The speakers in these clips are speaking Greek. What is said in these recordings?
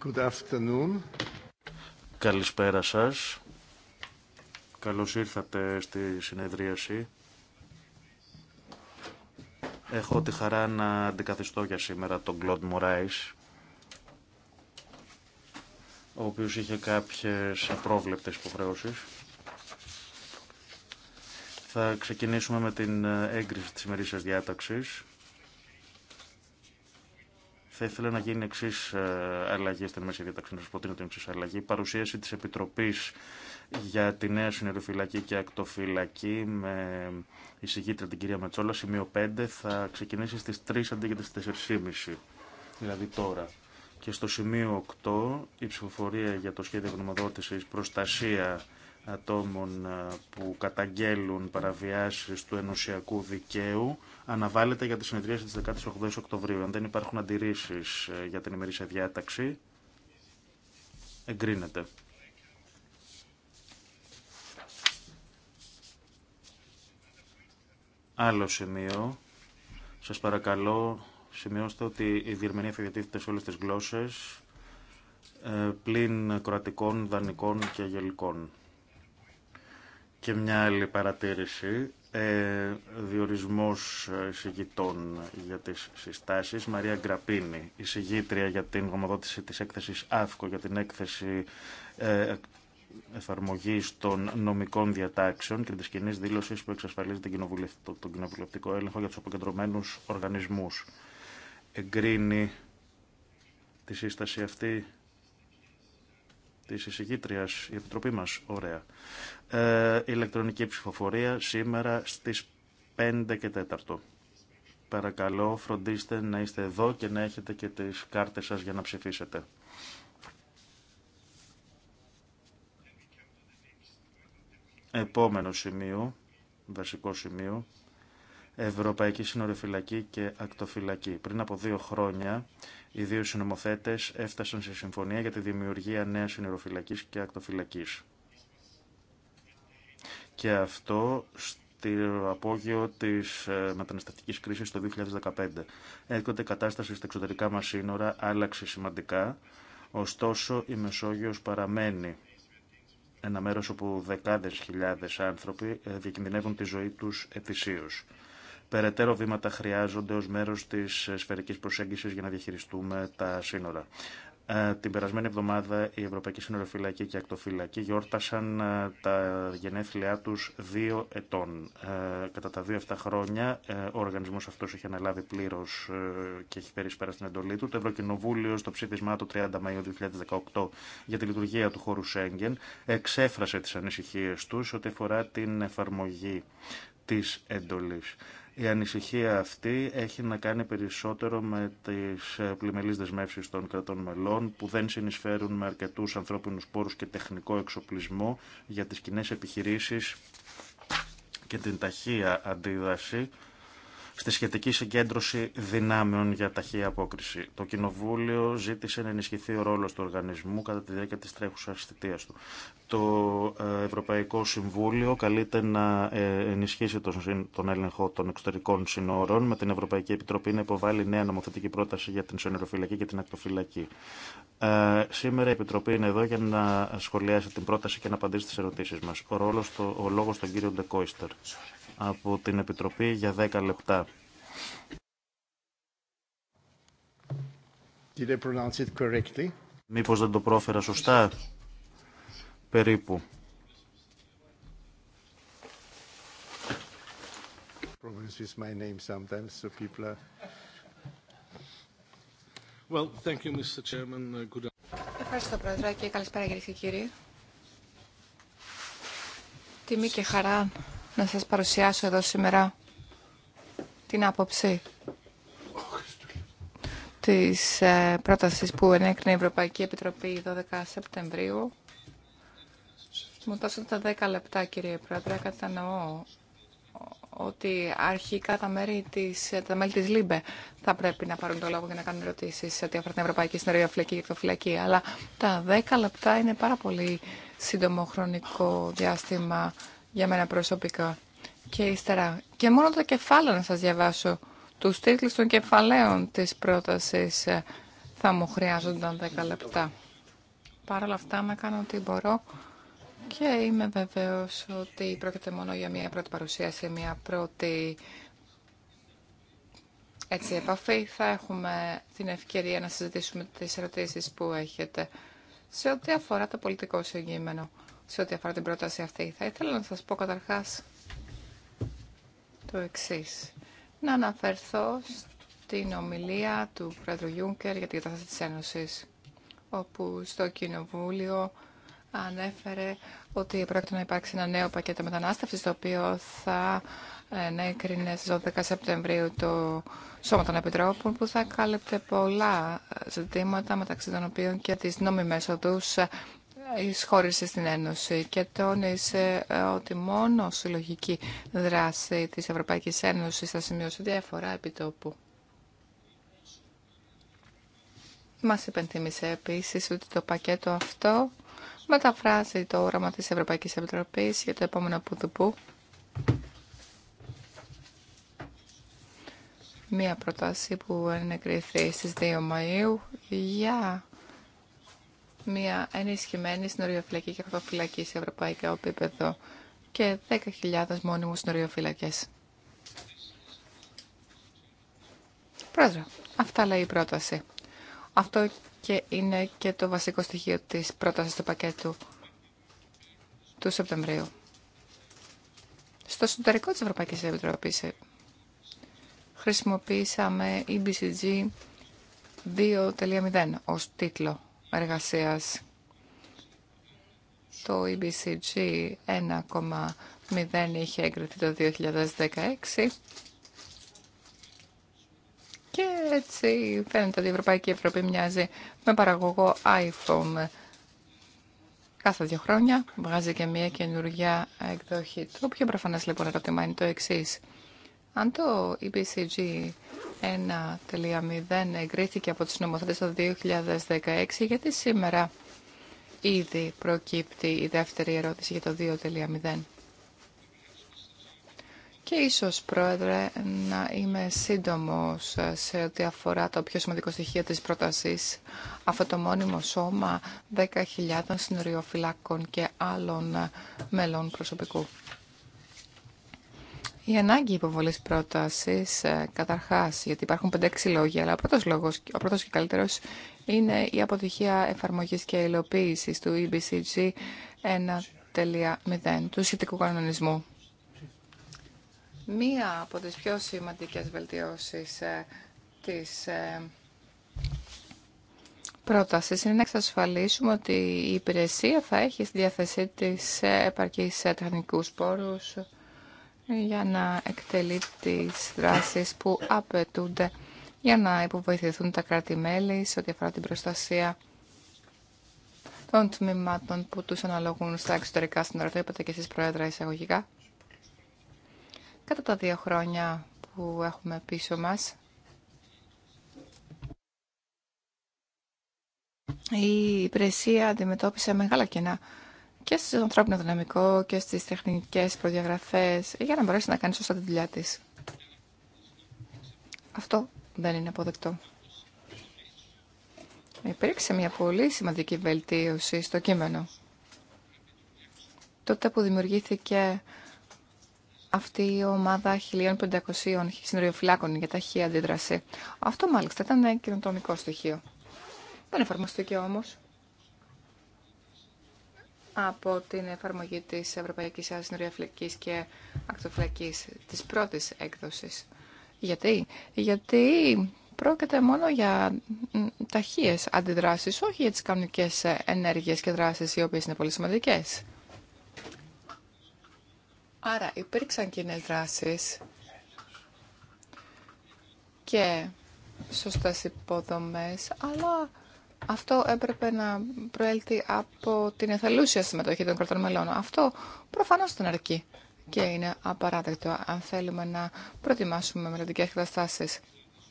good afternoon. Καλησπέρα σας. Καλώς ήρθατε στη συνεδρίαση. Έχω τη χαρά να αντικαθιστώ για σήμερα τον Κλοντ Μωράης, ο οποίος είχε κάποιες απρόβλεπτες υποχρεώσεις. Θα ξεκινήσουμε με την έγκριση της ημερήσιας διάταξης. Θα ήθελα να γίνει εξή ε, αλλαγή στην μέση διαταξή, να σα είναι την εξή αλλαγή. Παρουσίαση τη Επιτροπή για τη νέα συνεροφυλακή και ακτοφυλακή με εισηγήτρια την κυρία Μετσόλα, σημείο 5, θα ξεκινήσει στι 3 αντί για τι 4.30, δηλαδή τώρα. Και στο σημείο 8, η ψηφοφορία για το σχέδιο γνωμοδότηση προστασία ατόμων ε, που καταγγέλουν παραβιάσεις του ενωσιακού δικαίου αναβάλλεται για τη συνεδρίαση της 18 Οκτωβρίου. Αν δεν υπάρχουν αντιρρήσεις ε, για την ημερήσια διάταξη, εγκρίνεται. Άλλο σημείο. Σας παρακαλώ, σημειώστε ότι η διερμηνία θα διατίθεται σε όλες τις γλώσσες ε, πλην κροατικών, δανικών και γελικών. Και μια άλλη παρατήρηση. Ε, διορισμός εισηγητών για τις συστάσεις. Μαρία Γκραπίνη, εισηγήτρια για την γομοδότηση της έκθεσης ΑΦΚΟ, για την έκθεση ε, εφαρμογής των νομικών διατάξεων και τη κοινή δήλωση που εξασφαλίζει τον κοινοβουλευτικό έλεγχο για τους αποκεντρωμένου οργανισμού. Εγκρίνει τη σύσταση αυτή Τη εισηγήτρια η Επιτροπή μα ωραία. Ε, ηλεκτρονική ψηφοφορία σήμερα στι 5 και 4. Παρακαλώ, φροντίστε να είστε εδώ και να έχετε και τι κάρτε σα για να ψηφίσετε. Επόμενο σημείο, βασικό σημείο, Ευρωπαϊκή Συνοριοφυλακή και Ακτοφυλακή. Πριν από δύο χρόνια, οι δύο συνομοθέτε έφτασαν σε συμφωνία για τη δημιουργία νέα συνεροφυλακή και ακτοφυλακή. Και αυτό στο απόγειο τη ε, μεταναστευτική κρίση το 2015. Έρχονται κατάσταση στα εξωτερικά μα σύνορα άλλαξε σημαντικά. Ωστόσο, η Μεσόγειος παραμένει ένα μέρος όπου δεκάδες χιλιάδες άνθρωποι ε, διακινδυνεύουν τη ζωή τους ετησίως. Περαιτέρω βήματα χρειάζονται ως μέρος της ε, σφαιρικής προσέγγισης για να διαχειριστούμε τα σύνορα. Ε, την περασμένη εβδομάδα οι Ευρωπαϊκοί Σύνοροφυλακοί και Ακτοφυλακοί γιόρτασαν ε, τα γενέθλιά τους δύο ετών. Κατά τα δύο αυτά χρόνια ο οργανισμός αυτός έχει αναλάβει πλήρως και έχει περίσπερα στην εντολή του. Το Ευρωκοινοβούλιο στο ψήφισμά του 30 Μαΐου 2018 για τη λειτουργία του χώρου Σέγγεν εξέφρασε τις ανησυχίες τους ό,τι αφορά την εφαρμογή της εντολής. Η ανησυχία αυτή έχει να κάνει περισσότερο με τις ε, πλημελείς δεσμεύσεις των κρατών μελών που δεν συνεισφέρουν με αρκετούς ανθρώπινους πόρους και τεχνικό εξοπλισμό για τις κοινέ επιχειρήσεις και την ταχεία αντίδραση στη σχετική συγκέντρωση δυνάμεων για ταχεία απόκριση. Το Κοινοβούλιο ζήτησε να ενισχυθεί ο ρόλο του οργανισμού κατά τη διάρκεια τη τρέχουσα θητεία του. Το ε, Ευρωπαϊκό Συμβούλιο καλείται να ε, ενισχύσει τον έλεγχο των εξωτερικών συνόρων με την Ευρωπαϊκή Επιτροπή να υποβάλει νέα νομοθετική πρόταση για την σενεροφυλακή και την ακτοφυλακή. Ε, σήμερα η Επιτροπή είναι εδώ για να σχολιάσει την πρόταση και να απαντήσει στι ερωτήσει μα. Ο, ρόλος, ο λόγο στον κύριο Ντεκόιστερ από την Επιτροπή για 10 λεπτά. Did I pronounce it correctly? Μήπως δεν το πρόφερα σωστά. Περίπου. Problems with my name sometimes, so people are... Well, thank you, Mr. Chairman. Uh, good... Ευχαριστώ, Πρόεδρε, και καλησπέρα, κύριε και κύριοι. Τιμή και χαρά να σας παρουσιάσω εδώ σήμερα την άποψη της ε, πρότασης που ενέκρινε η Ευρωπαϊκή Επιτροπή 12 Σεπτεμβρίου. Μου δώσατε τα 10 λεπτά, κύριε Πρόεδρε. Κατανοώ ότι αρχικά τα, μέρη της, τα μέλη της ΛΥΜΠΕ θα πρέπει να πάρουν το λόγο για να κάνουν ερωτήσει σε ό,τι αφορά την Ευρωπαϊκή Συνεργασία Φυλακή και Εκτοφυλακή. Αλλά τα 10 λεπτά είναι πάρα πολύ σύντομο χρονικό διάστημα για μένα προσωπικά και ύστερα. Και μόνο το κεφάλαιο να σας διαβάσω. Τους τίτλους των κεφαλαίων της πρότασης ε, θα μου χρειάζονταν 10 λεπτά. Παρ' όλα αυτά να κάνω ό,τι μπορώ και είμαι βεβαίως ότι πρόκειται μόνο για μια πρώτη παρουσίαση, μια πρώτη έτσι, επαφή. Θα έχουμε την ευκαιρία να συζητήσουμε τις ερωτήσεις που έχετε σε ό,τι αφορά το πολιτικό συγκείμενο σε ό,τι αφορά την πρόταση αυτή. Θα ήθελα να σας πω καταρχάς το εξής. Να αναφερθώ στην ομιλία του Πρόεδρου Γιούνκερ για την κατάσταση της Ένωσης, όπου στο Κοινοβούλιο ανέφερε ότι πρόκειται να υπάρξει ένα νέο πακέτο μετανάστευσης, το οποίο θα ενέκρινε στις 12 Σεπτεμβρίου το Σώμα των Επιτρόπων, που θα κάλυπτε πολλά ζητήματα, μεταξύ των οποίων και τις νόμιμες οδούς εισχώρησε στην Ένωση και τόνισε ε, ότι μόνο συλλογική δράση της Ευρωπαϊκής Ένωσης θα σημειώσει διαφορά επιτόπου. Μας υπενθύμισε επίσης ότι το πακέτο αυτό μεταφράζει το όραμα της Ευρωπαϊκής Επιτροπής για το επόμενο πουδουπού. Μία προτάση που ενεκριθεί στις 2 Μαΐου για μια ενισχυμένη συνοριοφυλακή και αυτοφυλακή σε ευρωπαϊκό επίπεδο και 10.000 μόνιμους συνοριοφύλακες. Πρόεδρο. αυτά λέει η πρόταση. Αυτό και είναι και το βασικό στοιχείο της πρότασης του πακέτου του Σεπτεμβρίου. Στο εσωτερικό της Ευρωπαϊκής Επιτροπής ε, χρησιμοποίησαμε EBCG 2.0 ως τίτλο εργασίας. Το EBCG 1,0 είχε εγκριθεί το 2016 και έτσι φαίνεται ότι η Ευρωπαϊκή Ευρώπη μοιάζει με παραγωγό iPhone. Κάθε δύο χρόνια βγάζει και μια καινούργια εκδοχή. Το πιο προφανές λοιπόν ερώτημα είναι το εξή. Αν το EBCG 1.0 εγκρίθηκε από τις νομοθέτες το 2016, γιατί σήμερα ήδη προκύπτει η δεύτερη ερώτηση για το 2.0. Και ίσως, Πρόεδρε, να είμαι σύντομος σε ό,τι αφορά το πιο σημαντικό στοιχείο της πρότασης. Αυτό το μόνιμο σώμα 10.000 συνοριοφυλάκων και άλλων μελών προσωπικού. Η αναγκη υποβολή πρόταση καταρχά, ε, καταρχάς, γιατί υπάρχουν 5-6 λόγοι, αλλά ο πρώτος, λόγος, ο πρώτο και καλύτερο είναι η αποτυχία εφαρμογή και υλοποίησης του EBCG 1.0, του σχετικού κανονισμού. Μία από τις πιο σημαντικές βελτιώσεις τη ε, της ε, πρότασης είναι να εξασφαλίσουμε ότι η υπηρεσία θα έχει στη διάθεσή της επαρκείς τεχνικούς πόρους, για να εκτελεί τις δράσεις που απαιτούνται για να υποβοηθηθούν τα κράτη-μέλη σε ό,τι αφορά την προστασία των τμήματων που τους αναλογούν στα εξωτερικά σύνορα. Το είπατε και εσείς, Πρόεδρα, εισαγωγικά. Κατά τα δύο χρόνια που έχουμε πίσω μας, η υπηρεσία αντιμετώπισε μεγάλα κενά και στο ανθρώπινο δυναμικό και στις τεχνικές προδιαγραφέ ε, για να μπορέσει να κάνει σωστά τη δουλειά τη. Αυτό δεν είναι αποδεκτό. Υπήρξε μια πολύ σημαντική βελτίωση στο κείμενο. Τότε που δημιουργήθηκε αυτή η ομάδα 1500 συνοριοφυλάκων για ταχύα αντίδραση. Αυτό μάλιστα ήταν ένα στοιχείο. Δεν εφαρμοστήκε όμως από την εφαρμογή της Ευρωπαϊκής Ασυνοριαφυλακής και Ακτοφυλακής της πρώτης έκδοσης. Γιατί? Γιατί πρόκειται μόνο για ταχείες αντιδράσεις, όχι για τις κανονικές ενέργειες και δράσεις οι οποίες είναι πολύ σημαντικές. Άρα υπήρξαν κοινέ δράσεις και σωστές υποδομές, αλλά αυτό έπρεπε να προέλθει από την εθελούσια συμμετοχή των κρατών μελών. Αυτό προφανώς δεν αρκεί και είναι απαράδεκτο αν θέλουμε να προετοιμάσουμε μελλοντικές καταστάσεις.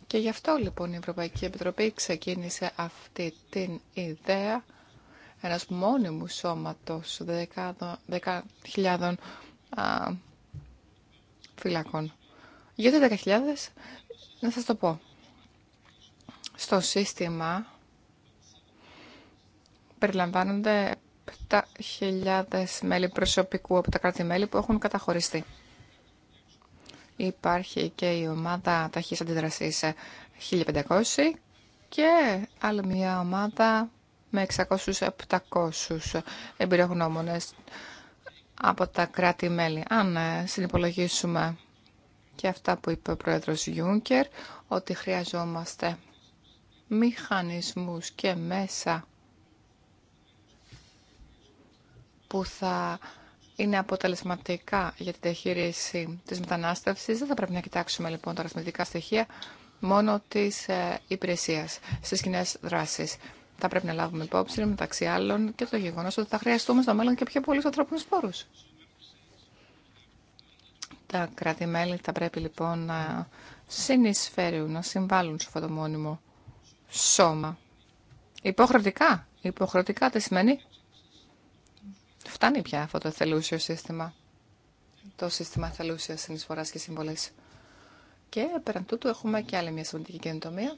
Και γι' αυτό λοιπόν η Ευρωπαϊκή Επιτροπή ξεκίνησε αυτή την ιδέα ενός μόνιμου σώματος δεκαχιλιάδων φυλακών. Γιατί 10.000, να σας το πω. Στο σύστημα περιλαμβάνονται 7.000 μέλη προσωπικού από τα κράτη-μέλη που έχουν καταχωριστεί. Υπάρχει και η ομάδα ταχύς αντιδρασής 1.500 και άλλη μια ομάδα με 600-700 εμπειρογνώμονες από τα κράτη-μέλη. Αν ε, συνυπολογίσουμε και αυτά που είπε ο πρόεδρος Γιούνκερ, ότι χρειαζόμαστε μηχανισμούς και μέσα που θα είναι αποτελεσματικά για την διαχείριση της μετανάστευσης. Δεν θα πρέπει να κοιτάξουμε λοιπόν τα αριθμητικά στοιχεία μόνο της ε, υπηρεσίας στις κοινέ δράσεις. Θα πρέπει να λάβουμε υπόψη μεταξύ άλλων και το γεγονός ότι θα χρειαστούμε στο μέλλον και πιο πολλούς ανθρώπινους πόρους. Τα κράτη-μέλη θα πρέπει λοιπόν να συνεισφέρουν, να συμβάλλουν σε αυτό το μόνιμο σώμα. Υποχρεωτικά. Υποχρεωτικά τι σημαίνει Φτάνει πια αυτό το θελούσιο σύστημα. Το σύστημα θελούσια συνεισφορά και συμβολή. Και πέραν τούτου έχουμε και άλλη μια σημαντική καινοτομία.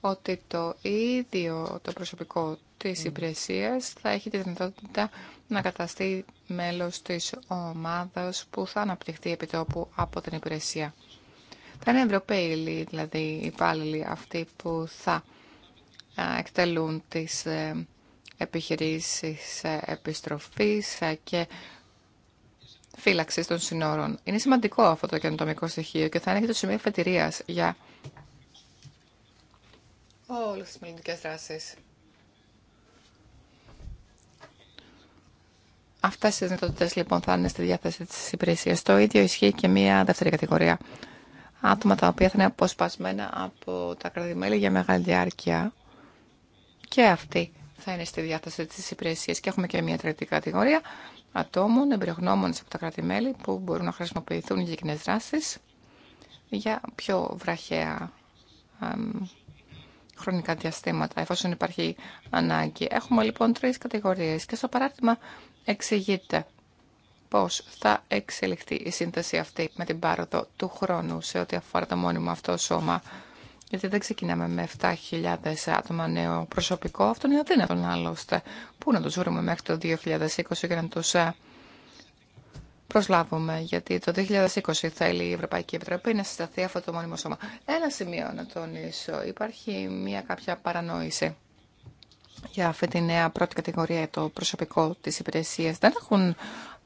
Ότι το ίδιο το προσωπικό της Υπηρεσία θα έχει τη δυνατότητα να καταστεί μέλος της ομάδας που θα αναπτυχθεί επιτόπου από την υπηρεσία. Θα είναι Ευρωπαίοι δηλαδή οι υπάλληλοι αυτοί που θα εκτελούν τις ε, επιχειρήσεις ε, επιστροφής ε, και φύλαξη των συνόρων. Είναι σημαντικό αυτό το καινοτομικό στοιχείο και θα είναι και το σημείο εφετηρίας για όλες τις μελλοντικές δράσεις. Αυτέ οι δυνατότητε λοιπόν θα είναι στη διάθεση τη υπηρεσία. Το ίδιο ισχύει και μία δεύτερη κατηγορία. Άτομα τα οποία θα είναι αποσπασμένα από τα κρατημέλη για μεγάλη διάρκεια. Και αυτοί θα είναι στη διάθεση τη υπηρεσία και έχουμε και μια τρίτη κατηγορία ατόμων, εμπειρογνώμων από τα κράτη-μέλη που μπορούν να χρησιμοποιηθούν για κοινέ δράσει για πιο βραχαία χρονικά διαστήματα, εφόσον υπάρχει ανάγκη. Έχουμε λοιπόν τρεις κατηγορίες και στο παράδειγμα εξηγείται πώς θα εξελιχθεί η σύνθεση αυτή με την πάροδο του χρόνου σε ό,τι αφορά το μόνιμο αυτό σώμα γιατί δεν ξεκινάμε με 7.000 άτομα νέο προσωπικό. Αυτό είναι αδύνατον άλλωστε. Πού να τους βρούμε μέχρι το 2020 για να τους ε, προσλάβουμε, γιατί το 2020 θέλει η Ευρωπαϊκή Επιτροπή να συσταθεί αυτό το μόνιμο σώμα. Ένα σημείο να τονίσω. Υπάρχει μια κάποια παρανόηση για αυτή τη νέα πρώτη κατηγορία, το προσωπικό της υπηρεσίας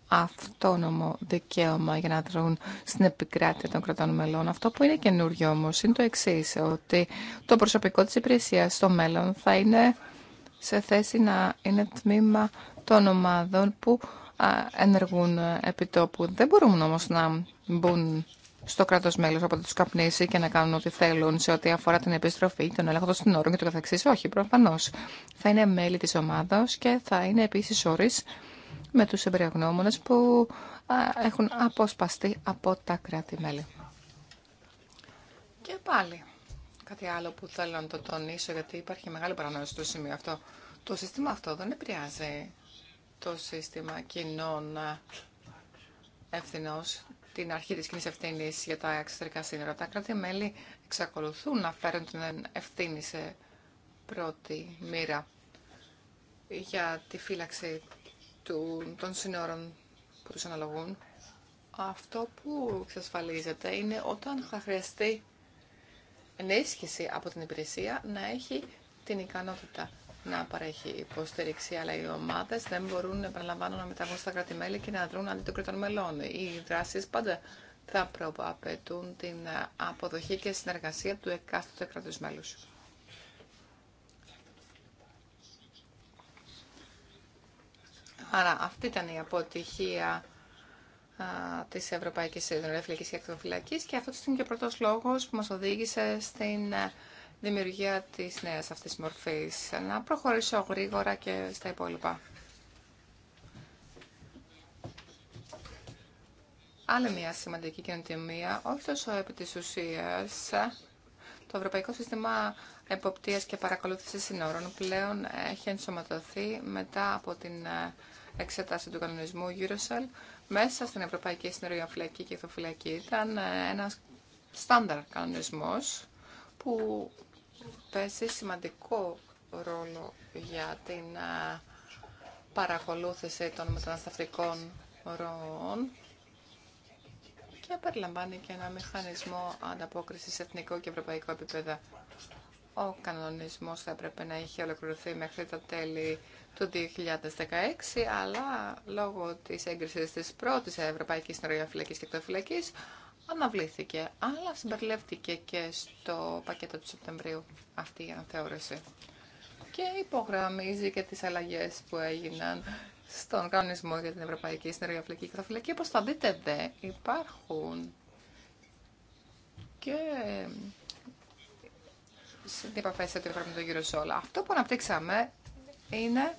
αυτόνομο δικαίωμα για να δρουν στην επικράτεια των κρατών μελών. Αυτό που είναι καινούριο όμω είναι το εξή, ότι το προσωπικό τη υπηρεσία στο μέλλον θα είναι σε θέση να είναι τμήμα των ομάδων που ενεργούν επί τόπου. Δεν μπορούν όμω να μπουν στο κράτος μέλο, από του καπνίσει και να κάνουν ό,τι θέλουν σε ό,τι αφορά την επιστροφή, τον έλεγχο των συνόρων και το καθεξής. Όχι, προφανώ. Θα είναι μέλη τη ομάδα και θα είναι επίση όρις με τους εμπειρογνώμονες που έχουν αποσπαστεί από τα κράτη-μέλη. Και πάλι, κάτι άλλο που θέλω να το τονίσω, γιατί υπάρχει μεγάλη παρανόηση στο σημείο αυτό. Το σύστημα αυτό δεν επηρεάζει το σύστημα κοινών ευθυνών, την αρχή της κοινής ευθύνη για τα εξωτερικά σύνορα. Τα κράτη-μέλη εξακολουθούν να φέρουν την ευθύνη σε πρώτη μοίρα για τη φύλαξη του, των συνόρων που τους αναλογούν, αυτό που εξασφαλίζεται είναι όταν θα χρειαστεί ενίσχυση από την υπηρεσία να έχει την ικανότητα να παρέχει υποστήριξη, αλλά οι ομάδε δεν μπορούν, επαναλαμβάνω, να μεταβούν στα κρατη και να δρουν αντί των μελών. Οι δράσει πάντα θα προαπαιτούν την αποδοχή και συνεργασία του εκάστοτε κράτου μέλου. Άρα αυτή ήταν η αποτυχία τη Ευρωπαϊκή Ιδρυνοφυλακή και και αυτό ήταν και ο πρώτο λόγο που μα οδήγησε στην ε, δημιουργία τη νέα αυτή μορφή. Να προχωρήσω γρήγορα και στα υπόλοιπα. Άλλη μια σημαντική καινοτομία, όχι τόσο επί της ουσίας, το Ευρωπαϊκό Σύστημα Εποπτείας και Παρακολούθησης Συνόρων πλέον έχει ενσωματωθεί μετά από την ε, εξέταση του κανονισμού Eurosal μέσα στην Ευρωπαϊκή Συνεργασία Φυλακή και Εθοφυλακή ήταν ε, ένας στάνταρ κανονισμός που παίζει σημαντικό ρόλο για την ε, παρακολούθηση των μεταναστευτικών ροών και περιλαμβάνει και ένα μηχανισμό ανταπόκρισης σε εθνικό και ευρωπαϊκό επίπεδο. Ο κανονισμός θα έπρεπε να είχε ολοκληρωθεί μέχρι τα τέλη το 2016, αλλά λόγω της έγκρισης της πρώτης Ευρωπαϊκής Συνορία Φυλακής και Εκτοφυλακής αναβλήθηκε, αλλά συμπεριλεύτηκε και στο πακέτο του Σεπτεμβρίου αυτή η αναθεώρηση. Και υπογραμμίζει και τις αλλαγές που έγιναν στον κανονισμό για την Ευρωπαϊκή Συνεργασία Φυλακή και Καταφυλακή. Όπως θα δείτε δε, υπάρχουν και επαφέ σε ό,τι αφορά Αυτό που αναπτύξαμε είναι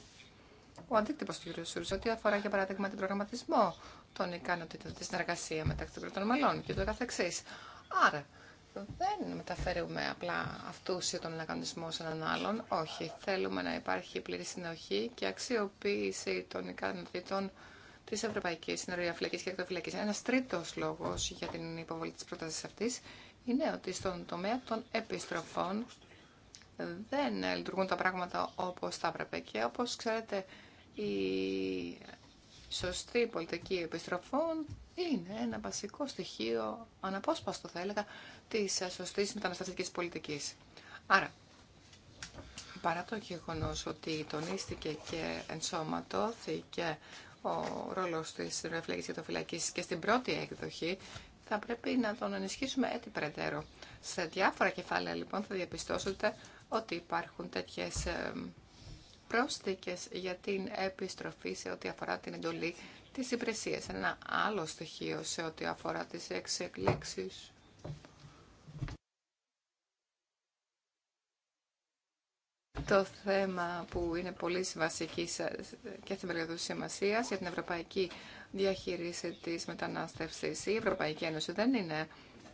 ο αντίκτυπο του κ. Eurosurs, ό,τι αφορά για παράδειγμα τον προγραμματισμό των ικανοτήτων, τη συνεργασία μεταξύ των κρατών μελών και το καθεξή. Άρα, δεν μεταφέρουμε απλά αυτού ή τον αναγωνισμό σε έναν άλλον. Όχι, θέλουμε να υπάρχει πλήρη συνοχή και αξιοποίηση των ικανοτήτων τη Ευρωπαϊκή Συνοριαφυλακή και Εκτοφυλακή. Ένα τρίτο λόγο για την υποβολή τη πρόταση αυτή είναι ότι στον τομέα των επιστροφών δεν λειτουργούν τα πράγματα όπως θα έπρεπε. Και όπως ξέρετε, η σωστή πολιτική επιστροφών είναι ένα βασικό στοιχείο, αναπόσπαστο θα έλεγα, της σωστής μεταναστευτικής πολιτικής. Άρα, παρά το γεγονό ότι τονίστηκε και ενσωματώθηκε ο ρόλος της Ρεφλέγης και το φυλακή και στην πρώτη έκδοχη, θα πρέπει να τον ενισχύσουμε έτσι περαιτέρω. Σε διάφορα κεφάλαια λοιπόν θα διαπιστώσετε ότι υπάρχουν τέτοιες ε, πρόσθηκες για την επιστροφή σε ό,τι αφορά την εντολή της υπηρεσίας. Ένα άλλο στοιχείο σε ό,τι αφορά τις εξεκλήξεις. Το θέμα που είναι πολύ βασική ε, και θεμελιωδού σημασία για την ευρωπαϊκή διαχείριση της μετανάστευσης. Η Ευρωπαϊκή Ένωση δεν είναι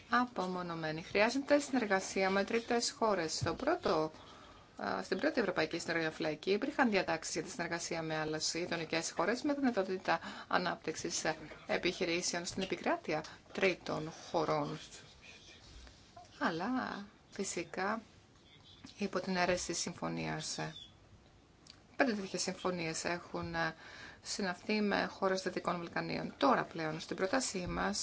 απομονωμένοι. Χρειάζεται συνεργασία με τρίτε χώρε. Στην πρώτη Ευρωπαϊκή Συνεργασία Φλαϊκή υπήρχαν διατάξει για τη συνεργασία με άλλε γειτονικέ χώρε με δυνατότητα ανάπτυξη επιχειρήσεων στην επικράτεια τρίτων χωρών. Αλλά φυσικά υπό την αίρεση τη συμφωνία. Πέντε τέτοιε συμφωνίε έχουν συναυθεί με χώρε Δυτικών Βαλκανίων. Τώρα πλέον στην πρότασή μα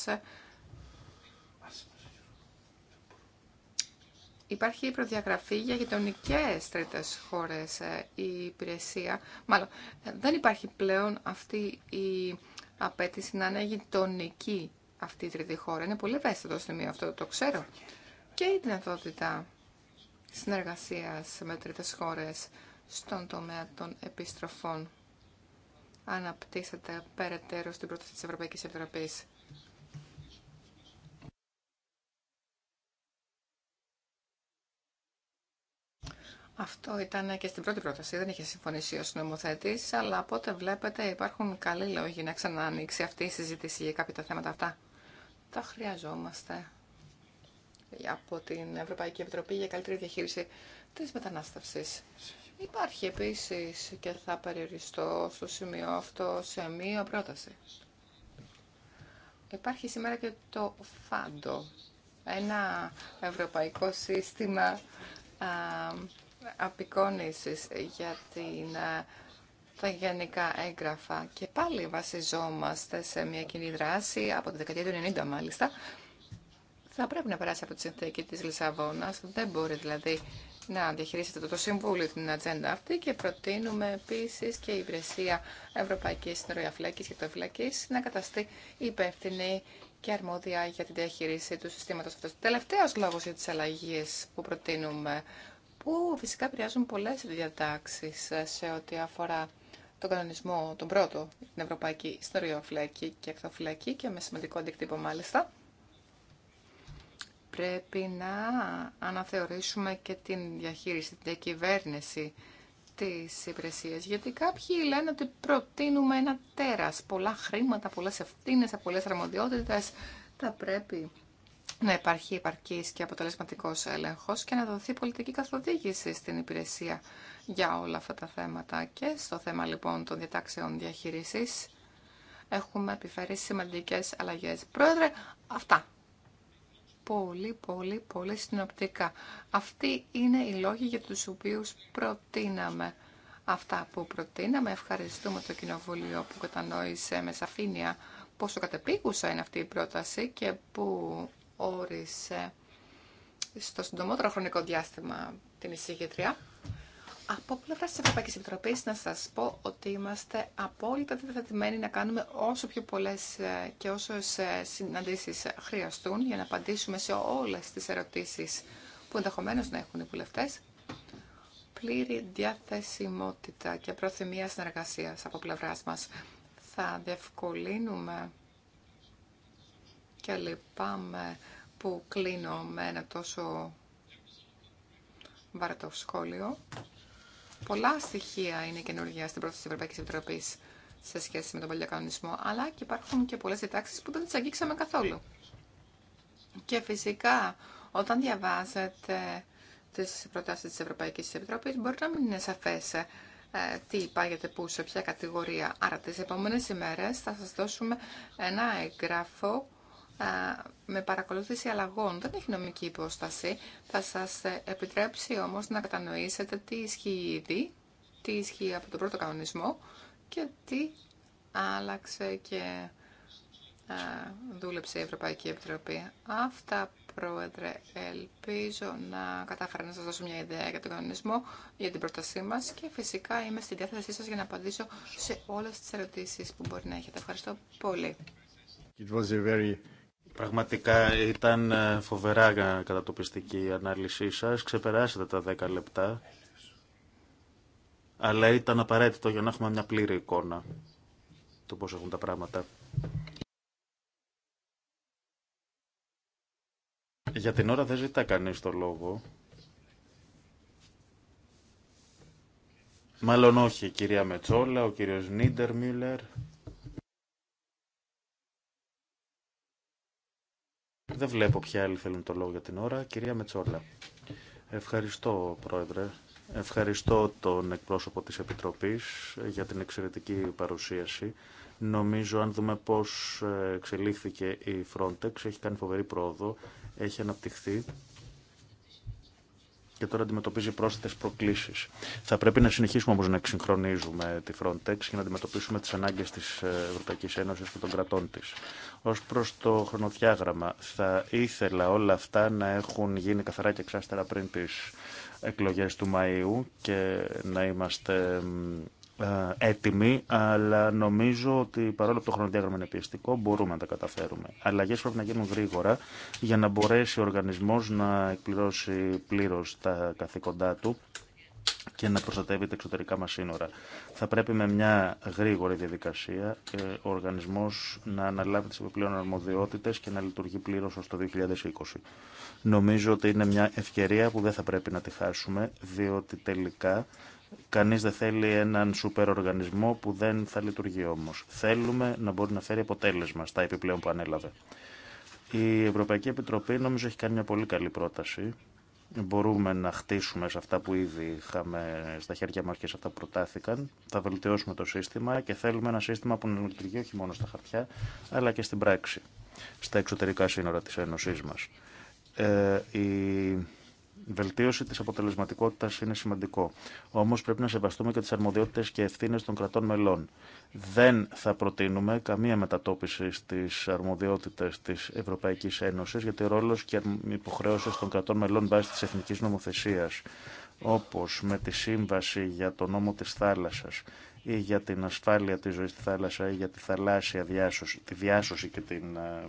Υπάρχει η προδιαγραφή για γειτονικέ τρίτε χώρε ε, η υπηρεσία. Μάλλον ε, δεν υπάρχει πλέον αυτή η απέτηση να είναι γειτονική αυτή η τρίτη χώρα. Είναι πολύ ευαίσθητο σημείο αυτό, το ξέρω. Και η δυνατότητα συνεργασία με τρίτε χώρε στον τομέα των επιστροφών αναπτύσσεται περαιτέρω στην πρόταση τη Ευρωπαϊκή Επιτροπή. Αυτό ήταν και στην πρώτη πρόταση, δεν είχε συμφωνήσει ο συνομοθέτη, αλλά από ό,τι βλέπετε υπάρχουν καλοί λόγοι να ξανανοίξει αυτή η συζήτηση για κάποια τα θέματα αυτά. Τα χρειαζόμαστε από την Ευρωπαϊκή Επιτροπή για καλύτερη διαχείριση της μετανάστευσης. Υπάρχει επίσης και θα περιοριστώ στο σημείο αυτό σε μία πρόταση. Υπάρχει σήμερα και το ΦΑΝΤΟ, ένα ευρωπαϊκό σύστημα απεικόνησης για την, ε, τα γενικά έγγραφα και πάλι βασιζόμαστε σε μια κοινή δράση από τη δεκαετία του 90 μάλιστα θα πρέπει να περάσει από τη συνθήκη της Λισαβόνας δεν μπορεί δηλαδή να διαχειρίσετε το, το Συμβούλιο την ατζέντα αυτή και προτείνουμε επίση και η Υπηρεσία Ευρωπαϊκή Συνοριαφυλακή και Φυλακής να καταστεί υπεύθυνη και αρμόδια για την διαχείριση του συστήματο αυτός. Τελευταίο λόγο για τι αλλαγέ που προτείνουμε που φυσικά επηρεάζουν πολλές διατάξεις σε ό,τι αφορά τον κανονισμό, τον πρώτο, την ευρωπαϊκή ιστοριοφυλακή και Εκθοφυλακή και με σημαντικό αντικτύπο μάλιστα. Πρέπει να αναθεωρήσουμε και την διαχείριση, την διακυβέρνηση της υπηρεσίας, γιατί κάποιοι λένε ότι προτείνουμε ένα τέρας, πολλά χρήματα, πολλές ευθύνες, πολλές αρμοδιότητες, θα πρέπει να υπάρχει επαρκή και αποτελεσματικό έλεγχο και να δοθεί πολιτική καθοδήγηση στην υπηρεσία για όλα αυτά τα θέματα. Και στο θέμα λοιπόν των διατάξεων διαχείρισης έχουμε επιφέρει σημαντικέ αλλαγέ. Πρόεδρε, αυτά. Πολύ, πολύ, πολύ συνοπτικά. Αυτοί είναι οι λόγοι για τους οποίους προτείναμε αυτά που προτείναμε. Ευχαριστούμε το Κοινοβούλιο που κατανόησε με σαφήνεια πόσο κατεπίγουσα είναι αυτή η πρόταση και που όρισε στο συντομότερο χρονικό διάστημα την εισηγήτρια. Από πλευρά τη Ευρωπαϊκή Επιτροπή, να σα πω ότι είμαστε απόλυτα διαθετημένοι να κάνουμε όσο πιο πολλέ ε, και όσε συναντήσει χρειαστούν για να απαντήσουμε σε όλε τι ερωτήσει που ενδεχομένω να έχουν οι βουλευτέ. Πλήρη διαθεσιμότητα και προθυμία συνεργασία από πλευρά μα. Θα διευκολύνουμε και λυπάμαι που κλείνω με ένα τόσο βαρετό σχόλιο. Πολλά στοιχεία είναι καινούργια στην πρόταση της Ευρωπαϊκής Επιτροπής σε σχέση με τον παλιό κανονισμό, αλλά και υπάρχουν και πολλές διτάξεις που δεν τις αγγίξαμε καθόλου. Και φυσικά, όταν διαβάζετε τις προτάσεις της Ευρωπαϊκής Επιτροπής, μπορεί να μην είναι σαφές ε, τι υπάγεται πού, σε ποια κατηγορία. Άρα τις επόμενες ημέρες θα σας δώσουμε ένα εγγράφο με παρακολούθηση αλλαγών δεν έχει νομική υπόσταση. Θα σας ε, επιτρέψει όμως να κατανοήσετε τι ισχύει ήδη, τι ισχύει από τον πρώτο κανονισμό και τι άλλαξε και δούλεψε η Ευρωπαϊκή Επιτροπή. Αυτά, Πρόεδρε, ελπίζω να κατάφερα να σας δώσω μια ιδέα για τον κανονισμό, για την πρότασή μας και φυσικά είμαι στη διάθεσή σας για να απαντήσω σε όλες τις ερωτήσεις που μπορεί να έχετε. Ευχαριστώ πολύ. Πραγματικά ήταν ε, φοβερά ε, κατατοπιστική η ανάλυση σας. Ξεπεράσατε τα 10 λεπτά. Αλλά ήταν απαραίτητο για να έχουμε μια πλήρη εικόνα του πώς έχουν τα πράγματα. Για την ώρα δεν ζητά κανείς το λόγο. Μάλλον όχι, η κυρία Μετσόλα, ο κύριος Νίντερ Δεν βλέπω ποια άλλη θέλουν το λόγο για την ώρα. Κυρία Μετσόλα. Ευχαριστώ, Πρόεδρε. Ευχαριστώ τον εκπρόσωπο της Επιτροπής για την εξαιρετική παρουσίαση. Νομίζω, αν δούμε πώς εξελίχθηκε η Frontex, έχει κάνει φοβερή πρόοδο, έχει αναπτυχθεί και τώρα αντιμετωπίζει πρόσθετες προκλήσεις. Θα πρέπει να συνεχίσουμε όμω να εξυγχρονίζουμε τη Frontex και να αντιμετωπίσουμε τις ανάγκες της Ευρωπαϊκής Ένωσης και των κρατών τη. Ως προς το χρονοδιάγραμμα, θα ήθελα όλα αυτά να έχουν γίνει καθαρά και εξάστερα πριν τις εκλογές του Μαΐου και να είμαστε ε, έτοιμοι, αλλά νομίζω ότι παρόλο που το χρονοδιάγραμμα είναι πιεστικό, μπορούμε να τα καταφέρουμε. Αλλαγέ πρέπει να γίνουν γρήγορα για να μπορέσει ο οργανισμός να εκπληρώσει πλήρως τα καθήκοντά του και να προστατεύει τα εξωτερικά μας σύνορα. Θα πρέπει με μια γρήγορη διαδικασία ε, ο οργανισμός να αναλάβει τις επιπλέον αρμοδιότητες και να λειτουργεί πλήρως ως το 2020. Νομίζω ότι είναι μια ευκαιρία που δεν θα πρέπει να τη χάσουμε, διότι τελικά κανείς δεν θέλει έναν σούπερ οργανισμό που δεν θα λειτουργεί όμως. Θέλουμε να μπορεί να φέρει αποτέλεσμα στα επιπλέον που ανέλαβε. Η Ευρωπαϊκή Επιτροπή νομίζω έχει κάνει μια πολύ καλή πρόταση μπορούμε να χτίσουμε σε αυτά που ήδη είχαμε στα χέρια μας και σε αυτά που προτάθηκαν. Θα βελτιώσουμε το σύστημα και θέλουμε ένα σύστημα που να λειτουργεί όχι μόνο στα χαρτιά, αλλά και στην πράξη, στα εξωτερικά σύνορα της Ένωσής μας. Ε, η βελτίωση τη αποτελεσματικότητα είναι σημαντικό. Όμω πρέπει να σεβαστούμε και τι αρμοδιότητε και ευθύνε των κρατών μελών. Δεν θα προτείνουμε καμία μετατόπιση στι αρμοδιότητε τη Ευρωπαϊκή Ένωση, γιατί ο ρόλο και οι υποχρεώσει των κρατών μελών βάσει τη εθνική νομοθεσία, όπω με τη Σύμβαση για τον νόμο τη θάλασσα ή για την ασφάλεια τη ζωή στη θάλασσα ή για τη θαλάσσια διάσωση, τη διάσωση και την ε,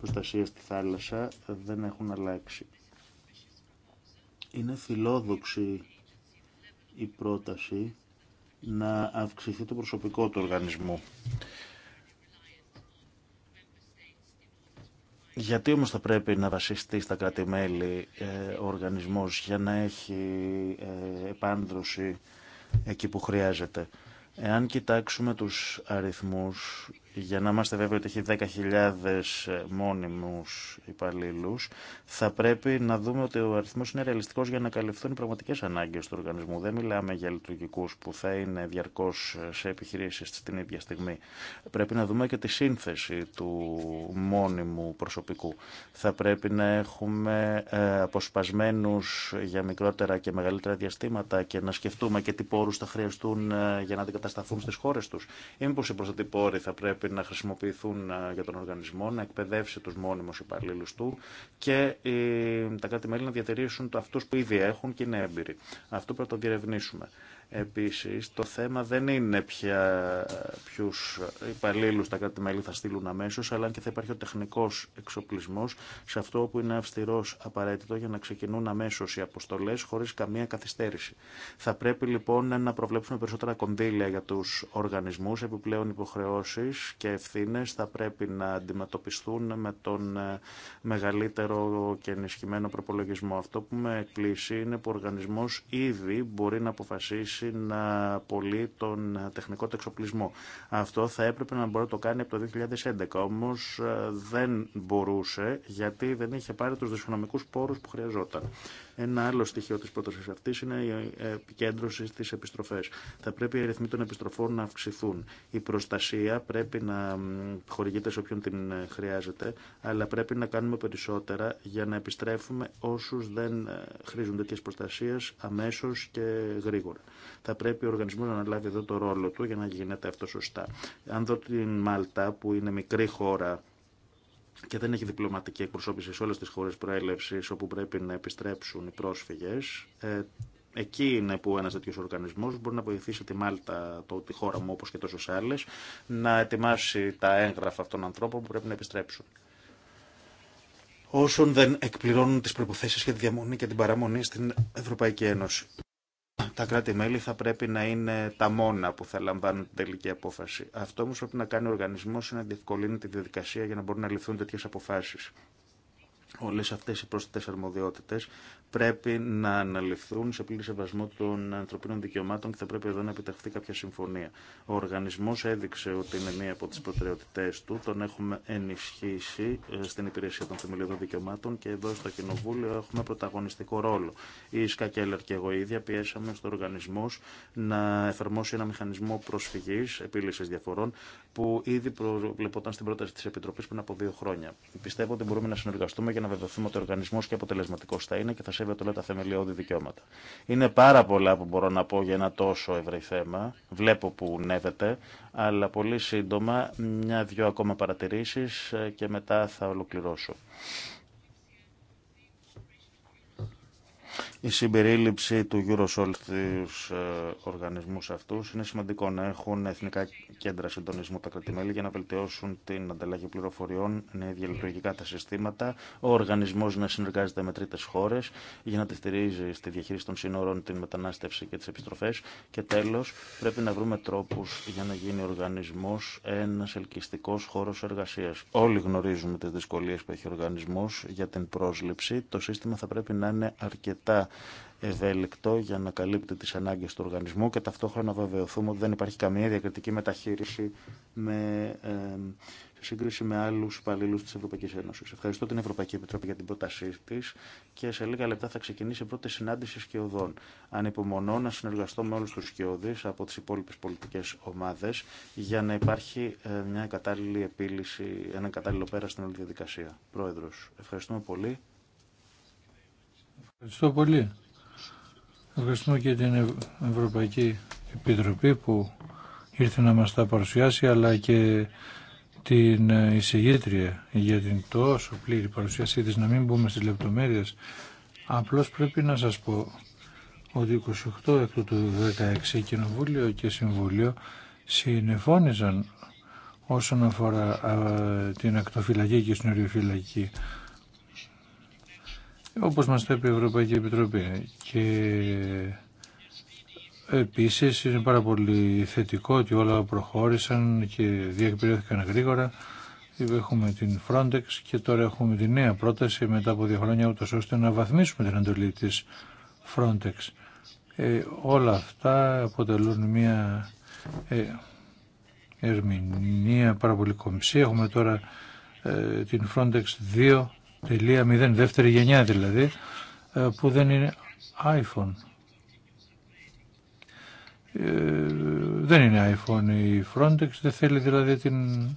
προστασία στη θάλασσα δεν έχουν αλλάξει. Είναι φιλόδοξη η πρόταση να αυξηθεί το προσωπικό του οργανισμού. Γιατί όμως θα πρέπει να βασιστεί στα κράτη-μέλη ε, ο οργανισμός για να έχει ε, επάνδρωση εκεί που χρειάζεται. Εάν κοιτάξουμε τους αριθμούς για να είμαστε βέβαιοι ότι έχει 10.000 ε, μόνιμους υπαλλήλου, θα πρέπει να δούμε ότι ο αριθμός είναι ρεαλιστικός για να καλυφθούν οι πραγματικές ανάγκες του οργανισμού. Δεν μιλάμε για λειτουργικούς που θα είναι διαρκώς ε, σε επιχειρήσεις την ίδια στιγμή. Πρέπει να δούμε και τη σύνθεση του μόνιμου προσωπικού. Θα πρέπει να έχουμε ε, αποσπασμένους για μικρότερα και μεγαλύτερα διαστήματα και να σκεφτούμε και τι πόρους θα χρειαστούν για να αντικατασταθούν στις χώρες τους. Ή μήπως οι πόροι θα πρέπει πρέπει να χρησιμοποιηθούν ε, για τον οργανισμό, να εκπαιδεύσει τους μόνιμους υπαλλήλου του και ε, τα κράτη-μέλη να διατηρήσουν αυτούς που ήδη έχουν και είναι έμπειροι. Αυτό πρέπει να το διερευνήσουμε. Επίσης, το θέμα δεν είναι πια ποιους υπαλλήλους τα κράτη-μέλη θα στείλουν αμέσως, αλλά και θα υπάρχει ο τεχνικός εξοπλισμός σε αυτό που είναι αυστηρός απαραίτητο για να ξεκινούν αμέσως οι αποστολές χωρίς καμία καθυστέρηση. Θα πρέπει λοιπόν να προβλέψουμε περισσότερα κονδύλια για τους οργανισμούς, επιπλέον υποχρεώσεις και ευθύνε θα πρέπει να αντιμετωπιστούν με τον ε, μεγαλύτερο και ενισχυμένο προπολογισμό. Αυτό που με εκπλήσει είναι που ο οργανισμός ήδη μπορεί να αποφασίσει μπορέσει να τον τεχνικό του εξοπλισμό. Αυτό θα έπρεπε να μπορεί να το κάνει από το 2011, όμως ε, δεν μπορούσε γιατί δεν είχε πάρει τους δημοσιονομικούς πόρους που χρειαζόταν. Ένα άλλο στοιχείο τη πρόταση αυτή είναι η επικέντρωση στι επιστροφέ. Θα πρέπει οι αριθμοί των επιστροφών να αυξηθούν. Η προστασία πρέπει να χορηγείται σε όποιον την ε, χρειάζεται, αλλά πρέπει να κάνουμε περισσότερα για να επιστρέφουμε όσου δεν ε, χρήζουν τέτοιε προστασίε αμέσω και γρήγορα. Θα πρέπει ο οργανισμό να αναλάβει εδώ το ρόλο του για να γίνεται αυτό σωστά. Αν δω την Μάλτα, που είναι μικρή χώρα και δεν έχει διπλωματική εκπροσώπηση σε όλες τις χώρες προέλευσης όπου πρέπει να επιστρέψουν οι πρόσφυγες, ε, Εκεί είναι που ένας τέτοιο οργανισμός μπορεί να βοηθήσει τη Μάλτα, το, τη χώρα μου όπως και τόσες άλλες, να ετοιμάσει τα έγγραφα αυτών των ανθρώπων που πρέπει να επιστρέψουν. Όσων δεν εκπληρώνουν τις προποθέσει για τη διαμονή και την παραμονή στην Ευρωπαϊκή Ένωση τα κράτη-μέλη θα πρέπει να είναι τα μόνα που θα λαμβάνουν την τελική απόφαση. Αυτό όμω πρέπει να κάνει ο οργανισμό είναι να διευκολύνει τη διαδικασία για να μπορούν να ληφθούν τέτοιε αποφάσει. Όλες αυτές οι πρόσθετες αρμοδιότητες πρέπει να αναλυθούν... σε πλήρη σεβασμό των ανθρωπίνων δικαιωμάτων και θα πρέπει εδώ να επιταχθεί κάποια συμφωνία. Ο οργανισμός έδειξε ότι είναι μία από τις προτεραιότητές του, τον έχουμε ενισχύσει ε, στην υπηρεσία των θεμελιωδών δικαιωμάτων και εδώ στο Κοινοβούλιο έχουμε πρωταγωνιστικό ρόλο. Η Ισκα Κέλλερ και εγώ ίδια πιέσαμε στο οργανισμό να εφαρμόσει ένα μηχανισμό προσφυγής, επίλυση διαφορών, που ήδη προβλεπόταν στην πρόταση τη Επιτροπής πριν από δύο χρόνια. Πιστεύω ότι μπορούμε να συνεργαστούμε να βεβαιωθούμε ότι ο οργανισμό και αποτελεσματικό θα είναι και θα σέβεται όλα τα θεμελιώδη δικαιώματα. Είναι πάρα πολλά που μπορώ να πω για ένα τόσο ευρύ θέμα. Βλέπω που νεύεται, αλλά πολύ σύντομα μια-δυο ακόμα παρατηρήσει ε, και μετά θα ολοκληρώσω. Η συμπερίληψη του Eurosol στους ε, οργανισμούς αυτούς είναι σημαντικό να έχουν εθνικά κέντρα συντονισμού τα κρατημέλη για να βελτιώσουν την ανταλλαγή πληροφοριών, είναι διαλειτουργικά τα συστήματα, ο οργανισμός να συνεργάζεται με τρίτες χώρες για να τη στηρίζει στη διαχείριση των σύνορων, την μετανάστευση και τις επιστροφές και τέλος πρέπει να βρούμε τρόπους για να γίνει ο οργανισμός ένας ελκυστικός χώρος εργασίας. Όλοι γνωρίζουμε τις δυσκολίες που έχει ο οργανισμός για την πρόσληψη. Το σύστημα θα πρέπει να είναι αρκετά ευέλικτο για να καλύπτει τις ανάγκες του οργανισμού και ταυτόχρονα βεβαιωθούμε ότι δεν υπάρχει καμία διακριτική μεταχείριση με, ε, σε σύγκριση με άλλους υπαλλήλους της Ευρωπαϊκής Ένωσης. Ευχαριστώ την Ευρωπαϊκή Επιτροπή για την πρότασή της και σε λίγα λεπτά θα ξεκινήσει η πρώτη συνάντηση σκιωδών. Ανυπομονώ να συνεργαστώ με όλους τους σκιώδεις από τις υπόλοιπες πολιτικές ομάδες για να υπάρχει ε, μια κατάλληλη επίλυση, ένα κατάλληλο πέρα στην όλη διαδικασία. Πρόεδρος, ευχαριστούμε πολύ. Ευχαριστώ πολύ. Ευχαριστούμε και την Ευρωπαϊκή Επιτροπή που ήρθε να μας τα παρουσιάσει αλλά και την ε, εισηγήτρια για την τόσο πλήρη παρουσίασή της να μην μπούμε στις λεπτομέρειες απλώς πρέπει να σας πω ότι 28 εκ του 16 Κοινοβούλιο και Συμβούλιο συνεφώνησαν όσον αφορά την ακτοφυλακή και την οριοφυλακή όπως μας τα είπε η Ευρωπαϊκή Επιτροπή. Και επίσης είναι πάρα πολύ θετικό ότι όλα προχώρησαν και διεκπαιρέθηκαν γρήγορα. Έχουμε την Frontex και τώρα έχουμε τη νέα πρόταση μετά από δύο χρόνια ούτως ώστε να βαθμίσουμε την αντολή της Frontex. Ε, όλα αυτά αποτελούν μια ε, ερμηνεία πάρα πολύ κομψή. Έχουμε τώρα ε, την Frontex 2 μηδέν δεύτερη γενιά δηλαδή, ε, που δεν είναι iPhone. Ε, δεν είναι iPhone η Frontex, δεν θέλει δηλαδή την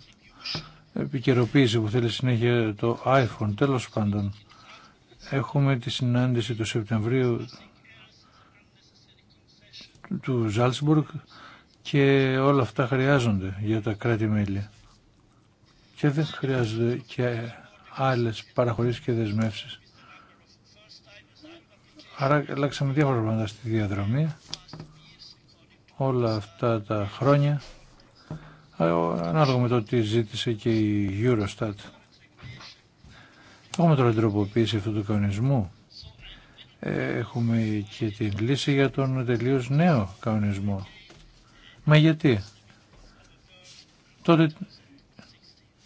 επικαιροποίηση που θέλει συνέχεια το iPhone. Τέλος πάντων, έχουμε τη συνάντηση του Σεπτεμβρίου του Ζάλσμπουργκ και όλα αυτά χρειάζονται για τα κράτη-μέλη. Και δεν χρειάζονται και άλλες παραχωρήσεις και δεσμεύσεις. Άρα αλλάξαμε διάφορα πράγματα στη διαδρομή όλα αυτά τα χρόνια ε, ανάλογα με το τι ζήτησε και η Eurostat. Έχουμε τώρα την τροποποίηση αυτού του κανονισμού. Ε, έχουμε και την λύση για τον τελείω νέο κανονισμό. Μα γιατί. Τότε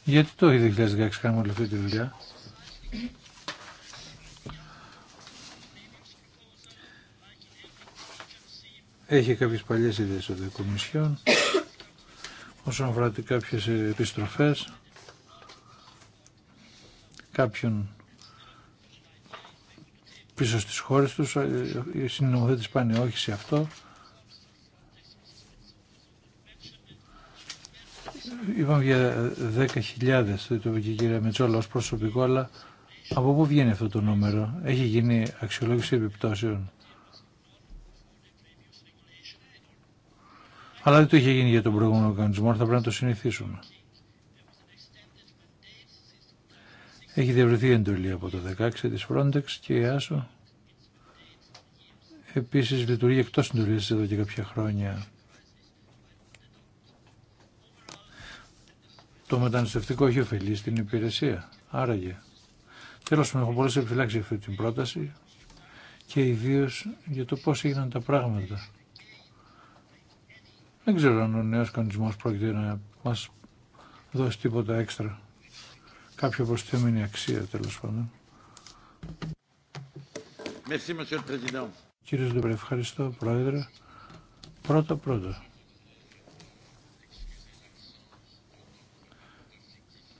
γιατί το 2016 κάνουμε όλη αυτή τη δουλειά. Έχει κάποιες παλιές ιδέες η Κομισιόν όσον αφορά κάποιες επιστροφές κάποιων πίσω στις χώρες τους. Ε, ε, οι συνομοθέτες πάνε όχι σε αυτό. είπαμε για 10.000 το είπε και η κυρία Μετσόλα ως προσωπικό αλλά από πού βγαίνει αυτό το νούμερο έχει γίνει αξιολόγηση επιπτώσεων αλλά δεν το είχε γίνει για τον προηγούμενο οργανισμό. θα πρέπει να το συνηθίσουμε έχει διαβρεθεί εντολή από το 16 της Frontex και η ΆΣΟ επίσης λειτουργεί εκτός εντολής εδώ και κάποια χρόνια το μεταναστευτικό έχει ωφελεί στην υπηρεσία. Άραγε. Τέλο πάντων, έχω πολλέ επιφυλάξει αυτή την πρόταση και ιδίω για το πώ έγιναν τα πράγματα. Δεν ξέρω αν ο νέο κανονισμό πρόκειται να μα δώσει τίποτα έξτρα. Κάποια προσθέμενη αξία τέλο πάντων. Κύριε Δεπρέ, ευχαριστώ, Πρόεδρε. Πρώτα-πρώτα.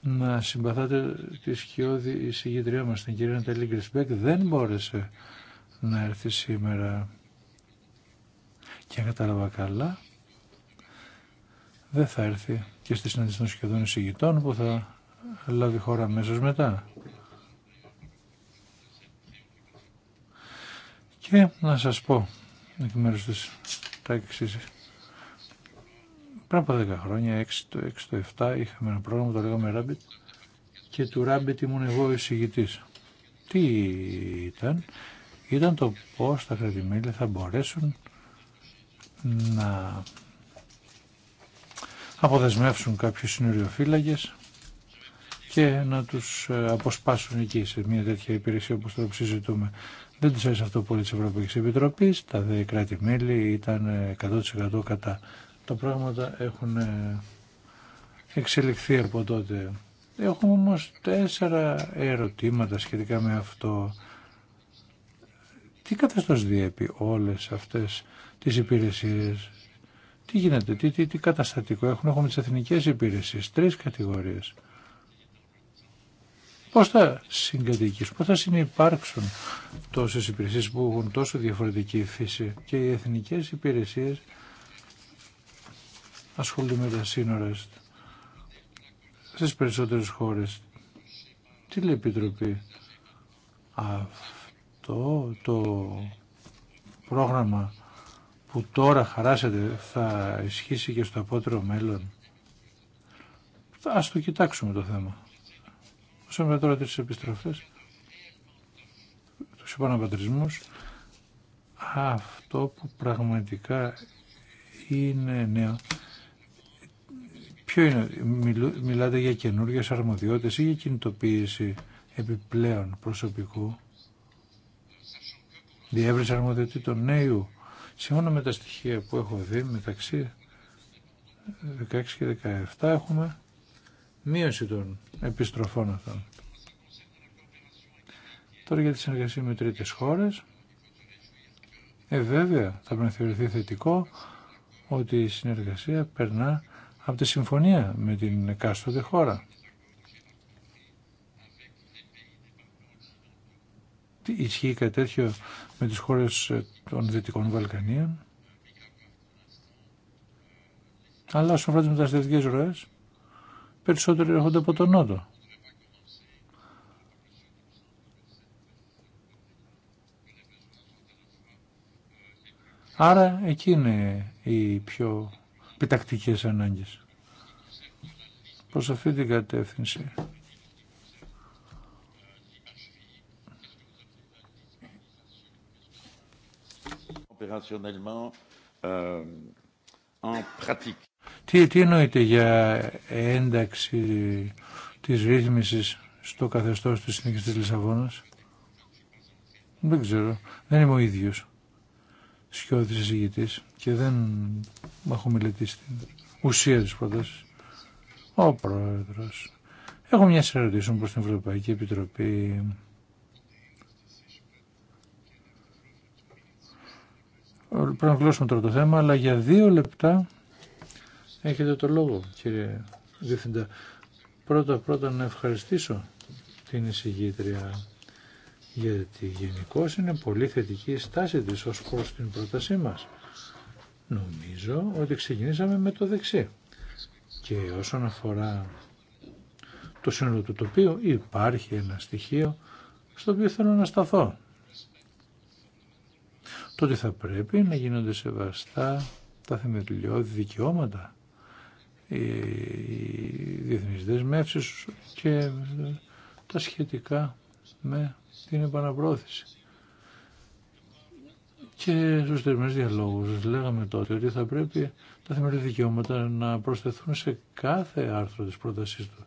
να συμπαθάτε τη σκιώδη εισηγητριά μας, την κυρία Ναταλή Γκρισμπέκ, δεν μπόρεσε να έρθει σήμερα. Και αν κατάλαβα καλά, δεν θα έρθει και στη συνάντηση των σχεδόν εισηγητών που θα λάβει χώρα αμέσω μετά. Και να σας πω εκ μέρους της τάξης πριν από 10 χρόνια, 6 το 7, είχαμε ένα πρόγραμμα, το λέγαμε Rabbit και του Rabbit ήμουν εγώ εισηγητή. Τι ήταν, ήταν το πώ τα κρατημέλια θα μπορέσουν να αποδεσμεύσουν κάποιους συνοριοφύλακε και να τους ε, αποσπάσουν εκεί σε μια τέτοια υπηρεσία όπως το συζητούμε. Δεν τους άρεσε αυτό πολύ της Ευρωπαϊκής Επιτροπής, τα δε κράτη-μέλη ήταν 100% ε, κατά τα πράγματα έχουν ε, εξελιχθεί από τότε. Έχουμε όμως τέσσερα ερωτήματα σχετικά με αυτό. Τι καθεστώς διέπει όλες αυτές τις υπηρεσίες. Τι γίνεται, τι, τι, τι καταστατικό έχουν. Έχουμε τις εθνικές υπηρεσίες, τρεις κατηγορίες. Πώς θα συγκατοικήσουν, πώς θα συνεπάρξουν τόσες υπηρεσίες που έχουν τόσο διαφορετική φύση και οι εθνικές υπηρεσίες ασχολούνται με τα σύνορα στις περισσότερες χώρες. Τι λέει η Επιτροπή. Αυτό το πρόγραμμα που τώρα χαράσετε θα ισχύσει και στο απότερο μέλλον. Ας το κοιτάξουμε το θέμα. όσο με τώρα τις επιστροφές, τους επαναπατρισμούς, αυτό που πραγματικά είναι νέο Ποιο είναι, μιλάτε για καινούριε αρμοδιότητες ή για κινητοποίηση επιπλέον προσωπικού, διεύρυνση αρμοδιοτήτων νέου. Σύμφωνα με τα στοιχεία που έχω δει, μεταξύ 16 και 17 έχουμε μείωση των επιστροφών αυτών. Τώρα για τη συνεργασία με τρίτες χώρες, ε, βέβαια θα πρέπει να θεωρηθεί θετικό ότι η συνεργασία περνά από τη συμφωνία με την εκάστοτε χώρα. Τι ισχύει κάτι τέτοιο με τις χώρες ε, των Δυτικών Βαλκανίων. Αλλά όσον αφορά τις μεταναστευτικές ροές, περισσότεροι έρχονται από τον Νότο. Άρα εκεί είναι η πιο επιτακτικές ανάγκες. Προς αυτή την κατεύθυνση. Euh, τι, τι εννοείται για ένταξη της ρύθμισης στο καθεστώς της συνθήκης της Λισαβόνας. Δεν ξέρω. Δεν είμαι ο ίδιος σκιώδης εισηγητής και δεν έχω μελετήσει την ουσία τη πρόταση. Ο πρόεδρο. Έχω μια σειρά ερωτήσεων προς την Ευρωπαϊκή Επιτροπή. Πρέπει να κλείσουμε τώρα το θέμα, αλλά για δύο λεπτά έχετε το λόγο, κύριε Διευθυντά. Πρώτα-πρώτα να ευχαριστήσω την εισηγήτρια γιατί γενικώ είναι πολύ θετική η στάση της ως προς την πρότασή μας. Νομίζω ότι ξεκινήσαμε με το δεξί. Και όσον αφορά το σύνολο του τοπίου υπάρχει ένα στοιχείο στο οποίο θέλω να σταθώ. Το ότι θα πρέπει να γίνονται σεβαστά τα θεμελιώδη δικαιώματα, οι διεθνείς δεσμεύσεις και τα σχετικά με την επαναπρόθεση. Και στους τερμές διαλόγους λέγαμε τότε ότι θα πρέπει τα θεμελιώδη δικαιώματα να προσθεθούν σε κάθε άρθρο της πρότασής του.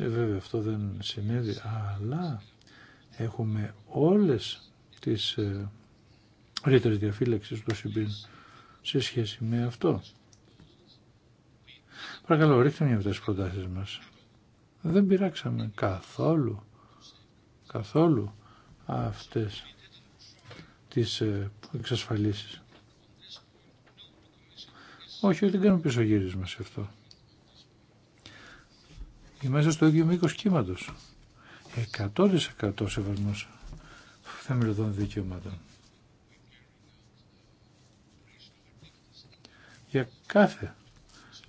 Ε, βέβαια αυτό δεν συνέβη, αλλά έχουμε όλες τις ε, ρήτρες διαφύλαξης του ΣΥΠΗΝ σε σχέση με αυτό. Παρακαλώ, ρίχτε μια από τις προτάσεις μας. Δεν πειράξαμε καθόλου καθόλου αυτές τις ε, εξασφαλίσεις. Όχι, δεν κάνουμε πίσω γύρισμα σε αυτό. Είμαστε στο ίδιο μήκο κύματο. 100% σεβασμό θεμελιωδών δικαιωμάτων. Για κάθε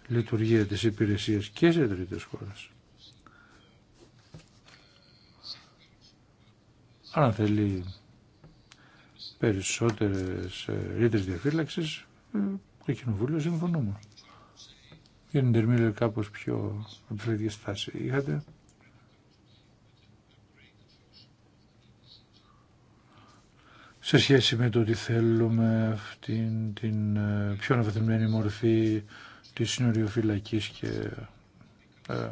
λειτουργία της υπηρεσίας και σε τρίτες χώρες. Αν θέλει περισσότερες ε, ρήτρες διαφύλαξης, ε, το κοινοβούλιο συμφωνούμε. Για την Τερμίλερ κάπως πιο επιφυλακτική στάση είχατε. σε σχέση με το ότι θέλουμε αυτήν την ε, πιο αναβαθμισμένη μορφή της συνοριοφυλακής και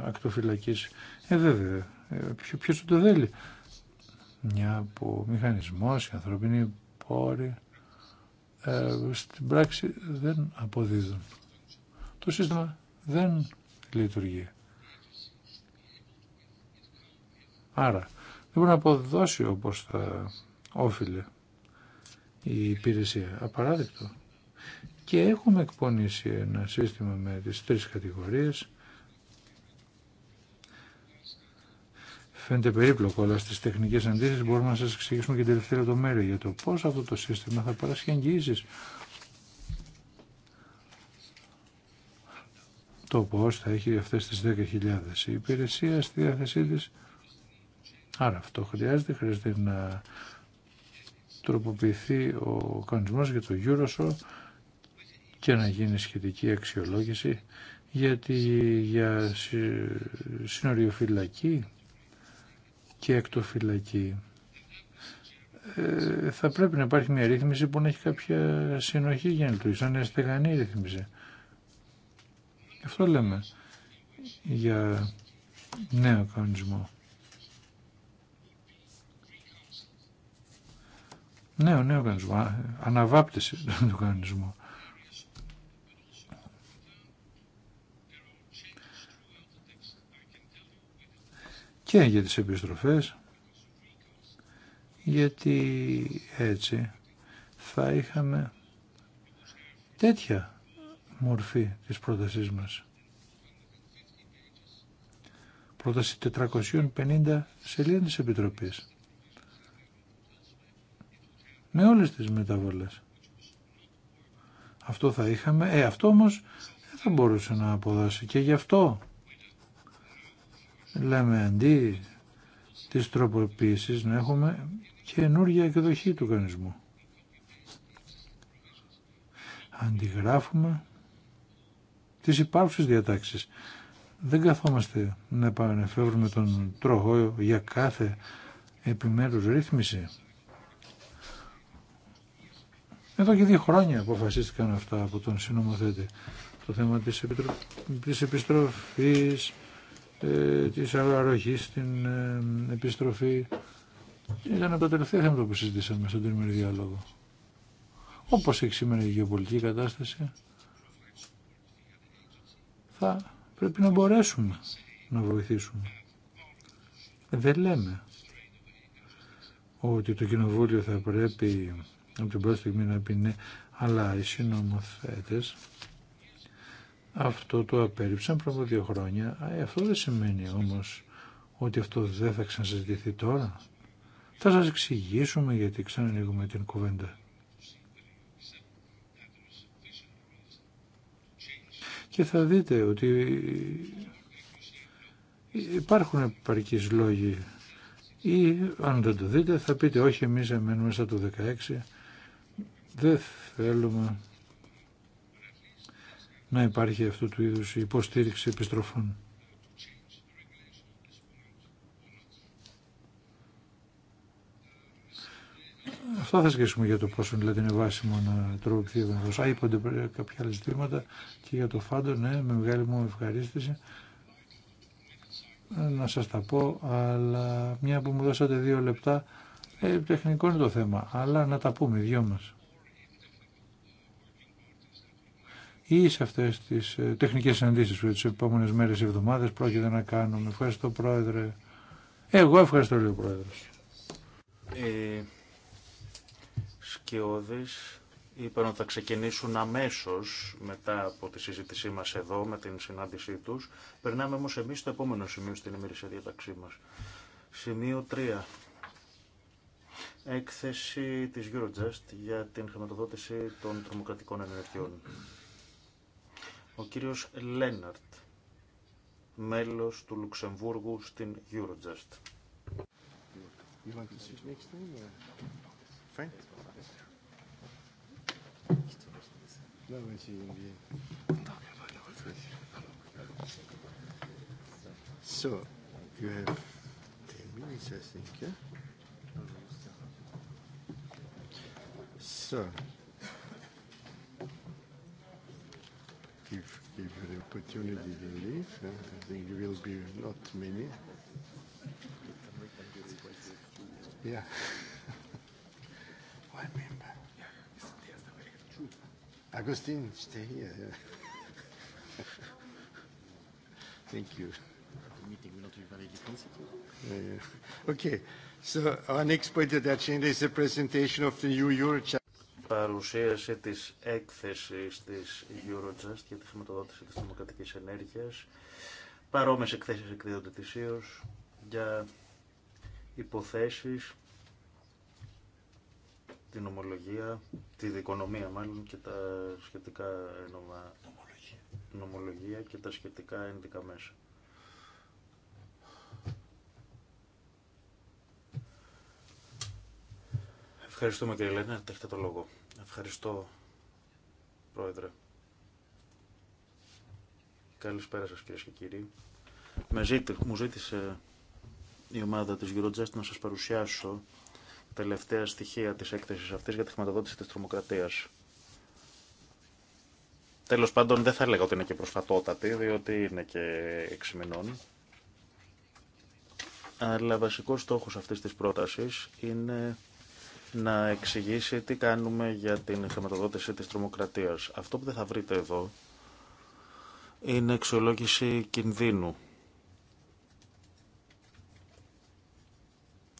ακτοφυλακή. Ε, βέβαια, πιο το θέλει μια που μηχανισμός, οι ανθρωπινοί πόροι ε, στην πράξη δεν αποδίδουν. Το σύστημα δεν λειτουργεί. Άρα δεν μπορεί να αποδώσει όπως θα όφιλε η υπηρεσία. Απαράδεκτο. Και έχουμε εκπονήσει ένα σύστημα με τις τρεις κατηγορίες φαίνεται περίπλοκο, αλλά στι τεχνικέ αντίθεσει μπορούμε να σα εξηγήσουμε και την τελευταία λεπτομέρεια για το πώ αυτό το σύστημα θα παράσχει Το πώ θα έχει αυτέ τι 10.000 η υπηρεσία στη διάθεσή τη. Άρα αυτό χρειάζεται, χρειάζεται να τροποποιηθεί ο κανονισμός για το Eurosol και να γίνει σχετική αξιολόγηση γιατί για συνοριοφυλακή και εκτοφυλακή. Ε, θα πρέπει να υπάρχει μια ρύθμιση που να έχει κάποια συνοχή για να λειτουργήσει, να είναι στεγανή ρύθμιση. Αυτό λέμε για νέο κανονισμό. Νέο, νέο κανονισμό. Αναβάπτεση του κανονισμού. και για τις επιστροφές γιατί έτσι θα είχαμε τέτοια μορφή της πρότασής μας. Πρόταση 450 σελίδων της Επιτροπής. Με όλες τις μεταβολές. Αυτό θα είχαμε. Ε, αυτό όμως δεν θα μπορούσε να αποδώσει. Και γι' αυτό λέμε αντί της τροποποίησης να έχουμε καινούργια εκδοχή του κανισμού. Αντιγράφουμε τις υπάρχουσες διατάξεις. Δεν καθόμαστε να επανεφεύρουμε τον τροχό για κάθε επιμέρους ρύθμιση. Εδώ και δύο χρόνια αποφασίστηκαν αυτά από τον συνομοθέτη. Το θέμα της, επιτρο... της ε, της στην ε, επιστροφή. Ήταν από τα τελευταία θέματα που συζητήσαμε στον τριμερή διάλογο. Όπως έχει σήμερα η γεωπολιτική κατάσταση, θα πρέπει να μπορέσουμε να βοηθήσουμε. Δεν λέμε ότι το κοινοβούλιο θα πρέπει από την πρώτη στιγμή να πει ναι, αλλά οι συνομοθέτες αυτό το απέρριψαν πριν από δύο χρόνια. Ε, αυτό δεν σημαίνει όμως ότι αυτό δεν θα ξαναζητηθεί τώρα. Θα σας εξηγήσουμε γιατί ξανανοίγουμε την κουβέντα. Και θα δείτε ότι υπάρχουν επαρκείς λόγοι ή αν δεν το δείτε θα πείτε όχι εμείς εμένουμε στα του 16 δεν θέλουμε να υπάρχει αυτού του είδους υποστήριξη επιστροφών. Αυτό θα σκέψουμε για το πόσο δηλαδή είναι βάσιμο να τροποποιηθεί ο βενζός. Α, είπονται κάποια άλλα ζητήματα και για το φάντο, ναι, με μεγάλη μου ευχαρίστηση να σας τα πω, αλλά μια που μου δώσατε δύο λεπτά, ε, τεχνικό είναι το θέμα, αλλά να τα πούμε, οι δυο μας. ή σε αυτές τις ε, τεχνικές συναντήσεις που τι επόμενες μέρες ή εβδομάδες πρόκειται να κάνουμε. Ευχαριστώ Πρόεδρε. Εγώ ευχαριστώ λίγο Πρόεδρος. Ε, Σκιώδη, είπαν ότι θα ξεκινήσουν αμέσω μετά από τη συζήτησή μα εδώ με την συνάντησή του. Περνάμε όμω εμεί στο επόμενο σημείο στην ημερήσια διαταξή μα. Σημείο 3. Έκθεση της Eurojust για την χρηματοδότηση των τρομοκρατικών ενεργειών. Ο κύριος Λέναρτ, μέλος του Λουξεμβούργου στην Eurojust. So, you have 10 minutes, I think. Yeah? So, give you the opportunity to leave. I think there will be not many. Yeah. One member. Agustin, stay here. Thank you. The meeting will not be very defensive. Okay. So our next point of the agenda is the presentation of the new Euro παρουσίαση της έκθεσης της Eurojust για τη χρηματοδότηση της δημοκρατικής ενέργειας. Παρόμοιες εκθέσεις εκδίδονται για υποθέσεις, την ομολογία, τη δικονομία μάλλον και τα σχετικά νομολογία. και τα σχετικά ένδικα μέσα. Ευχαριστούμε κύριε Λένα, έχετε το λόγο. Ευχαριστώ, Πρόεδρε. Καλησπέρα σας κυρίες και κύριοι. μου ζήτησε η ομάδα της Eurojust να σας παρουσιάσω τελευταία στοιχεία της έκθεσης αυτής για τη χρηματοδότηση της τρομοκρατίας. Τέλος πάντων δεν θα έλεγα ότι είναι και προσφατότατη, διότι είναι και εξημενών. Αλλά βασικός στόχος αυτής της πρότασης είναι να εξηγήσει τι κάνουμε για την χρηματοδότηση της τρομοκρατίας. Αυτό που δεν θα βρείτε εδώ είναι εξολόγηση κινδύνου.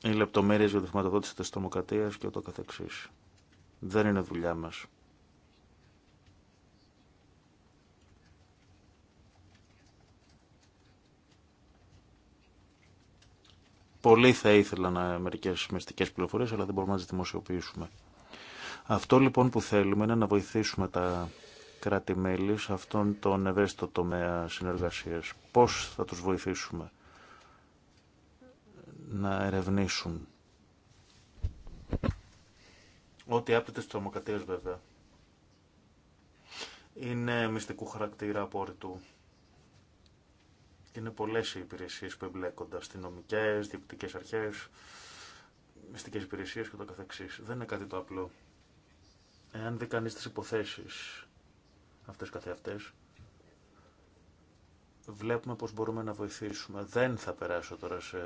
Οι λεπτομέρειες για τη χρηματοδότηση της τρομοκρατίας και ούτω καθεξής. Δεν είναι δουλειά μας. Πολύ θα ήθελαν ε, μερικές μυστικέ πληροφορίες, αλλά δεν μπορούμε να τις δημοσιοποιήσουμε. Αυτό λοιπόν που θέλουμε είναι να βοηθήσουμε τα κράτη-μέλη σε αυτόν τον ευαίσθητο τομέα συνεργασία. Πώς θα τους βοηθήσουμε να ερευνήσουν. Ό,τι άπτεται στι τρομοκρατίες βέβαια. Είναι μυστικού χαρακτήρα απόρριτου είναι πολλές οι υπηρεσίες που εμπλέκονται, αστυνομικέ, διοικητικέ αρχέ, μυστικέ υπηρεσίες και το καθεξής. Δεν είναι κάτι το απλό. Εάν δει κανείς τις υποθέσεις αυτές καθεαυτές, βλέπουμε πώς μπορούμε να βοηθήσουμε. Δεν θα περάσω τώρα σε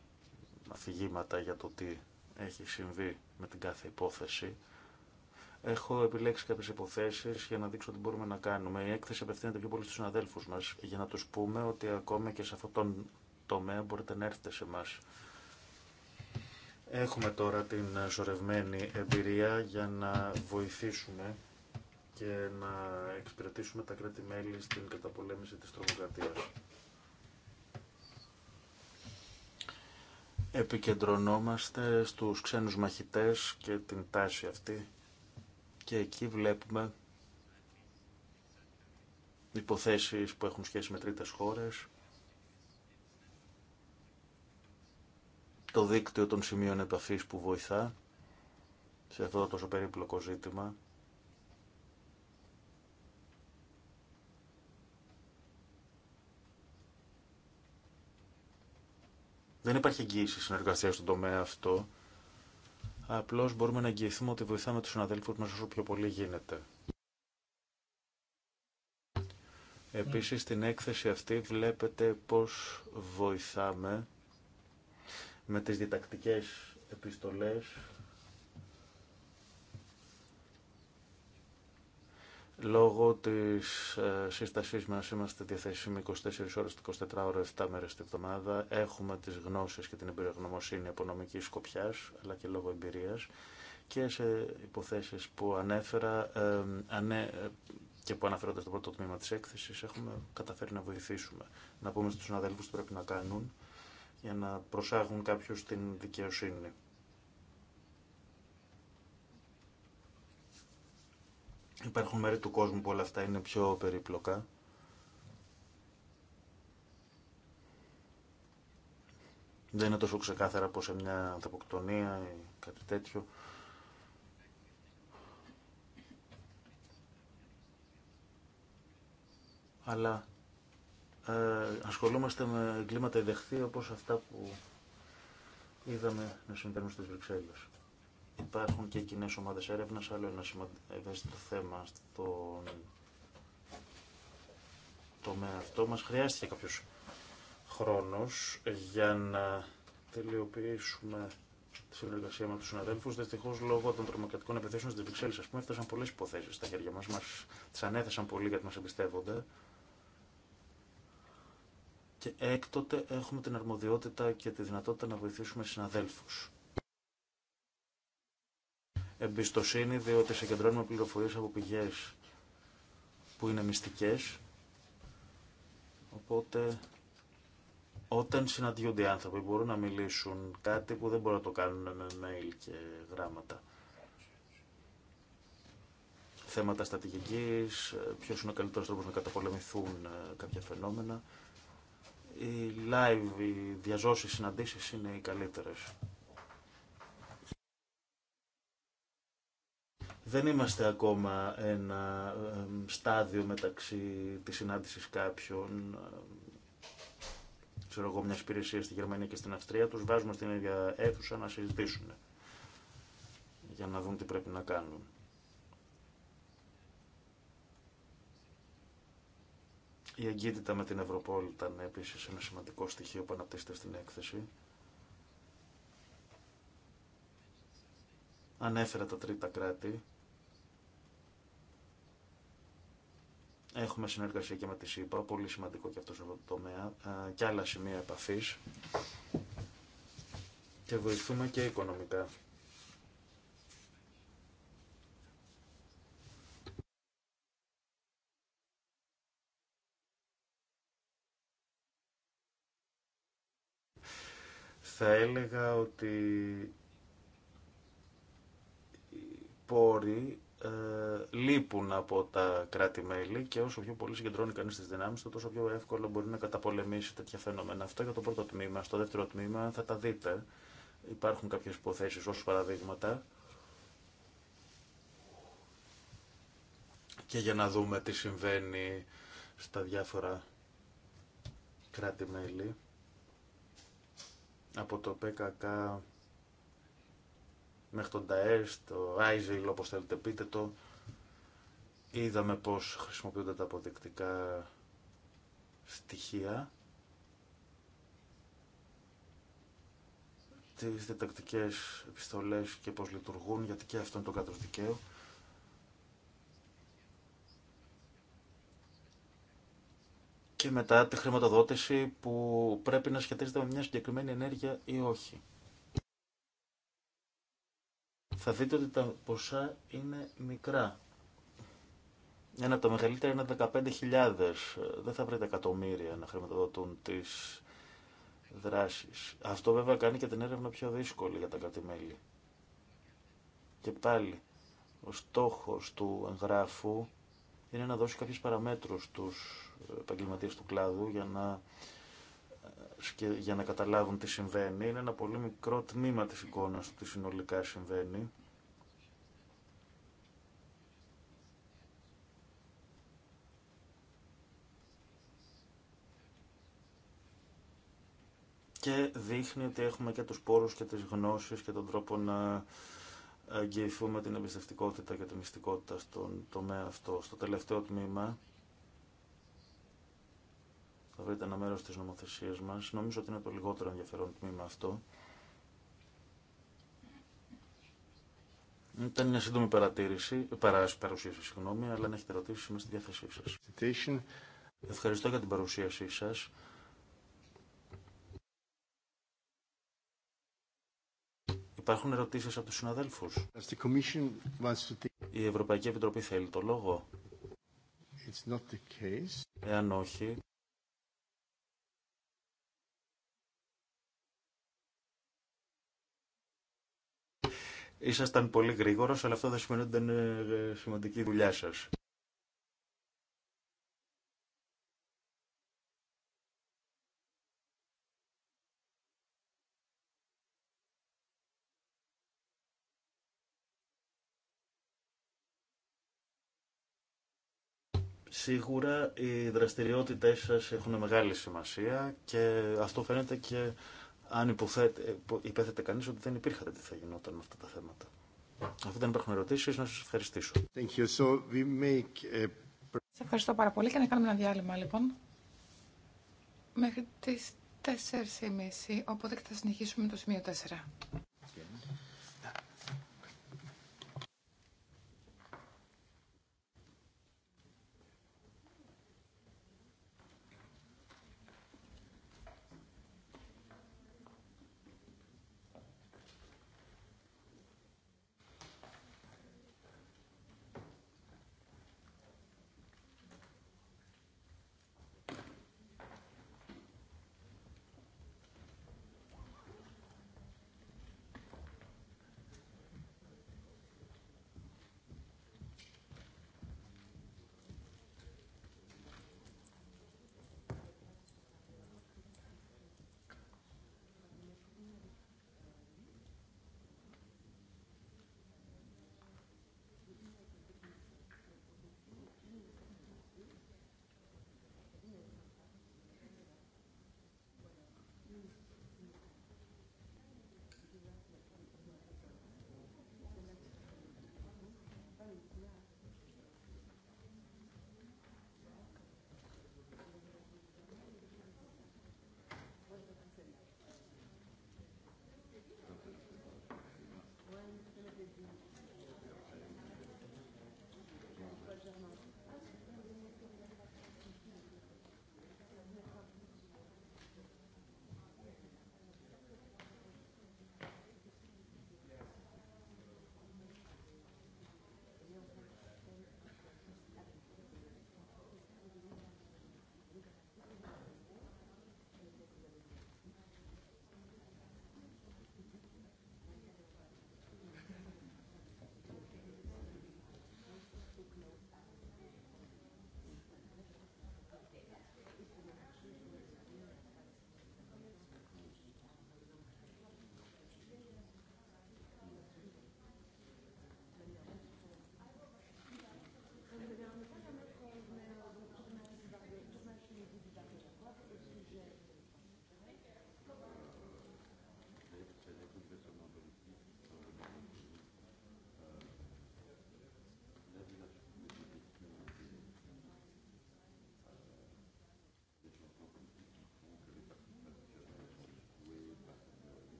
αφηγήματα για το τι έχει συμβεί με την κάθε υπόθεση. Έχω επιλέξει κάποιε υποθέσει για να δείξω τι μπορούμε να κάνουμε. Η έκθεση απευθύνεται πιο πολύ στου συναδέλφου μα για να του πούμε ότι ακόμα και σε αυτόν τον τομέα μπορείτε να έρθετε σε εμά. Έχουμε τώρα την σωρευμένη εμπειρία για να βοηθήσουμε και να εξυπηρετήσουμε τα κράτη-μέλη στην καταπολέμηση της τρομοκρατίας. Επικεντρωνόμαστε στους ξένους μαχητές και την τάση αυτή και εκεί βλέπουμε υποθέσεις που έχουν σχέση με τρίτες χώρες, το δίκτυο των σημείων επαφής που βοηθά σε αυτό το τόσο περίπλοκο ζήτημα, Δεν υπάρχει εγγύηση συνεργασία στον τομέα αυτό Απλώς μπορούμε να εγγυηθούμε ότι βοηθάμε τους συναδέλφους μας όσο πιο πολύ γίνεται. Επίσης στην έκθεση αυτή βλέπετε πώς βοηθάμε με τις διτακτικές επιστολές Λόγω της ε, σύστασής μας είμαστε διαθέσιμοι 24 ώρες, 24 ώρες, 7 μέρες την εβδομάδα. Έχουμε τις γνώσεις και την εμπειρογνωμοσύνη από νομική σκοπιάς, αλλά και λόγω εμπειρίας. Και σε υποθέσεις που ανέφερα ε, ανέ, ε, και που αναφέρονται στο πρώτο τμήμα της έκθεσης, έχουμε καταφέρει να βοηθήσουμε. Να πούμε στους αδέλφους τι πρέπει να κάνουν για να προσάγουν κάποιους την δικαιοσύνη. Υπάρχουν μέρη του κόσμου που όλα αυτά είναι πιο περίπλοκα. Δεν είναι τόσο ξεκάθαρα πως σε μια ανθρωποκτονία ή κάτι τέτοιο. Αλλά ε, ασχολούμαστε με εγκλήματα ιδεχθεί όπως αυτά που είδαμε να συμβαίνουν στις Βρυξέλλες. Υπάρχουν και κοινέ ομάδε έρευνα, άλλο ένα ευαίσθητο θέμα στον τομέα αυτό. Μα χρειάστηκε κάποιο χρόνο για να τελειοποιήσουμε τη συνεργασία με του συναδέλφου. Δυστυχώ, λόγω των τρομοκρατικών επιθέσεων στι Βρυξέλλε, α πούμε, έφτασαν πολλέ υποθέσει στα χέρια μα. τι ανέθεσαν πολύ γιατί μα εμπιστεύονται. Και έκτοτε έχουμε την αρμοδιότητα και τη δυνατότητα να βοηθήσουμε συναδέλφους εμπιστοσύνη διότι συγκεντρώνουμε πληροφορίες από πηγές που είναι μυστικές. Οπότε όταν συναντιούνται οι άνθρωποι μπορούν να μιλήσουν κάτι που δεν μπορούν να το κάνουν με mail και γράμματα. Θέματα στρατηγικής, ποιος είναι ο καλύτερος τρόπος να καταπολεμηθούν ε, κάποια φαινόμενα. Οι live, οι διαζώσεις συναντήσεις είναι οι καλύτερες. Δεν είμαστε ακόμα ένα στάδιο μεταξύ της συνάντησης κάποιων ξέρω εγώ, μια υπηρεσία στη Γερμανία και στην Αυστρία, τους βάζουμε στην ίδια αίθουσα να συζητήσουν για να δουν τι πρέπει να κάνουν. Η εγκύτητα με την Ευρωπόλ ήταν επίσης ένα σημαντικό στοιχείο που αναπτύσσεται στην έκθεση. Ανέφερα τα τρίτα κράτη. Έχουμε συνεργασία και με τη ΣΥΠΑ, πολύ σημαντικό και αυτό το τομέα, ε, και άλλα σημεία επαφής και βοηθούμε και οικονομικά. Θα έλεγα ότι οι πόροι ε, λείπουν από τα κράτη-μέλη και όσο πιο πολύ συγκεντρώνει κανεί τι δυνάμεις του, τόσο πιο εύκολο μπορεί να καταπολεμήσει τέτοια φαινόμενα. Αυτό για το πρώτο τμήμα. Στο δεύτερο τμήμα θα τα δείτε. Υπάρχουν κάποιες υποθέσει, ως παραδείγματα. Και για να δούμε τι συμβαίνει στα διάφορα κράτη-μέλη. Από το ΠΚΚ μέχρι τον ΤΑΕΣ, το Άιζελ, όπως θέλετε πείτε το. Είδαμε πώς χρησιμοποιούνται τα αποδεικτικά στοιχεία. Τις διτακτικές επιστολές και πώς λειτουργούν, γιατί και αυτό είναι το κάτω δικαίου. Και μετά τη χρηματοδότηση που πρέπει να σχετίζεται με μια συγκεκριμένη ενέργεια ή όχι θα δείτε ότι τα ποσά είναι μικρά. Ένα από τα μεγαλύτερα είναι 15.000. Δεν θα βρείτε εκατομμύρια να χρηματοδοτούν τις δράσεις. Αυτό βέβαια κάνει και την έρευνα πιο δύσκολη για τα κατημέλη. Και πάλι, ο στόχος του εγγράφου είναι να δώσει κάποιες παραμέτρους στους επαγγελματίε του κλάδου για να και για να καταλάβουν τι συμβαίνει. Είναι ένα πολύ μικρό τμήμα της εικόνας του τι συνολικά συμβαίνει. και δείχνει ότι έχουμε και τους πόρους και τις γνώσεις και τον τρόπο να εγγυηθούμε την εμπιστευτικότητα και τη μυστικότητα στον τομέα αυτό. Στο τελευταίο τμήμα θα βρείτε ένα μέρος της νομοθεσία μας. Νομίζω ότι είναι το λιγότερο ενδιαφέρον τμήμα αυτό. Ήταν μια σύντομη παρατήρηση, παρά, παρουσίαση, συγγνώμη, αλλά αν έχετε ερωτήσει, είμαι στη διάθεσή σα. Ευχαριστώ για την παρουσίασή σα. Υπάρχουν ερωτήσει από του συναδέλφου. Η Ευρωπαϊκή Επιτροπή θέλει το λόγο. Εάν όχι, Ήσασταν πολύ γρήγορο, αλλά αυτό δεν σημαίνει ότι δεν είναι ε, σημαντική δουλειά σα. Σίγουρα οι δραστηριότητες σας έχουν μεγάλη σημασία και αυτό φαίνεται και αν υπέθετε κανείς ότι δεν υπήρχατε τι θα γινόταν με αυτά τα θέματα. Αφού δεν υπάρχουν ερωτήσεις, να σα ευχαριστήσω. Thank So a... Σας ευχαριστώ πάρα πολύ και να κάνουμε ένα διάλειμμα λοιπόν. Μέχρι τις 4.30, οπότε θα συνεχίσουμε το σημείο 4.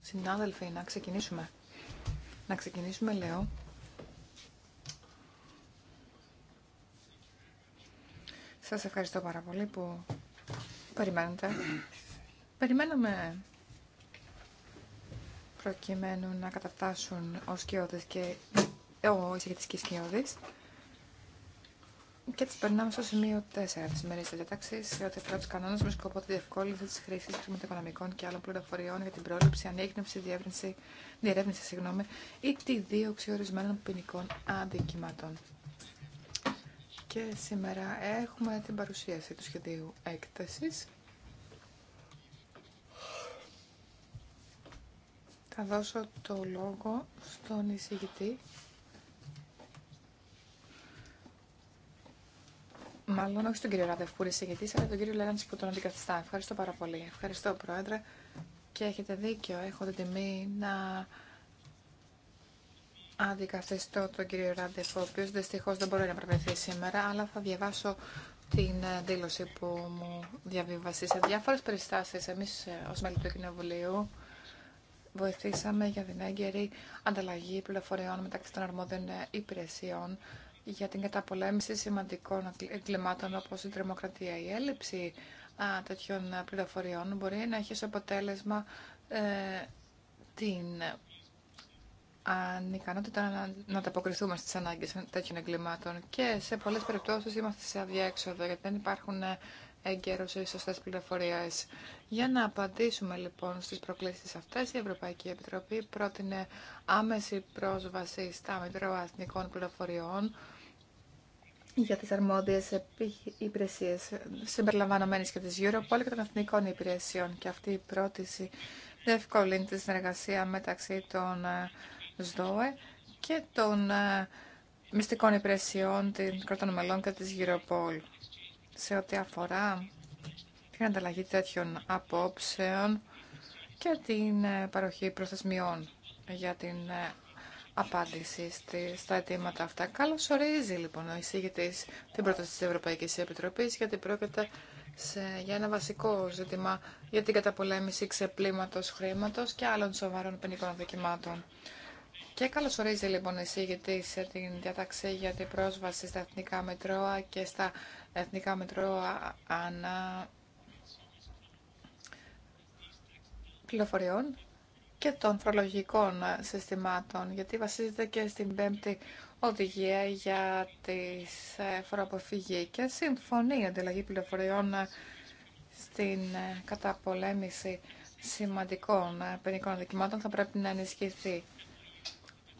Συνάδελφοι. να ξεκινήσουμε. Να ξεκινήσουμε, λέω. Σας ευχαριστώ πάρα πολύ που περιμένετε. Περιμέναμε προκειμένου να καταφτάσουν ο Σκιώδης και ο εισηγητής και και έτσι περνάμε στο σημείο 4 τη σημερινή διατάξη σε ό,τι αφορά του κανόνε με σκοπό τη διευκόλυνση τη χρήση χρηματοοικονομικών και άλλων πληροφοριών για την πρόληψη, ανέγνευση, διεύρυνση, διερεύνηση συγγνώμη, ή τη δίωξη ορισμένων ποινικών αντικειμάτων. Και σήμερα έχουμε την παρουσίαση του σχεδίου έκθεση. Θα δώσω το λόγο στον εισηγητή, μάλλον όχι στον κύριο Ράδευ που είναι συγγετής, αλλά τον κύριο Λέραντς που τον αντικαθιστά. Ευχαριστώ πάρα πολύ. Ευχαριστώ, Πρόεδρε. Και έχετε δίκιο. Έχω την τιμή να αντικαθιστώ τον κύριο Ράντεφ, ο οποίο δυστυχώ δεν μπορεί να προβληθεί σήμερα, αλλά θα διαβάσω την δήλωση που μου διαβίβασε σε διάφορε περιστάσει. Εμεί, ω μέλη του Κοινοβουλίου, βοηθήσαμε για την έγκαιρη ανταλλαγή πληροφοριών μεταξύ των αρμόδιων υπηρεσιών για την καταπολέμηση σημαντικών εγκλημάτων όπως η τρομοκρατία. Η έλλειψη α, τέτοιων πληροφοριών μπορεί να έχει ως αποτέλεσμα ε, την ανικανότητα να, να ανταποκριθούμε στις ανάγκες τέτοιων εγκλημάτων και σε πολλές περιπτώσεις είμαστε σε αδιέξοδο γιατί δεν υπάρχουν εγκαίρως οι σωστέ πληροφορίες. Για να απαντήσουμε λοιπόν στις προκλήσεις αυτές, η Ευρωπαϊκή Επιτροπή πρότεινε άμεση πρόσβαση στα Μητρώα Εθνικών Πληροφοριών για τις αρμόδιες υπηρεσίες συμπεριλαμβανομένης και της Europol και των εθνικών υπηρεσιών και αυτή η πρόταση διευκολύνει τη συνεργασία μεταξύ των ε, ΣΔΟΕ και των ε, μυστικών υπηρεσιών των κρατών μελών και της Europol σε ό,τι αφορά την ανταλλαγή τέτοιων απόψεων και την ε, παροχή προθεσμιών για την απάντηση στα αιτήματα αυτά. Καλώ ορίζει λοιπόν ο εισήγητη την πρόταση τη Ευρωπαϊκή Επιτροπή, γιατί πρόκειται σε, για ένα βασικό ζήτημα για την καταπολέμηση ξεπλήματο χρήματο και άλλων σοβαρών ποινικών δοκιμάτων. Και καλώ ορίζει λοιπόν ο εισήγητη την διαταξή για την πρόσβαση στα εθνικά μετρώα και στα εθνικά μετρώα ανά πληροφοριών και των φορολογικών ε, συστημάτων, γιατί βασίζεται και στην πέμπτη οδηγία για τις ε, φοροαποφυγή και συμφωνεί η ανταλλαγή πληροφοριών ε, στην καταπολέμηση σημαντικών πενικών δικημάτων θα πρέπει να ενισχυθεί.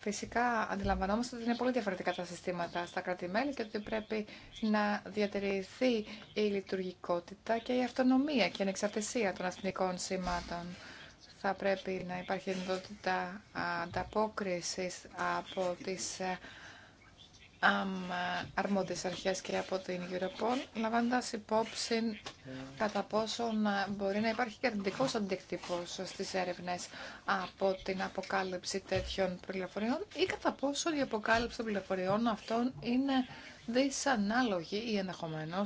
Φυσικά αντιλαμβανόμαστε ότι είναι πολύ διαφορετικά τα συστήματα στα κράτη-μέλη και ότι πρέπει να διατηρηθεί η λειτουργικότητα και η αυτονομία και η ανεξαρτησία των αστυνικών σημάτων θα πρέπει να υπάρχει δυνατότητα ανταπόκρισης από τις ε, αρμόδιες αρχές και από την Europol, λαμβάνοντα υπόψη κατά πόσο ε, μπορεί να υπάρχει και αρνητικό αντίκτυπος στις έρευνες από την αποκάλυψη τέτοιων πληροφοριών ή κατά πόσον η κατα ποσο η αποκαλυψη των πληροφοριών αυτών είναι δυσανάλογη ή ενδεχομένω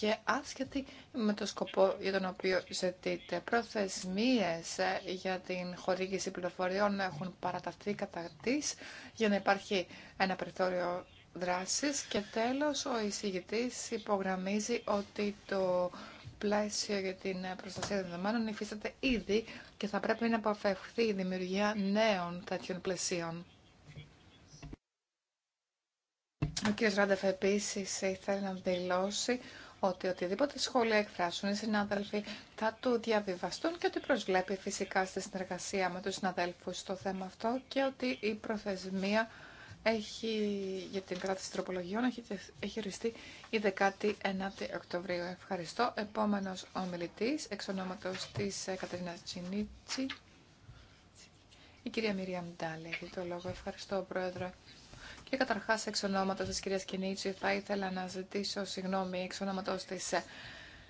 και άσχετη με το σκοπό για τον οποίο ζητείτε. Προθεσμίες ε, για την χορήγηση πληροφοριών έχουν παραταθεί κατά της για να υπάρχει ένα περιθώριο δράσης και τέλος ο εισηγητής υπογραμμίζει ότι το πλαίσιο για την προστασία των δεδομένων υφίσταται ήδη και θα πρέπει να αποφευχθεί η δημιουργία νέων τέτοιων πλαισίων. Ο κ. Ράντεφ επίσης ήθελε να δηλώσει ότι οτιδήποτε σχόλια εκφράσουν οι συνάδελφοι θα του διαβιβαστούν και ότι προσβλέπει φυσικά στη συνεργασία με τους συναδέλφους στο θέμα αυτό και ότι η προθεσμία έχει, για την κράτηση τροπολογιών έχει, έχει οριστεί η 19η Οκτωβρίου. Ευχαριστώ. Επόμενος ομιλητής, εξ ονόματος της ε, Κατερίνα Τσινίτσι, η κυρία μυρια μνταλη το λόγο. Ευχαριστώ, Πρόεδρε. Και καταρχάς εξ ονόματος της κυρίας Κινίτσι θα ήθελα να ζητήσω συγγνώμη εξ ονόματος της ε,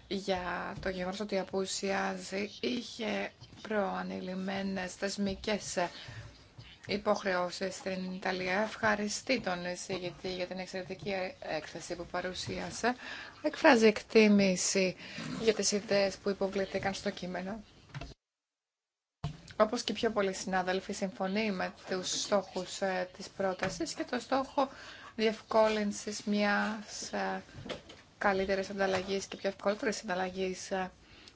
για το γεγονός ότι απουσιάζει είχε προανειλημμένες θεσμικές ε, υποχρεώσει στην Ιταλία. Ευχαριστεί τον εισηγητή για την εξαιρετική έκθεση που παρουσίασε. Εκφράζει εκτίμηση για τις ιδέες που υποβληθήκαν στο κείμενο όπως και πιο πολλοί συνάδελφοι, συμφωνεί με τους στόχους ε, της πρότασης και το στόχο διευκόλυνσης μιας ε, καλύτερης ανταλλαγής και πιο ευκολότερης ανταλλαγής ε,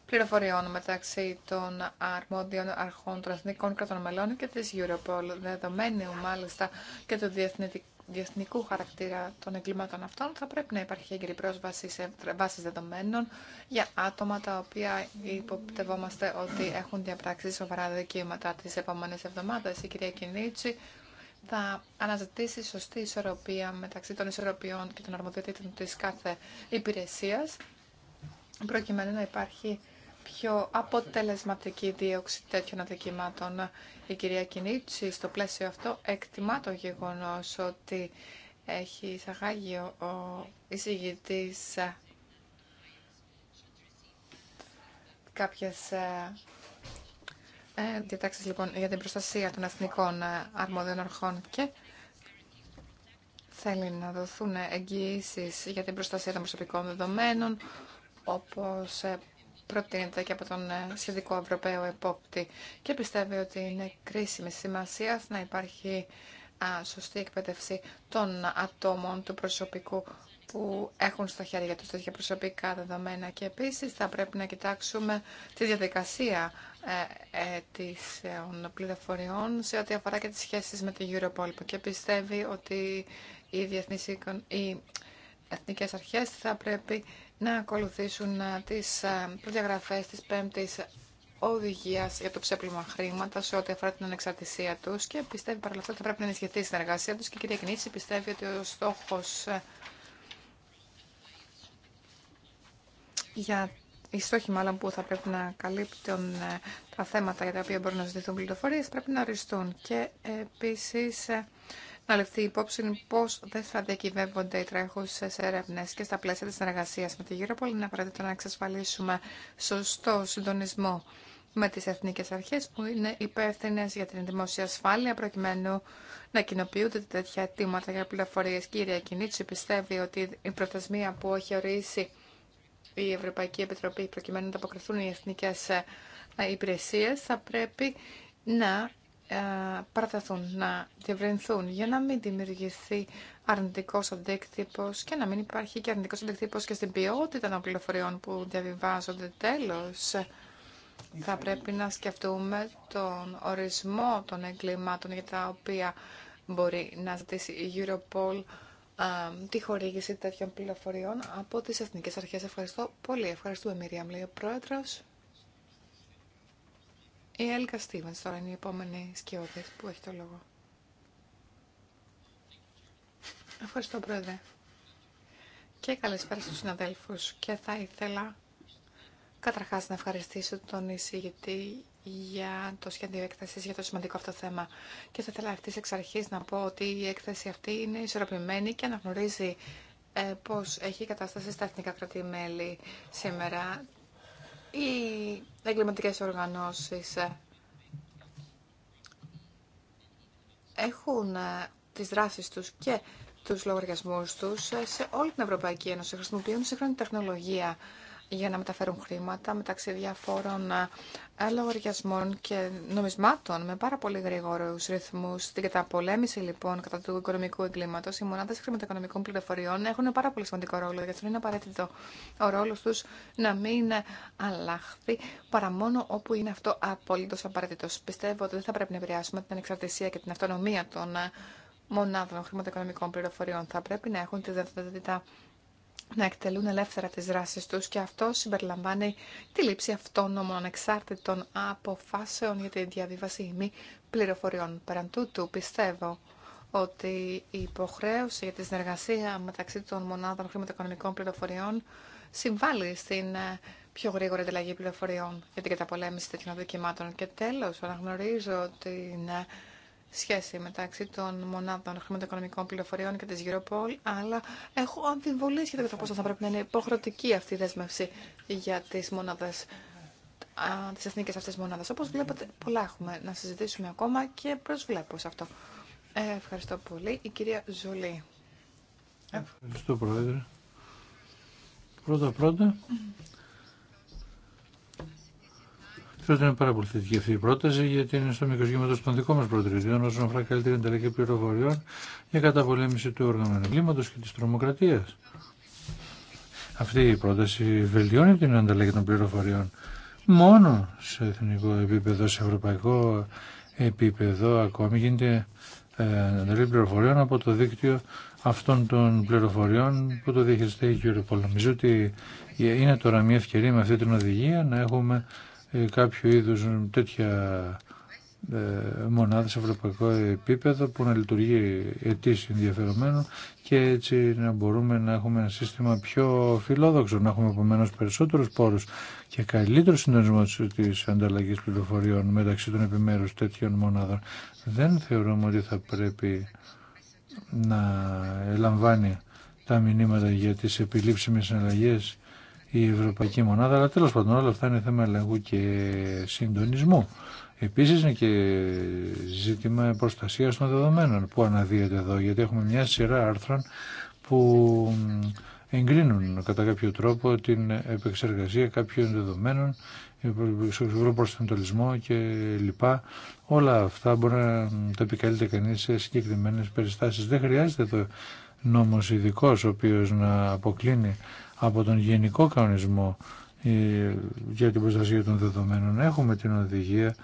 πληροφοριών μεταξύ των αρμόδιων αρχών των εθνικών κρατών μελών και της Europol, δεδομένου μάλιστα και του διεθνητικού διεθνικού χαρακτήρα των εγκλημάτων αυτών θα πρέπει να υπάρχει έγκυρη πρόσβαση σε βάσεις δεδομένων για άτομα τα οποία υποπτευόμαστε ότι έχουν διαπράξει σοβαρά δικαίωματα τι επόμενε εβδομάδες. Η κυρία Κινίτσι θα αναζητήσει σωστή ισορροπία μεταξύ των ισορροπιών και των αρμοδιοτήτων της κάθε υπηρεσία, προκειμένου να υπάρχει πιο αποτελεσματική δίωξη τέτοιων αδικημάτων. Η κυρία Κινίτσι στο πλαίσιο αυτό εκτιμά το γεγονός ότι έχει εισαγάγει ο εισηγητής ε, κάποιες ε, ε, διατάξεις λοιπόν, για την προστασία των εθνικών αρμόδιων αρχών και θέλει να δοθούν εγγυήσεις για την προστασία των προσωπικών δεδομένων, όπως προτείνεται και από τον ε, σχετικό Ευρωπαίο επόπτη και πιστεύει ότι είναι κρίσιμη σημασία να υπάρχει σωστή εκπαίδευση των ατόμων του προσωπικού που έχουν στα χέρια τους τέτοια προσωπικά δεδομένα και επίσης θα πρέπει να κοιτάξουμε τη διαδικασία ε, ε, της πληροφοριών σε ό,τι αφορά και τις σχέσεις με την Europol και πιστεύει ότι οι, οι εθνικές αρχές θα πρέπει να ακολουθήσουν ε, τις ε, προδιαγραφές της πέμπτης οδηγίας για το ψέπλωμα χρήματα σε ό,τι αφορά την ανεξαρτησία τους και πιστεύει παρ' αυτά ότι θα πρέπει να ενισχυθεί η συνεργασία τους και η κυρία Κνήση πιστεύει ότι ο στόχος ε, για οι στόχοι μάλλον που θα πρέπει να καλύπτουν τα θέματα για τα οποία μπορούν να ζητηθούν πληροφορίε πρέπει να οριστούν. Και επίση να ληφθεί υπόψη πώ δεν θα διακυβεύονται οι τρέχουσε έρευνε και στα πλαίσια τη συνεργασία με τη Πόλη είναι απαραίτητο να εξασφαλίσουμε σωστό συντονισμό με τι εθνικέ αρχέ, που είναι υπεύθυνε για την δημόσια ασφάλεια προκειμένου να κοινοποιούνται τέτοια αιτήματα για πληροφορίε. Κύριε Κινίτσι πιστεύει ότι η προθεσμία που έχει ορίσει η Ευρωπαϊκή Επιτροπή προκειμένου να ανταποκριθούν οι εθνικέ ε, υπηρεσίε, θα πρέπει να ε, παραταθούν, να διευρυνθούν για να μην δημιουργηθεί αρνητικός αντίκτυπος και να μην υπάρχει και αρνητικό αντίκτυπος και στην ποιότητα των πληροφοριών που διαβιβάζονται τέλος. Θα πρέπει να σκεφτούμε τον ορισμό των εγκλημάτων για τα οποία μπορεί να ζητήσει η Europol ε, τη χορήγηση τέτοιων πληροφοριών από τις Εθνικές Αρχές. Ευχαριστώ πολύ. Ευχαριστούμε, Μυρία λέει ο Πρόεδρος. Η Έλκα Στίβενς τώρα είναι η επόμενη σκιώδη που έχει το λόγο. Ευχαριστώ, Πρόεδρε. Και καλησπέρα στους συναδέλφους. Και θα ήθελα καταρχάς να ευχαριστήσω τον εισηγητή για το σχέδιο έκθεσης, για το σημαντικό αυτό θέμα. Και θα ήθελα αυτής εξ αρχής να πω ότι η έκθεση αυτή είναι ισορροπημένη και αναγνωρίζει ε, πώς έχει η κατάσταση στα εθνικά κρατή-μέλη σήμερα, οι εγκληματικέ Οργανώσει. Ε, έχουν ε, τις δράσεις τους και τους λογαριασμούς τους ε, σε όλη την Ευρωπαϊκή Ένωση. Χρησιμοποιούν σύγχρονη τεχνολογία για να μεταφέρουν χρήματα μεταξύ διαφόρων ε, λογαριασμών και νομισμάτων με πάρα πολύ γρήγορου ρυθμού. Στην καταπολέμηση λοιπόν κατά του οικονομικού εγκλήματο, οι μονάδε χρηματοοικονομικών πληροφοριών έχουν πάρα πολύ σημαντικό ρόλο, γιατί είναι απαραίτητο ο ρόλο του να μην ε, αλλάχθει παρά μόνο όπου είναι αυτό απολύτω απαραίτητο. Πιστεύω ότι δεν θα πρέπει να επηρεάσουμε την ανεξαρτησία και την αυτονομία των ε, μονάδων χρηματοοικονομικών πληροφοριών. Θα πρέπει να έχουν τη δυνατότητα να εκτελούν ελεύθερα τις δράσεις τους και αυτό συμπεριλαμβάνει τη λήψη αυτόνομων ανεξάρτητων αποφάσεων για τη διαβίβαση μη πληροφοριών. Πέραν τούτου, πιστεύω ότι η υποχρέωση για τη συνεργασία μεταξύ των μονάδων χρηματοοικονομικών πληροφοριών συμβάλλει στην ε, πιο γρήγορη ανταλλαγή πληροφοριών για την καταπολέμηση τέτοιων δοκιμάτων. Και τέλος, αναγνωρίζω ότι είναι σχέση μεταξύ των μονάδων χρηματοοικονομικών πληροφοριών και της Europol, αλλά έχω αμφιβολίε για το πόσο θα πρέπει να είναι υποχρεωτική αυτή η δέσμευση για τι μονάδες τις εθνικές αυτές μονάδες. Όπως βλέπετε, πολλά έχουμε να συζητήσουμε ακόμα και προσβλέπω σε αυτό. Ε, ευχαριστώ πολύ. Η κυρία Ζολή. Ευχαριστώ, Πρόεδρε. Πρώτα-πρώτα, ότι είναι πάρα πολύ θετική αυτή η πρόταση, γιατί είναι στο μικρό των δικών μα προτεραιοτήτων όσον αφορά καλύτερη ανταλλαγή πληροφοριών για καταπολέμηση του οργανωμένου κλίματο και τη τρομοκρατία. Αυτή η πρόταση βελτιώνει την ανταλλαγή των πληροφοριών μόνο σε εθνικό επίπεδο, σε ευρωπαϊκό επίπεδο ακόμη γίνεται ε, ανταλλαγή πληροφοριών από το δίκτυο αυτών των πληροφοριών που το διαχειριστεί η Νομίζω ότι είναι τώρα μια ευκαιρία με αυτή την οδηγία να έχουμε ε, κάποιο είδους τέτοια ε, μονάδα σε ευρωπαϊκό επίπεδο που να λειτουργεί ετής ενδιαφερόμενο και έτσι να μπορούμε να έχουμε ένα σύστημα πιο φιλόδοξο, να έχουμε επομένω περισσότερους πόρους και καλύτερο συντονισμό της ανταλλαγής πληροφοριών μεταξύ των επιμέρους τέτοιων μονάδων. Δεν θεωρούμε ότι θα πρέπει να ελαμβάνει τα μηνύματα για τις επιλήψιμες συναλλαγές η Ευρωπαϊκή Μονάδα, αλλά τέλος πάντων όλα αυτά είναι θέμα ελεγού και συντονισμού. Επίσης είναι και ζήτημα προστασίας των δεδομένων που αναδύεται εδώ, γιατί έχουμε μια σειρά άρθρων που εγκρίνουν κατά κάποιο τρόπο την επεξεργασία κάποιων δεδομένων, προσθεντολισμό και λοιπά. Όλα αυτά μπορεί να τα επικαλείται κανείς σε συγκεκριμένες περιστάσεις. Δεν χρειάζεται εδώ νόμος ειδικό ο οποίος να αποκλίνει από τον γενικό κανονισμό ε, για την προστασία των δεδομένων. Έχουμε την οδηγία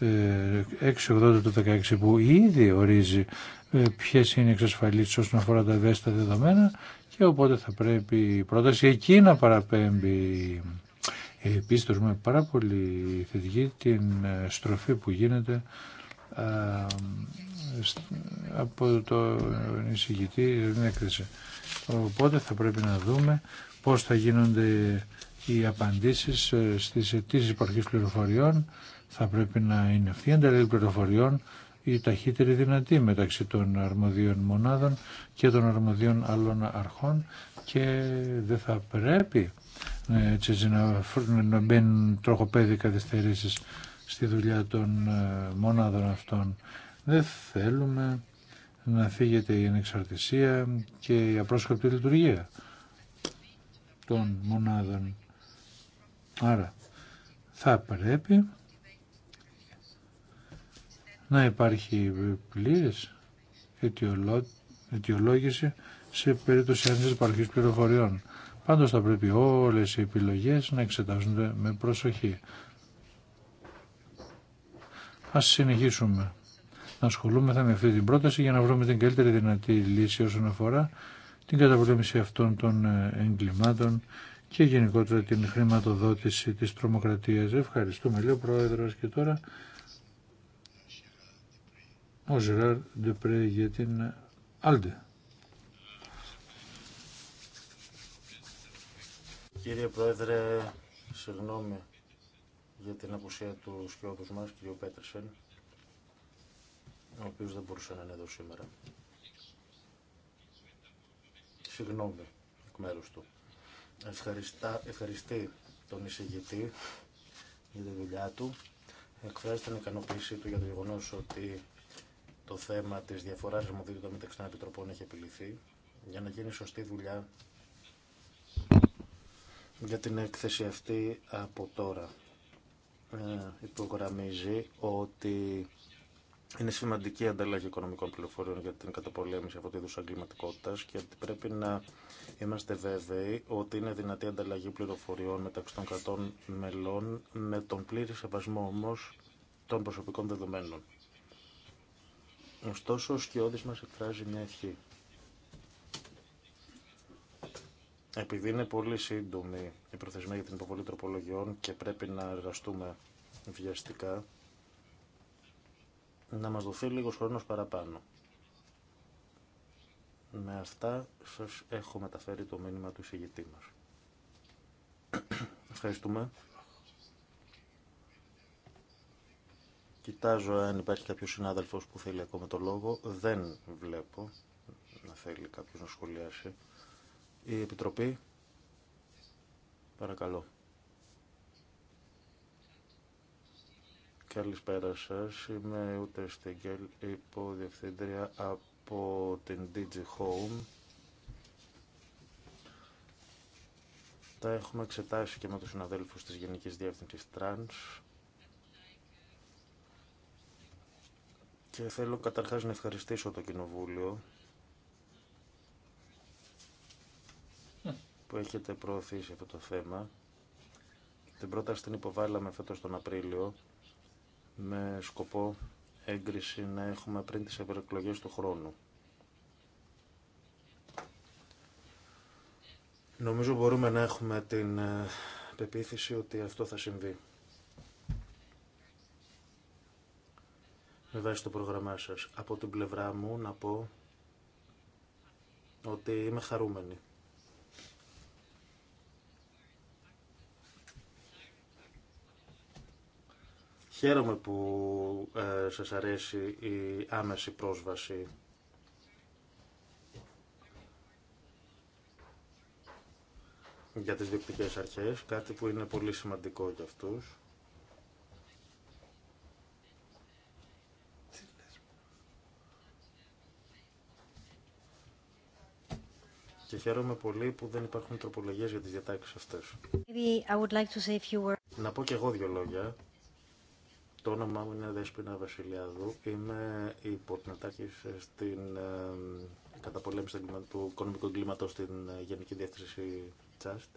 680 ε, του 16 που ήδη ορίζει ε, ποιε είναι οι εξασφαλίσει όσον αφορά τα ευαίσθητα δεδομένα και οπότε θα πρέπει η πρόταση εκεί να παραπέμπει. Επίσης με πάρα πολύ θετική την στροφή που γίνεται από το εισηγητή την έκθεση. Οπότε θα πρέπει να δούμε πώς θα γίνονται οι απαντήσεις ε, στις αιτήσεις υπαρχής πληροφοριών. Θα πρέπει να είναι αυτή η ανταλλαγή πληροφοριών η ταχύτερη δυνατή μεταξύ των αρμοδίων μονάδων και των αρμοδίων άλλων αρχών και δεν θα πρέπει ε, να, να μπαίνουν τροχοπέδι καθυστερήσεις στη δουλειά των ε, μονάδων αυτών. Δεν θέλουμε να φύγεται η ανεξαρτησία και η απρόσκοπτη λειτουργία των μονάδων. Άρα θα πρέπει να υπάρχει πλήρης αιτιολόγηση σε περίπτωση άνθρωσης παροχής πληροφοριών. Πάντως θα πρέπει όλες οι επιλογές να εξετάζονται με προσοχή. Ας συνεχίσουμε να ασχολούμεθα με αυτή την πρόταση για να βρούμε την καλύτερη δυνατή λύση όσον αφορά την καταπολέμηση αυτών των ε, εγκλημάτων και γενικότερα την χρηματοδότηση της τρομοκρατίας. Ευχαριστούμε, λέει ο Πρόεδρος και τώρα ο Ζεράρ Ντεπρέ για την Άλντε. Κύριε Πρόεδρε, συγγνώμη για την απουσία του σκιώδους μας, κύριο Πέτρισεν ο οποίος δεν μπορούσε να είναι εδώ σήμερα. Συγγνώμη εκ μέρους του. Ευχαριστά, ευχαριστεί τον εισηγητή για τη δουλειά του. Εκφράζει την ικανοποίησή του για το γεγονό ότι το θέμα της διαφοράς το μεταξύ των επιτροπών έχει επιληθεί για να γίνει σωστή δουλειά για την έκθεση αυτή από τώρα. Ε, υπογραμμίζει ότι είναι σημαντική ανταλλαγή οικονομικών πληροφοριών για την καταπολέμηση αυτού του είδου εγκληματικότητα και πρέπει να είμαστε βέβαιοι ότι είναι δυνατή ανταλλαγή πληροφοριών μεταξύ των κρατών μελών με τον πλήρη σεβασμό όμω των προσωπικών δεδομένων. Ωστόσο, ο Σκιώδης μας εκφράζει μια ευχή. Επειδή είναι πολύ σύντομη η προθεσμία για την υποβολή τροπολογιών και πρέπει να εργαστούμε βιαστικά, να μας δοθεί λίγος χρόνος παραπάνω. Με αυτά σας έχω μεταφέρει το μήνυμα του εισηγητή μας. Ευχαριστούμε. Κοιτάζω αν υπάρχει κάποιος συνάδελφος που θέλει ακόμα το λόγο. Δεν βλέπω να θέλει κάποιος να σχολιάσει. Η Επιτροπή, παρακαλώ. Καλησπέρα σα. Είμαι ούτε Στεγκέλ, υποδιευθύντρια από την DG Home. Τα έχουμε εξετάσει και με τους συναδέλφους της Γενικής Διεύθυνσης Τρανς. Και θέλω καταρχάς να ευχαριστήσω το Κοινοβούλιο που έχετε προωθήσει αυτό το θέμα. Την πρόταση την υποβάλαμε φέτος τον Απρίλιο με σκοπό έγκριση να έχουμε πριν τις ευρωεκλογέ του χρόνου. Νομίζω μπορούμε να έχουμε την ε, πεποίθηση ότι αυτό θα συμβεί. Με βάση το πρόγραμμά σας. Από την πλευρά μου να πω ότι είμαι χαρούμενη Χαίρομαι που ε, σας αρέσει η άμεση πρόσβαση για τις διοκτικές αρχές, κάτι που είναι πολύ σημαντικό για αυτούς. Και χαίρομαι πολύ που δεν υπάρχουν τροπολογίες για τις διατάξεις αυτές. like Να πω και εγώ δύο λόγια το όνομά μου είναι Δέσποινα Βασιλιάδου. Είμαι υποτινατάρχη στην καταπολέμηση του οικονομικού κλίματος στην ε, Γενική Διεύθυνση Τσάστ.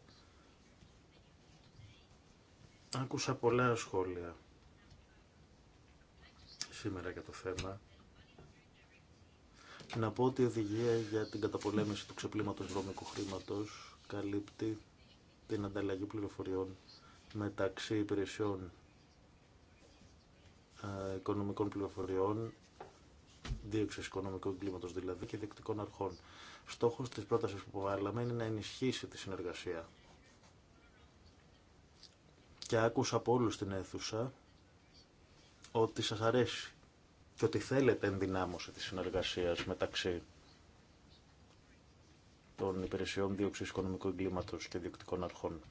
Άκουσα πολλά σχόλια σήμερα για το θέμα. Να πω ότι η οδηγία για την καταπολέμηση του ξεπλήματος βρώμικου χρήματος καλύπτει την ανταλλαγή πληροφοριών μεταξύ υπηρεσιών ε, οικονομικών πληροφοριών, δίωξη οικονομικού εγκλήματο δηλαδή και διεκτικών αρχών. Στόχο τη πρόταση που βάλαμε είναι να ενισχύσει τη συνεργασία. Και άκουσα από όλου στην αίθουσα ότι σα αρέσει και ότι θέλετε ενδυνάμωση τη συνεργασία μεταξύ των υπηρεσιών δίωξη οικονομικού εγκλήματο και διοκτικών αρχών.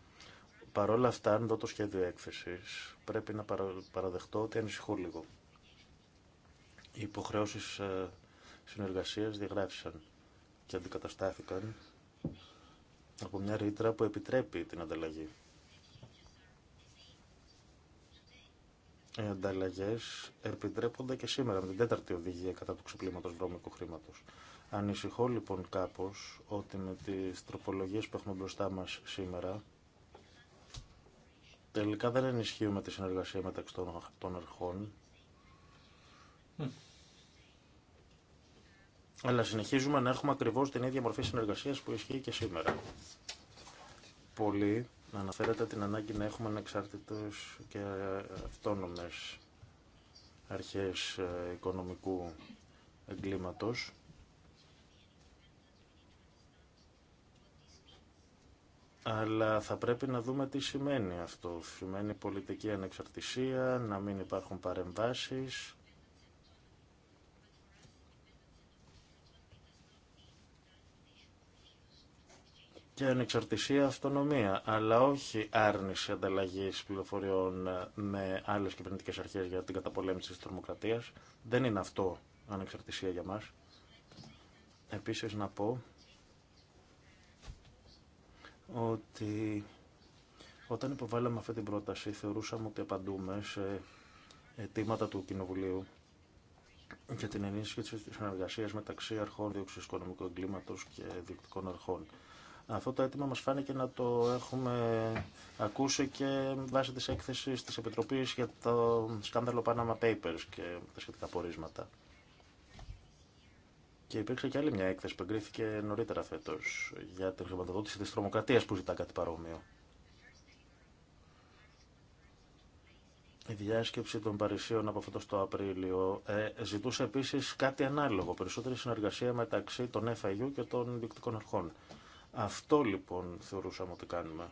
Παρ' όλα αυτά, αν δω το σχέδιο έκθεση πρέπει να παραδεχτώ ότι ανησυχώ λίγο. Οι υποχρεώσει ε, συνεργασίας διαγράφησαν και αντικαταστάθηκαν από μια ρήτρα που επιτρέπει την ανταλλαγή. Οι ανταλλαγέ επιτρέπονται και σήμερα με την τέταρτη οδηγία κατά του ξεπλήματο βρώμικου χρήματο. Ανησυχώ λοιπόν κάπω ότι με τι τροπολογίε που έχουμε μπροστά μα σήμερα Τελικά δεν ενισχύουμε τη συνεργασία μεταξύ των αρχών. Αλλά συνεχίζουμε να έχουμε ακριβώς την ίδια μορφή συνεργασίας που ισχύει και σήμερα. Πολλοί αναφέρεται την ανάγκη να έχουμε ανεξάρτητες και αυτόνομες αρχές ε, οικονομικού εγκλήματος Αλλά θα πρέπει να δούμε τι σημαίνει αυτό. Σημαίνει πολιτική ανεξαρτησία, να μην υπάρχουν παρεμβάσεις. και ανεξαρτησία αυτονομία, αλλά όχι άρνηση ανταλλαγή πληροφοριών με άλλες κυβερνητικέ αρχές για την καταπολέμηση της τρομοκρατίας. Δεν είναι αυτό ανεξαρτησία για μας. Επίσης να πω ότι όταν υποβάλαμε αυτή την πρόταση θεωρούσαμε ότι απαντούμε σε αιτήματα του Κοινοβουλίου για την ενίσχυση της συνεργασίας μεταξύ αρχών δίωξης οικονομικού εγκλήματος και διοικητικών αρχών. Αυτό το αίτημα μας φάνηκε να το έχουμε ακούσει και βάσει της έκθεσης της Επιτροπής για το σκάνδαλο Panama Papers και τα σχετικά πορίσματα. Και υπήρξε και άλλη μια έκθεση που εγκρίθηκε νωρίτερα φέτο για την χρηματοδότηση τη τρομοκρατία που ζητά κάτι παρόμοιο. Η διάσκεψη των Παρισίων από φέτο το Απρίλιο ε, ζητούσε επίση κάτι ανάλογο, περισσότερη συνεργασία μεταξύ των FIU και των διοικητικών αρχών. Αυτό λοιπόν θεωρούσαμε ότι κάνουμε.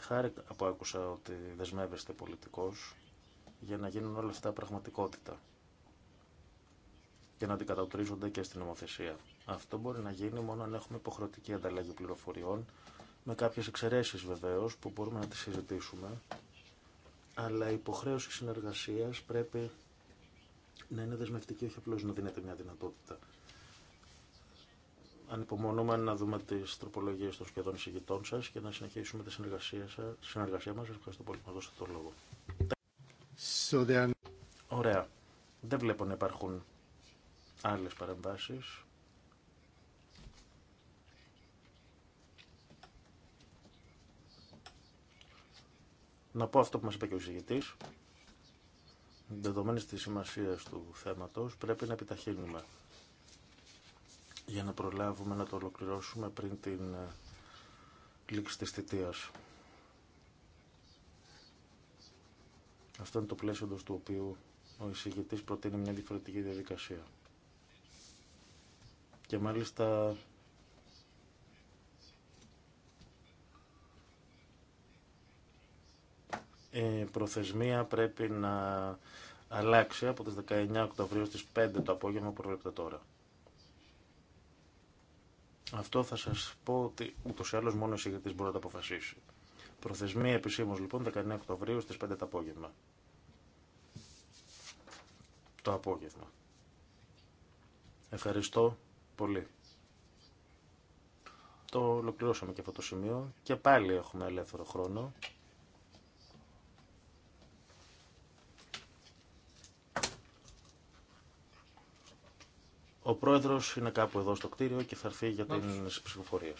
Χάρη που άκουσα ότι δεσμεύεστε πολιτικός για να γίνουν όλα αυτά πραγματικότητα και να αντικατοπτρίζονται και στην νομοθεσία. Αυτό μπορεί να γίνει μόνο αν έχουμε υποχρεωτική ανταλλαγή πληροφοριών, με κάποιε εξαιρέσει βεβαίω που μπορούμε να τι συζητήσουμε, αλλά η υποχρέωση συνεργασία πρέπει να είναι δεσμευτική, όχι απλώ να δίνεται μια δυνατότητα. Ανυπομονούμε να δούμε τι τροπολογίε των σχεδόν εισηγητών σα και να συνεχίσουμε τη συνεργασία, μα. συνεργασία μα. Ευχαριστώ πολύ που μα δώσατε το λόγο. So Ωραία. Δεν βλέπω να υπάρχουν άλλες παρεμβάσεις. Να πω αυτό που μας είπε και ο εισηγητής. Δεδομένης της σημασίας του θέματος πρέπει να επιταχύνουμε για να προλάβουμε να το ολοκληρώσουμε πριν την ε, λήξη της θητείας. Αυτό είναι το πλαίσιο του οποίου ο εισηγητής προτείνει μια διαφορετική διαδικασία. Και μάλιστα η προθεσμία πρέπει να αλλάξει από τις 19 Οκτωβρίου στις 5 το απόγευμα που προβλέπετε τώρα. Αυτό θα σας πω ότι ούτως ή άλλως μόνο ο συγκεκριτής μπορεί να το αποφασίσει. Προθεσμία επισήμως λοιπόν 19 Οκτωβρίου στις 5 το απόγευμα. Το απόγευμα. Ευχαριστώ πολύ. Το ολοκληρώσαμε και αυτό το σημείο και πάλι έχουμε ελεύθερο χρόνο. Ο πρόεδρος είναι κάπου εδώ στο κτίριο και θα έρθει για την ψηφοφορία.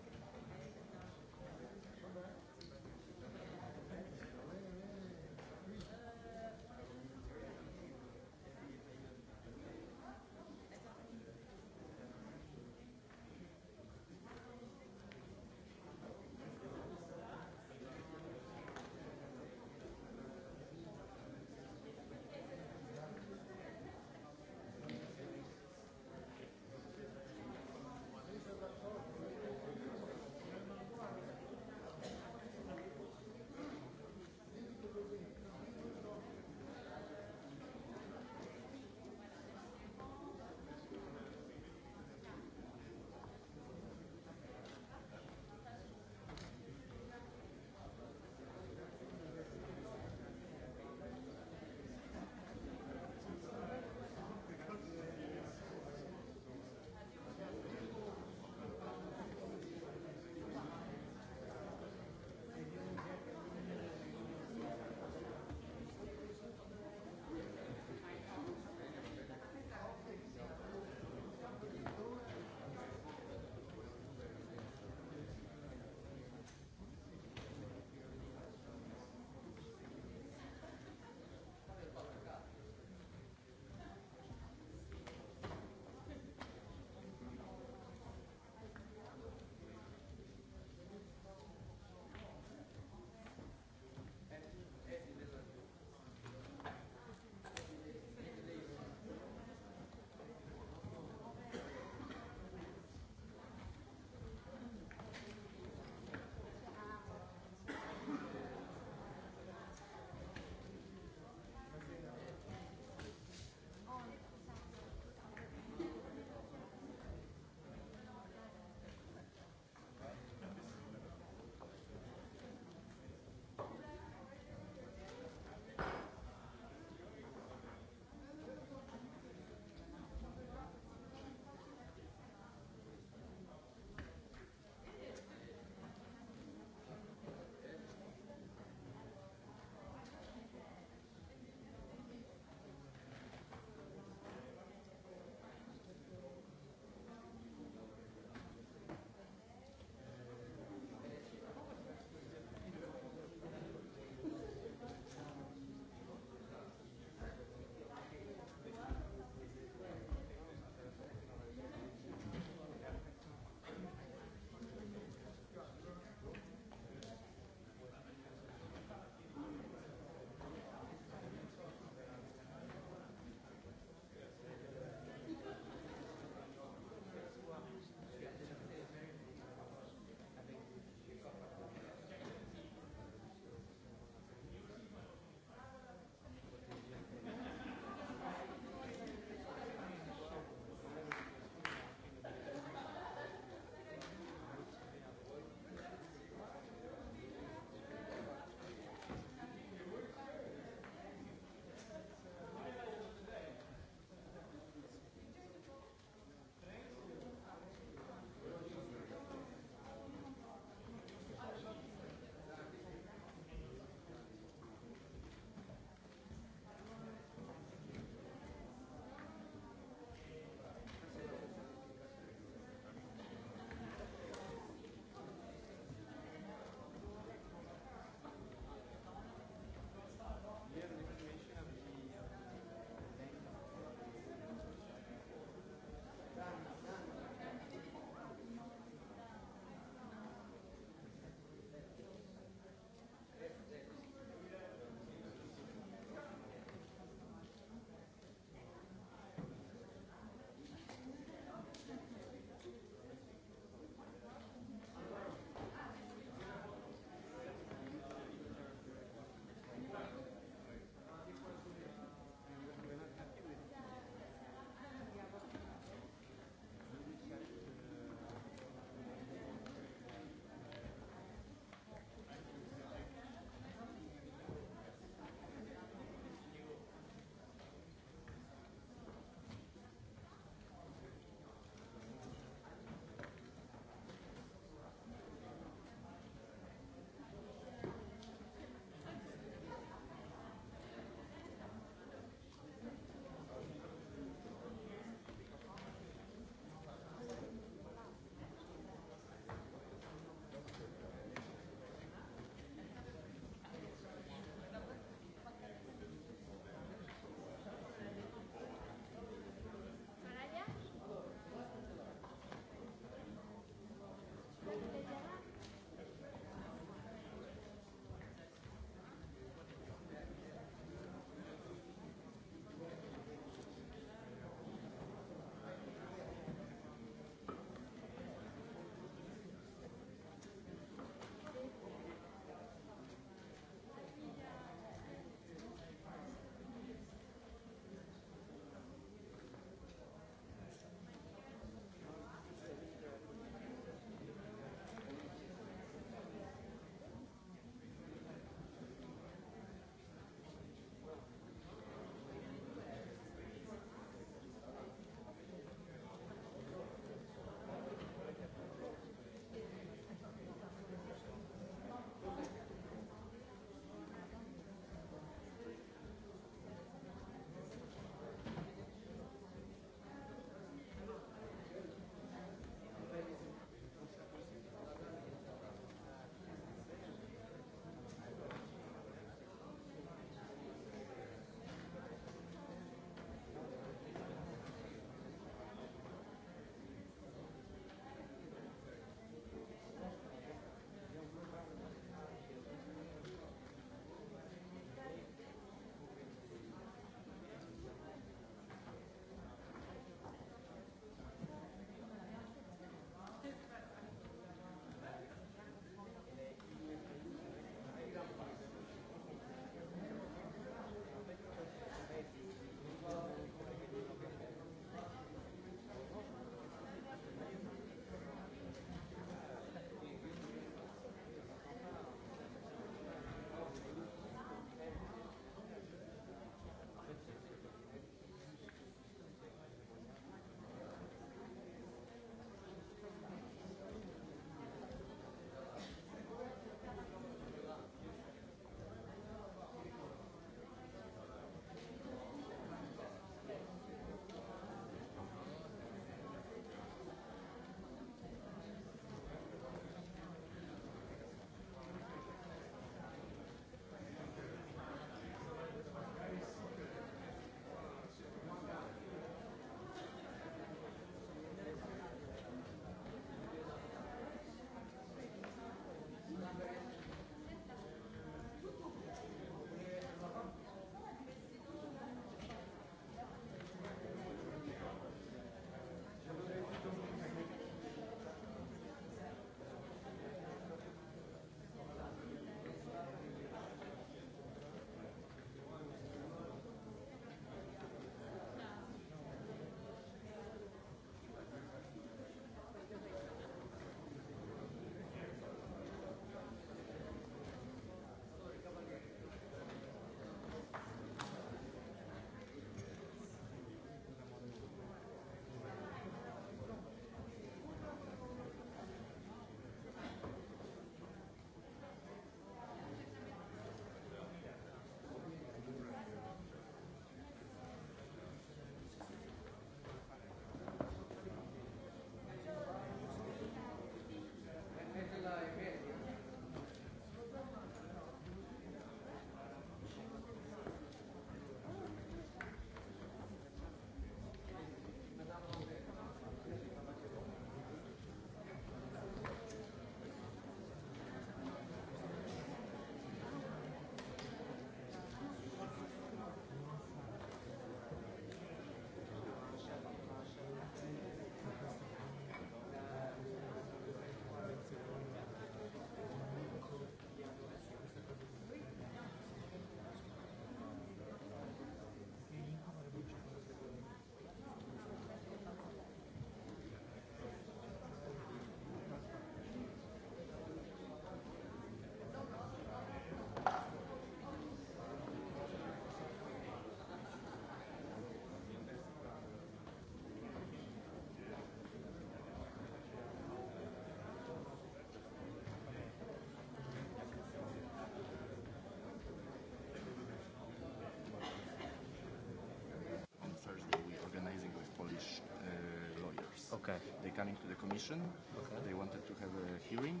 Okay. They came into the commission. Okay. They wanted to have a hearing,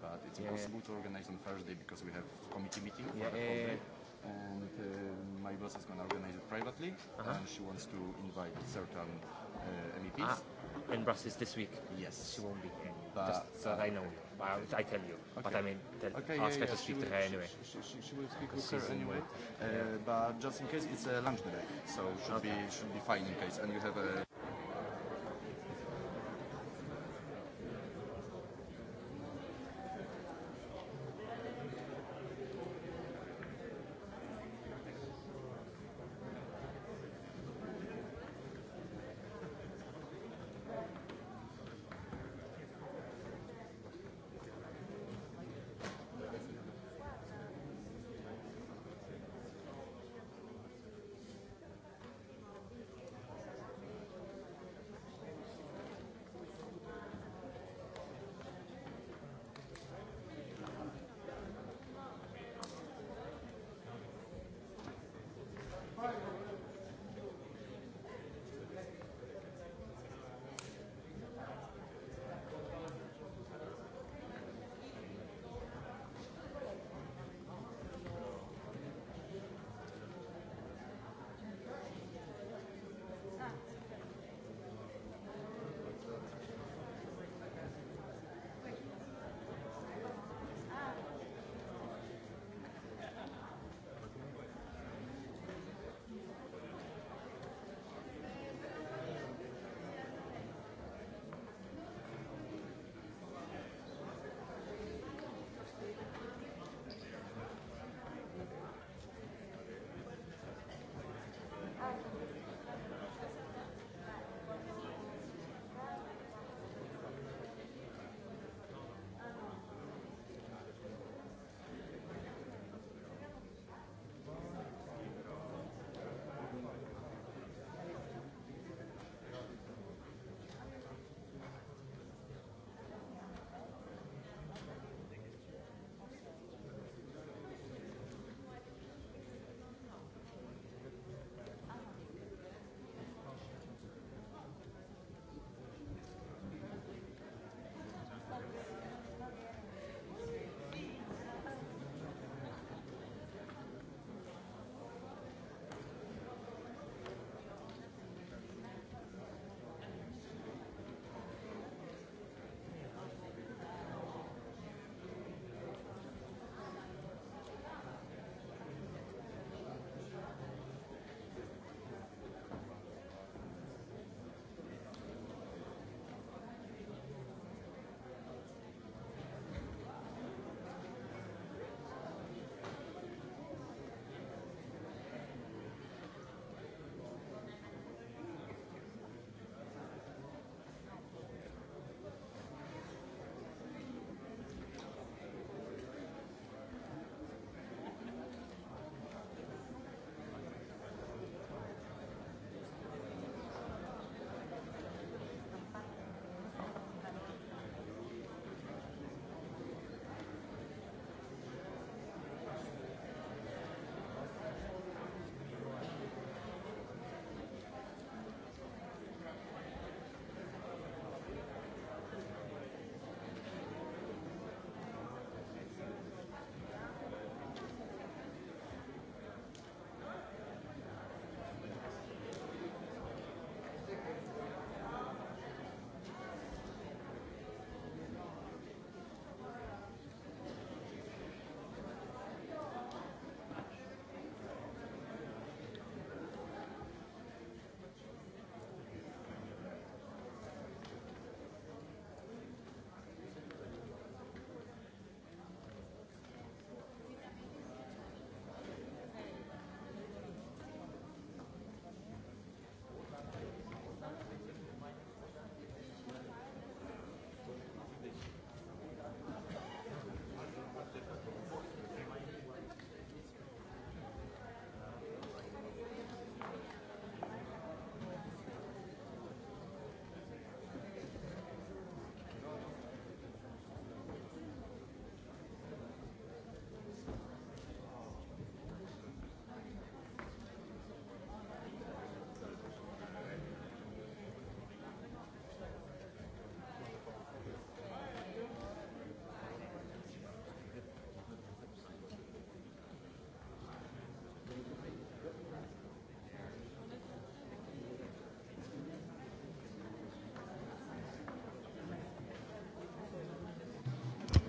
but it's impossible to organize on Thursday because we have committee meeting for the whole day. And my boss is going to organize it privately, and she wants to invite certain MEPs. In Brussels this week. Yes. She won't be here. But I know. I tell you. But I mean, ask her to speak to her anyway. She will speak with her anyway. But just in case, it's a lunch delay, so should be should be fine in case. And you have a.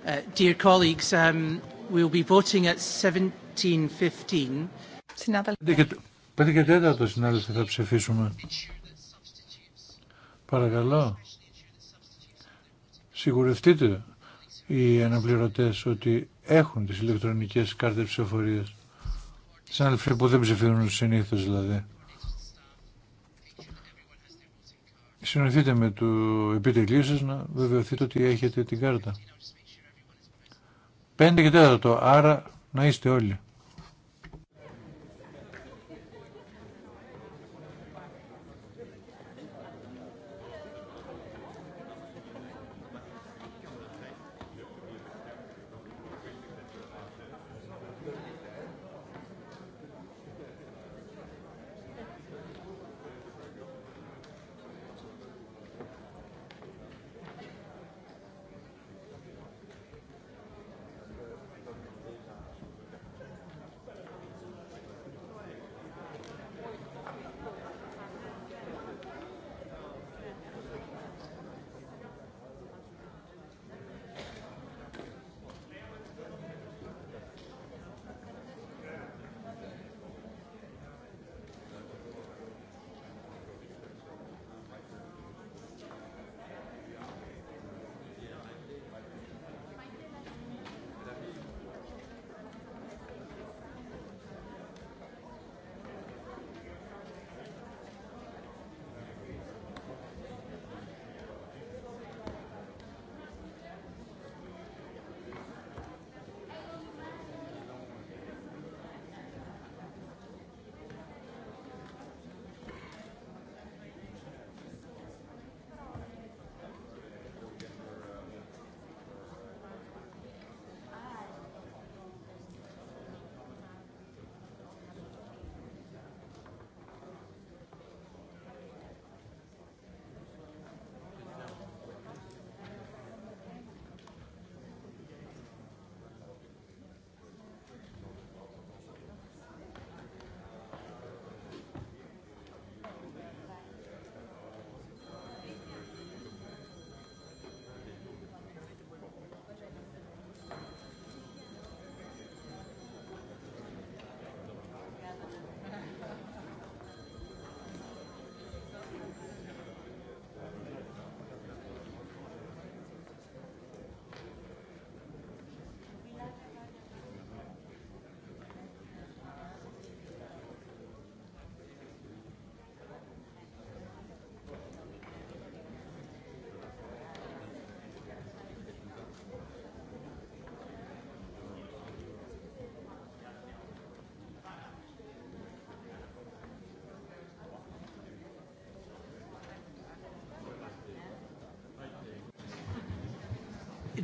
Uh, dear colleagues, um, we'll be voting at 17.15. Πέντε και τέταρτο συνάδελφοι θα ψηφίσουμε. Παρακαλώ. Σιγουρευτείτε οι αναπληρωτές ότι έχουν τις ηλεκτρονικές κάρτες ψηφοφορίας. Συνάδελφοι που δεν ψηφίζουν συνήθως δηλαδή. Συνοηθείτε με το επιτελείο σας να βεβαιωθείτε ότι έχετε την κάρτα. 5 και 4, άρα να είστε όλοι.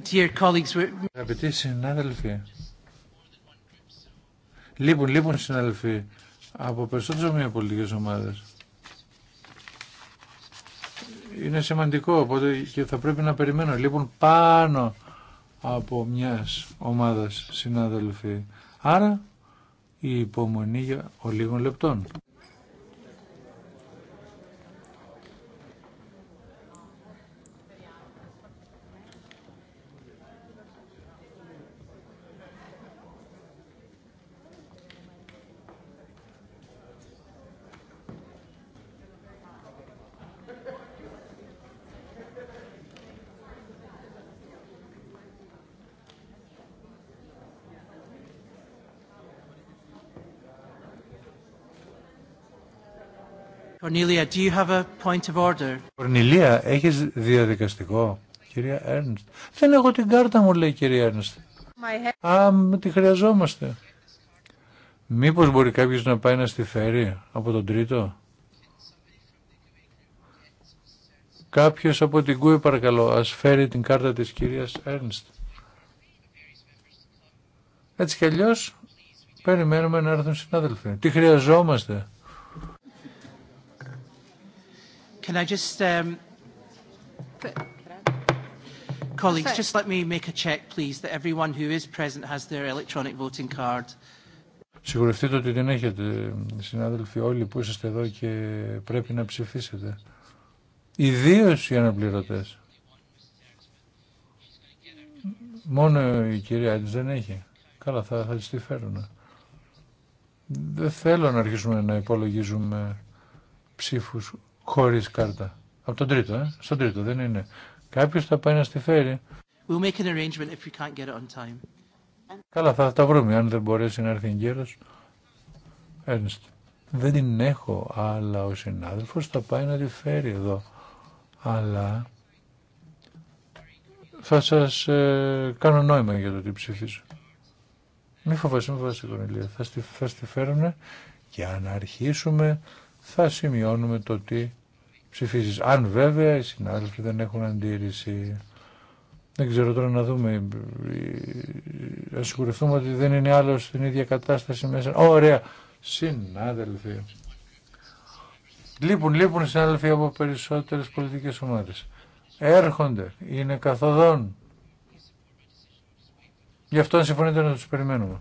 Dear Αγαπητοί συνάδελφοι, λείπουν, λείπουν συνάδελφοι από περισσότερες ομοιοπολιτικές ομάδες. Είναι σημαντικό, οπότε και θα πρέπει να περιμένω. Λείπουν πάνω από μιας ομάδας συνάδελφοι. Άρα η υπομονή για ολίγων λεπτών. Κορνίλια, do you have a point of order? έχεις διαδικαστικό, κυρία Έρνστ. Δεν έχω την κάρτα μου, λέει η κυρία Έρνστ. Α, τη χρειαζόμαστε. Μήπως μπορεί κάποιος να πάει να στη φέρει από τον τρίτο. Κάποιος από την ΚΟΥΕ, παρακαλώ, ας φέρει την κάρτα της κυρίας Έρνστ. Έτσι κι αλλιώς περιμένουμε να έρθουν συνάδελφοι. Τι χρειαζόμαστε. Can I just, um, colleagues, just let me make a check, please, that everyone who is present has their electronic voting card. Σιγουρευτείτε ότι την έχετε, συνάδελφοι όλοι που είσαστε εδώ και πρέπει να ψηφίσετε. Ιδίω οι αναπληρωτέ. Μόνο η κυρία Έντζ δεν έχει. Καλά, θα, θα τη φέρουν. Δεν θέλω να αρχίσουμε να υπολογίζουμε ψήφους Χωρί κάρτα. Από τον τρίτο, ε. Στον τρίτο δεν είναι. Κάποιος θα πάει να στη φέρει. We'll make an arrangement if we can't get it on time. Καλά, θα τα βρούμε αν δεν μπορέσει να έρθει γύρω. Έρνστ. Δεν την έχω, αλλά ο συνάδελφος θα πάει να τη φέρει εδώ. Αλλά θα σας ε, κάνω νόημα για το τι ψηφίζω. Μη φοβάσαι, μη φοβάσαι Κονιλία. Θα στη, θα στη φέρουν και αν αρχίσουμε θα σημειώνουμε το τι ψηφίσεις. Αν βέβαια οι συνάδελφοι δεν έχουν αντίρρηση. Δεν ξέρω τώρα να δούμε. Να ε, σιγουρευτούμε ότι δεν είναι άλλο στην ίδια κατάσταση μέσα. Ωραία. Συνάδελφοι. Λείπουν, λείπουν συνάδελφοι από περισσότερες πολιτικές ομάδες. Έρχονται. Είναι καθοδόν. Γι' αυτό αν συμφωνείτε να τους περιμένουμε.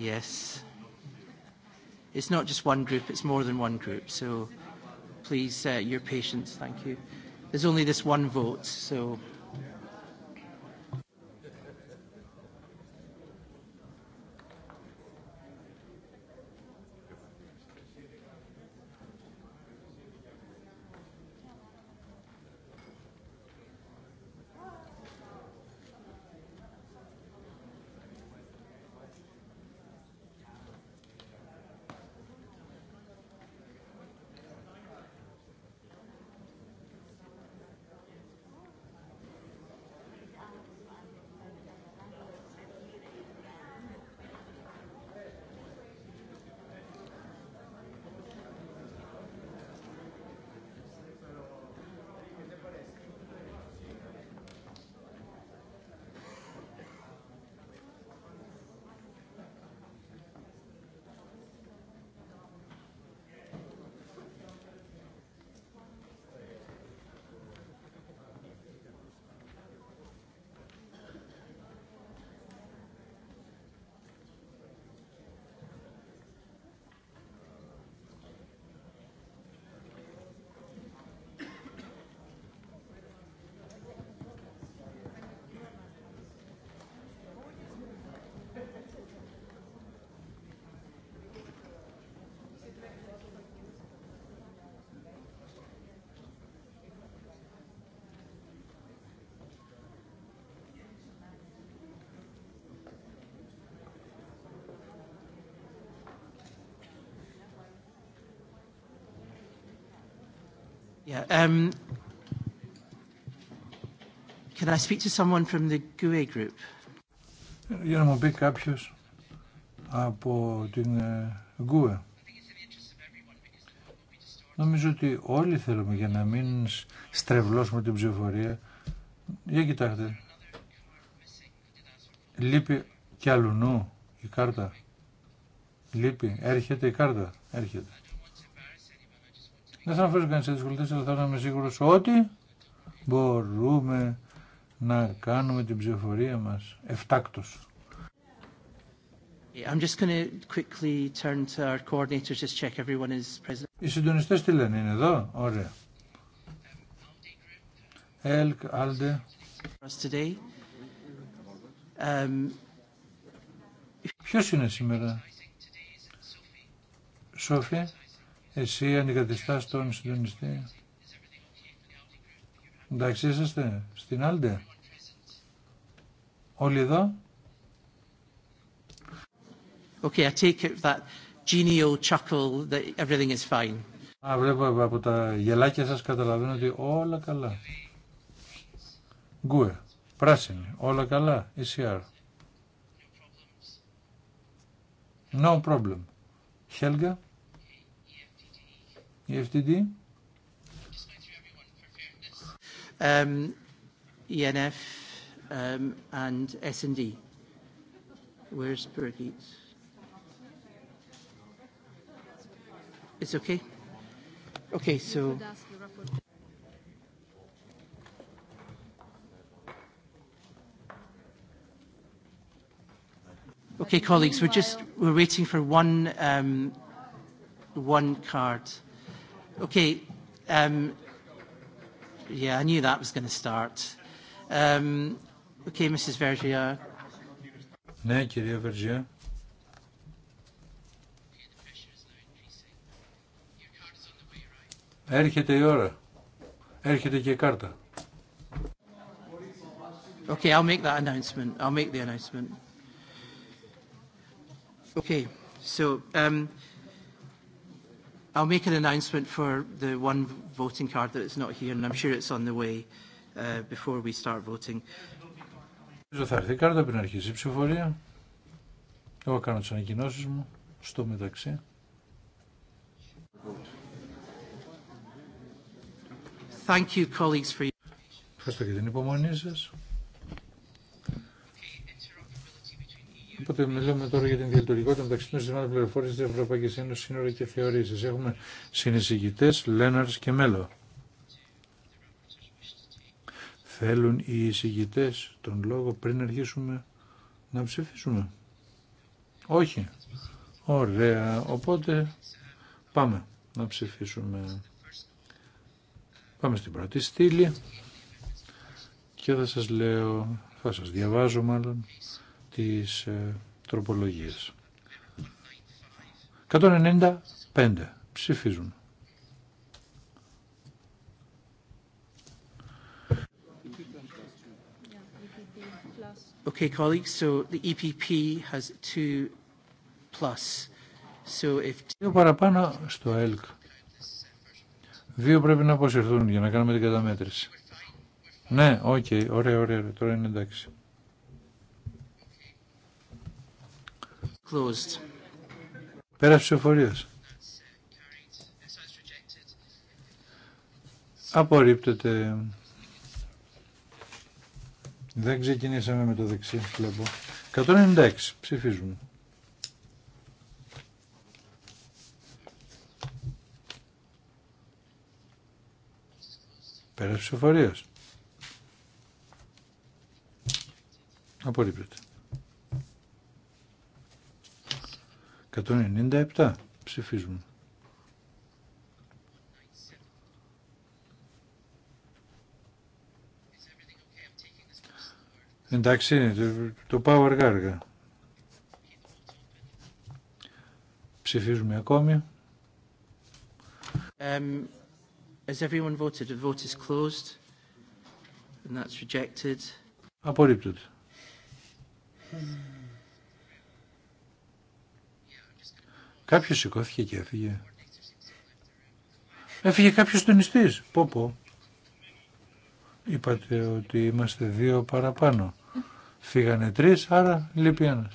Yes. It's not just one group, it's more than one group. So please, your patience. Thank you. There's only this one vote, so um, can I speak to someone from the e group? Για να μου πει κάποιος από την Γκουέ. Ε, e. Νομίζω ότι όλοι θέλουμε για να μην στρεβλώσουμε την ψηφορία. Για κοιτάξτε. Λείπει κι αλλουνού η κάρτα. Λείπει. Έρχεται η κάρτα. Έρχεται. Δεν θα αναφέρω κανείς σε δυσκολίε, αλλά θα είμαι σίγουρο ότι μπορούμε να κάνουμε την ψηφοφορία μα εφτάκτω. Οι συντονιστέ τι λένε, είναι εδώ, ωραία. ΕΛΚ, Άλντε. Um, Ποιο είναι σήμερα, Σόφια. Εσύ αντικαταστάς τον συντονιστή. Εντάξει είσαστε στην Άλντε. Όλοι εδώ. Okay, I take it that genial chuckle that everything is fine. Α, βλέπω από τα γελάκια σας καταλαβαίνω ότι όλα καλά. Γκουε, πράσινη, όλα καλά, ECR. No problem. Χέλγα. Η FTD. Um, ENF um, and S&D. Where's Birgit? It's okay? Okay, so... Okay, colleagues, we're just, we're waiting for one, one card. Okay. Um, yeah, I knew that was going to start. Um, okay, Mrs. Vergia. Ναι, κυρία Βεργία. Έρχεται η ώρα. Έρχεται και η κάρτα. Okay, I'll make that announcement. I'll make the announcement. Okay, so um, I'll make an announcement for the one voting card that is not here, and I'm sure it's on the way uh, before we start voting. Θα έρθει η κάρτα πριν αρχίσει η ψηφορία. Εγώ κάνω τις ανακοινώσεις μου στο μεταξύ. Thank you, colleagues, for... Ευχαριστώ για την υπομονή σας. Οπότε μιλάμε τώρα για την διαλειτουργικότητα μεταξύ των συστημάτων πληροφόρηση τη Ευρωπαϊκή Ένωση, σύνορα και θεωρήσει. Έχουμε συνεισηγητέ, Λέναρ και Μέλο. Θέλουν οι εισηγητέ τον λόγο πριν αρχίσουμε να ψηφίσουμε. Όχι. Ωραία. Οπότε πάμε να ψηφίσουμε. Πάμε στην πρώτη στήλη και θα σας λέω, θα σας διαβάζω μάλλον. Της τροπολογίας. 195 ψηφίζουν. Okay, colleagues, so the EPP has two plus. So if... Δύο παραπάνω στο ΕΛΚ. Δύο πρέπει να αποσυρθούν για να κάνουμε την καταμέτρηση. Ναι, οκ, ωραία, ωραία, τώρα είναι εντάξει. Closed. Πέρας ψηφοφορίας. Απορρίπτεται. Δεν ξεκινήσαμε με το δεξί, βλέπω. 196, ψηφίζουμε. Πέρας ψηφοφορίας. Απορρίπτεται. 197 ψηφίζουμε. Εντάξει είναι, το, το πάω αργά αργά. Ψηφίζουμε ακόμη. Um, as everyone voted, the vote is closed and that's rejected. Απορρίπτεται. Mm. Κάποιος σηκώθηκε και έφυγε. Έφυγε κάποιος νηστής. Πω πω. Είπατε ότι είμαστε δύο παραπάνω. Φύγανε τρεις, άρα λείπει ένας.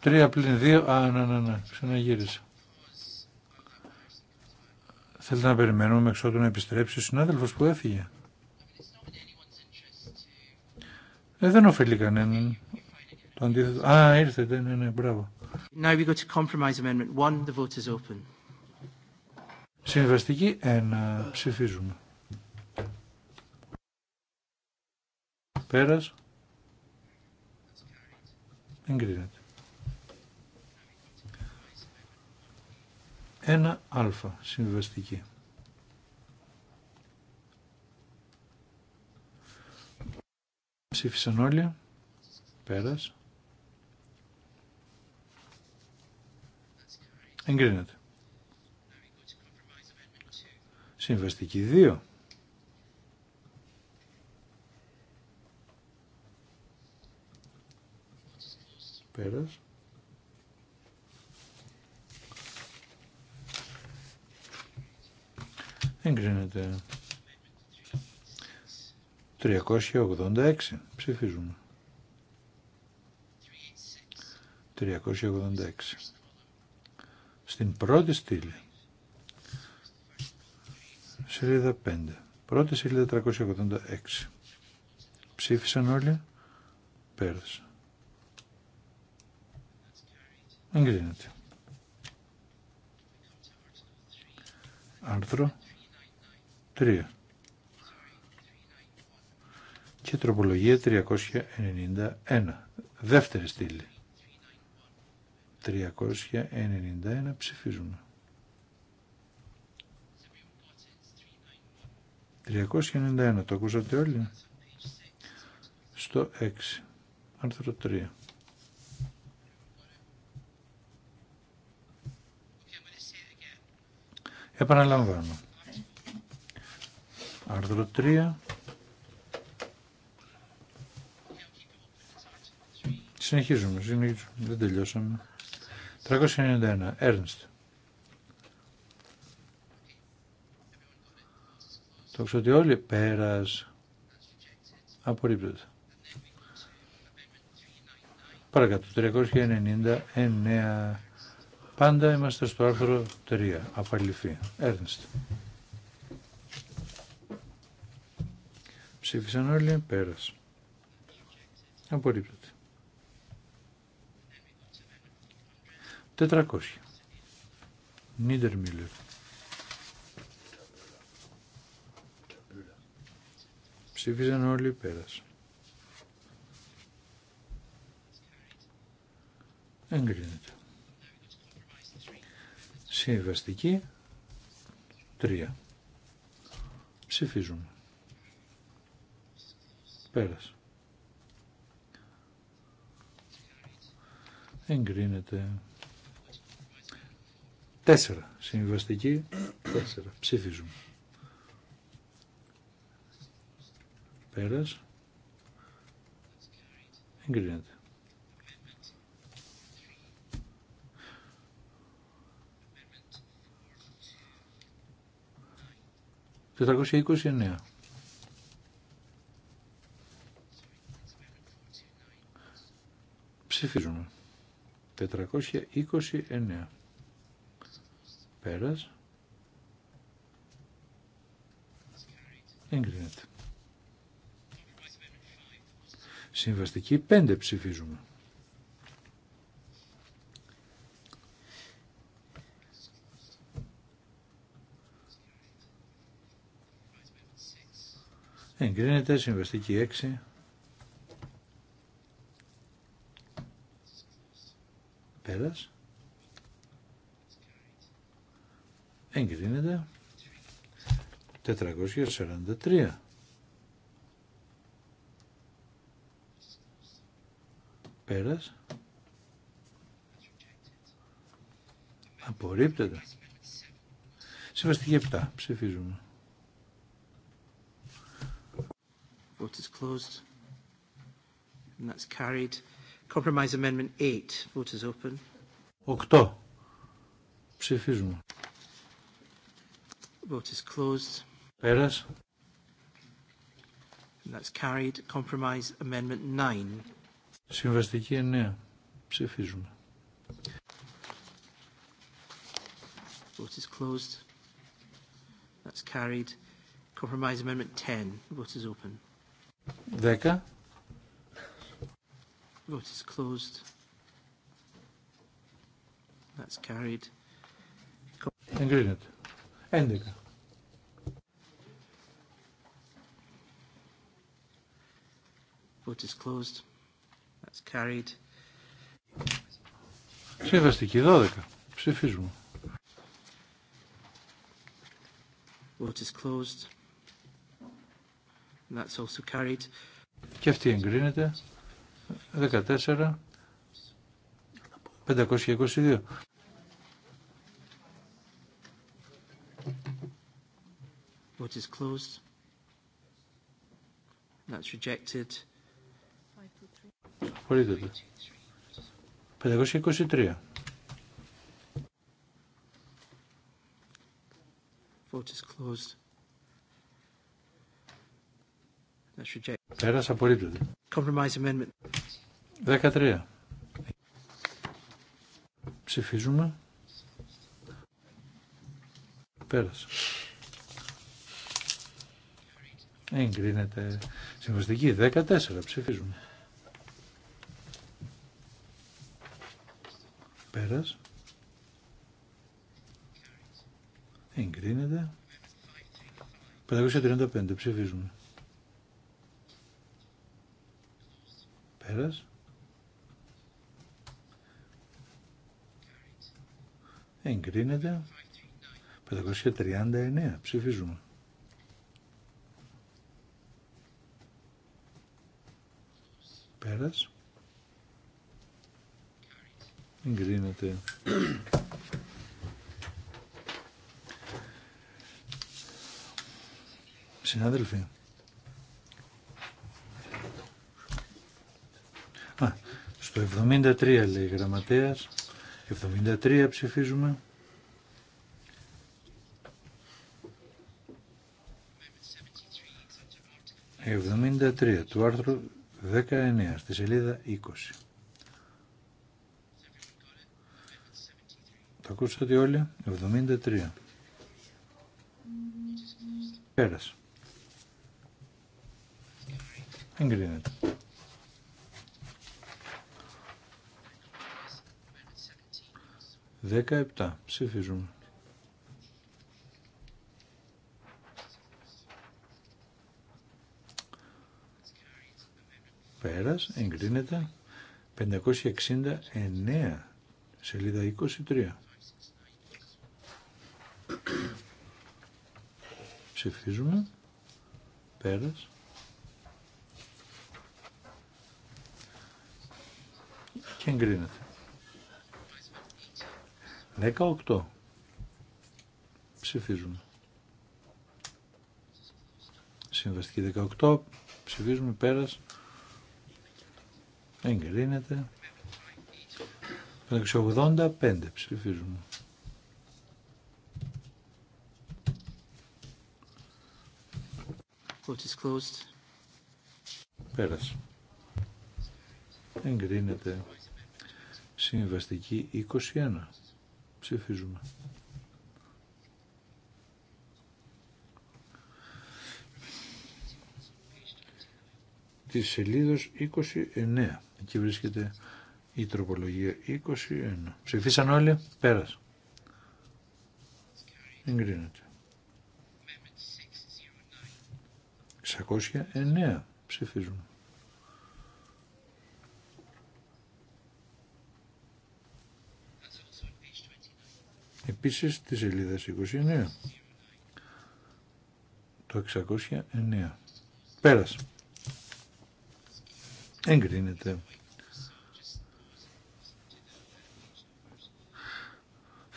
Τρία πλην δύο, α, να, να, να, ξαναγύρισα. Θέλετε να περιμένουμε μέχρι ότου να επιστρέψει ο συνάδελφος που έφυγε. Ε, δεν ωφελεί κανέναν. Α, ήρθε, ναι, ναι, ναι, μπράβο. Ψηφίζουμε. Πέρας. Εγκρίνεται. Ένα α συμβαστική. Ψήφισαν όλοι. Πέρας. Εγκρίνεται. Συμβαστική 2. Πέρας. Εγκρίνεται. 386. Ψηφίζουμε. 386 στην πρώτη στήλη. Σελίδα 5. Πρώτη σελίδα 386. Ψήφισαν όλοι. Πέρασαν. Εγκρίνεται. Άρθρο 3. Και τροπολογία 391. Δεύτερη στήλη. 391 ψηφίζουμε. 391, το ακούσατε όλοι. Στο 6, άρθρο 3. Επαναλαμβάνω. Άρθρο 3. Συνεχίζουμε, συνεχίζουμε. Δεν τελειώσαμε. 391. Ernst. Το ότι όλοι πέρας Παρακάτω, 399. Πάντα είμαστε στο άρθρο 3. Απαλληφή. Έρνστ. Ψήφισαν όλοι, πέρας. Απορρίπτεται. 400. Νίτερ Μιλερ. Ψήφιζαν όλοι Πέρασε. Εγκρίνεται. Συμβαστική Τρία. Ψηφίζουμε. Πέρασε. Εγκρίνεται. Τέσσερα. Συμβιβαστική. Τέσσερα. Ψήφιζουμε. Πέρας. Εγκρίνεται. Τετρακόσια εννέα. Ψηφίζουμε. Τετρακόσια είκοσι εννέα. Πέρας. Εγκρίνεται. Συμβαστική πέντε ψηφίζουμε. Εγκρίνεται συμβαστική 6. Πέρας. εγκρίνεται 443 πέρας απορρίπτεται Συμβαστική 7 ψηφίζουμε Vote is closed. And that's carried. Compromise Amendment 8. Vote is open. 8. Ψηφίζουμε. Vote is closed. Πέρας. And that's carried. Compromise Amendment 9. Συμβαστική 9. Ψηφίζουμε. Vote is closed. That's carried. Compromise Amendment 10. Vote is open. 10. Vote is closed. That's carried. Εγκρίνεται. 11. Vote is closed. That's carried. Συμβαστική 12. Ψηφίζουμε. Vote is closed. That's also carried. Και αυτή εγκρίνεται. 14. 522. Vote is closed. That's rejected. 523. Vote is closed. That's rejected. Πέρασε απορρίπτεται. Compromise amendment. 13. Ψηφίζουμε. Πέρασε. Εγκρίνεται. Συμβαστική 14. Ψηφίζουμε. Πέρας. Εγκρίνεται. 535. Ψηφίζουμε. Πέρας. Εγκρίνεται. 539. Ψηφίζουμε. Πέρας. Εγκρίνεται. Συνάδελφοι. Α, στο 73 λέει γραμματέας. 73 ψηφίζουμε. Εβδομήντα του άρθρου 19, στη σελίδα 20. Το ακούσατε όλοι, 73. Πέρασε. κρίνεται. Δέκα επτά. Ψηφίζουμε. Πέρας εγκρίνεται 569 σελίδα 23. Ψηφίζουμε. Πέρας. Και εγκρίνεται. 18. Ψηφίζουμε. Συμβαστική 18. Ψηφίζουμε πέρας. Εγκρίνεται. 585 ψηφίζουμε. Vote is closed. Πέρασε. Εγκρίνεται. Συμβαστική 21. Ψηφίζουμε. Τη σελίδα 29. Εκεί βρίσκεται η τροπολογία 21. Ψηφίσαν όλοι, πέρας. Εγκρίνεται. 609 ψηφίζουν. Επίσης τη σελίδα 29. Το 609. Πέρασε. Εγκρίνεται.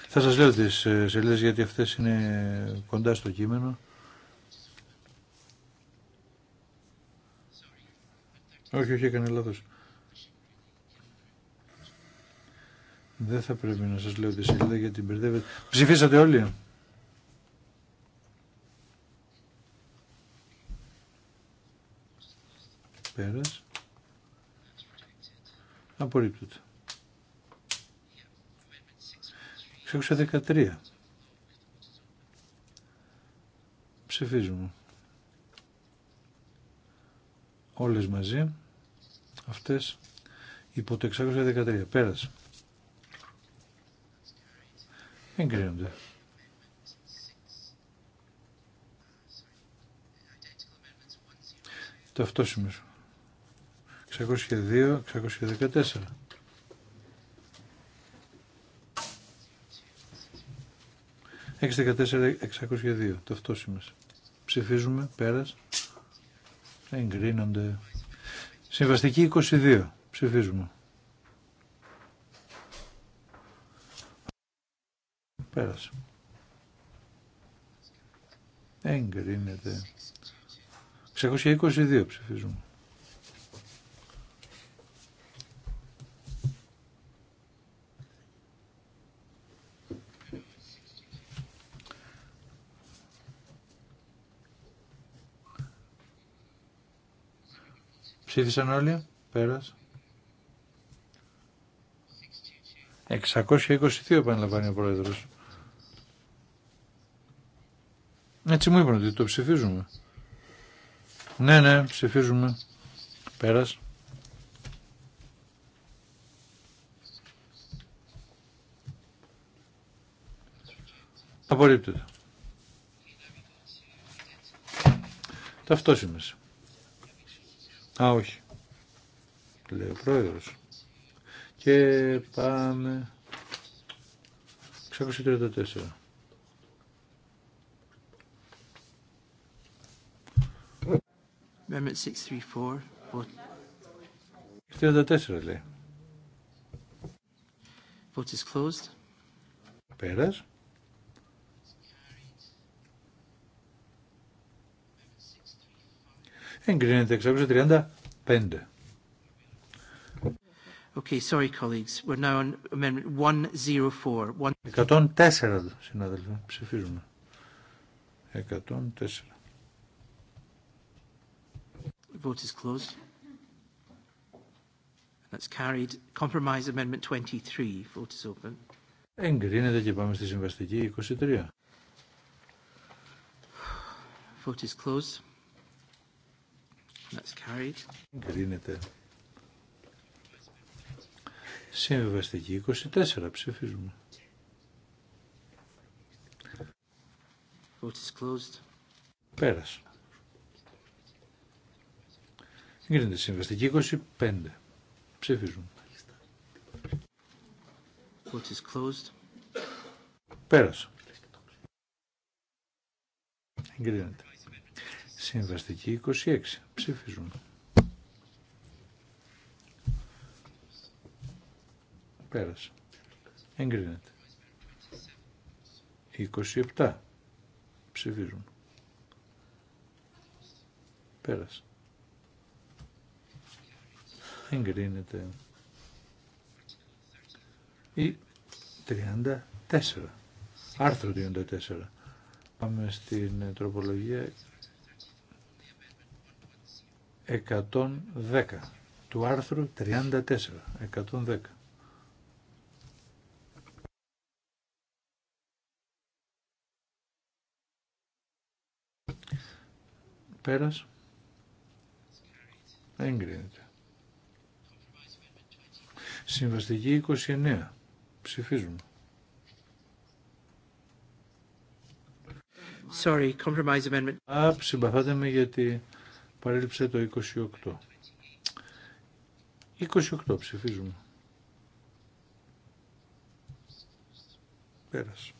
Θα σας λέω τις ε, σελίδες γιατί αυτές είναι κοντά στο κείμενο. Όχι, όχι, έκανε λάθος. Δεν θα πρέπει να σας λέω τη σελίδα γιατί μπερδεύετε. Ψηφίσατε όλοι. Πέρας. Ψήφισα 613. Ψηφίζουμε. Όλες μαζί. Αυτές υπό το 613. Πέρασε. Εγκρίνονται. σημείο. 602, 614. 614-602 ταυτόσημες. το Ψηφίζουμε, περα Εγκρίνονται. Συμβαστική 22. Ψηφίζουμε. Πέρασε. Εγκρίνεται. 622 ψηφίζουμε. Ψήφισαν όλοι. Πέρας. 622 επαναλαμβάνει ο Πρόεδρος. Έτσι μου είπαν ότι το ψηφίζουμε. Ναι, ναι, ψηφίζουμε. Πέρας. Απορρίπτεται. Ταυτόσημες. Α, όχι. Λέει ο πρόεδρος. Και πάμε... 634. 634. λέει. Vote is closed. Πέρας. εγκρίνεται 635. Okay, sorry colleagues. We're now on amendment 104. 104 συνάδελφοι ψηφίζουμε. 104. The vote is closed. That's carried. Compromise amendment 23. Vote is open. Εγκρίνεται και πάμε στη συμβαστική 23. Vote is closed. That's carried. Εγκρίνεται. Συμβιβαστική 24 ψηφίζουμε. Vote is closed. Πέρασε. Εγκρίνεται συμβαστική 25. Ψηφίζουμε. Vote is closed. Πέρασε. Εγκρίνεται. Συμβαστική 26. Ψηφίζουν. Πέρασε. Εγκρίνεται. 27. Ψηφίζουν. Πέρασε. Εγκρίνεται. Ή 34. Άρθρο 34. Πάμε στην τροπολογία 110 του άρθρου 34. 110. Πέρας. Εγκρίνεται. Συμβαστική 29. Ψηφίζουμε. Sorry, compromise amendment. Α, συμπαθάτε με γιατί παρέλειψε το 28. 28 ψηφίζουμε. Πέρασε.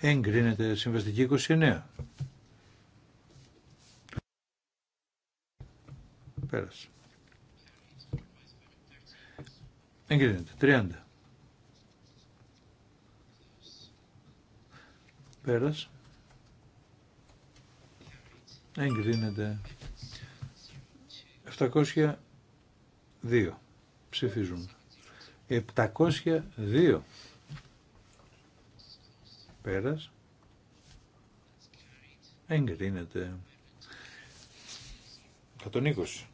Εγκρίνεται συμβαστική 29. Πέρασε. Εγκρίνεται 30. Πέρασε. Εγκρίνεται. 702. Ψηφίζουμε. 702. Πέρας. Εγκρίνεται. 120.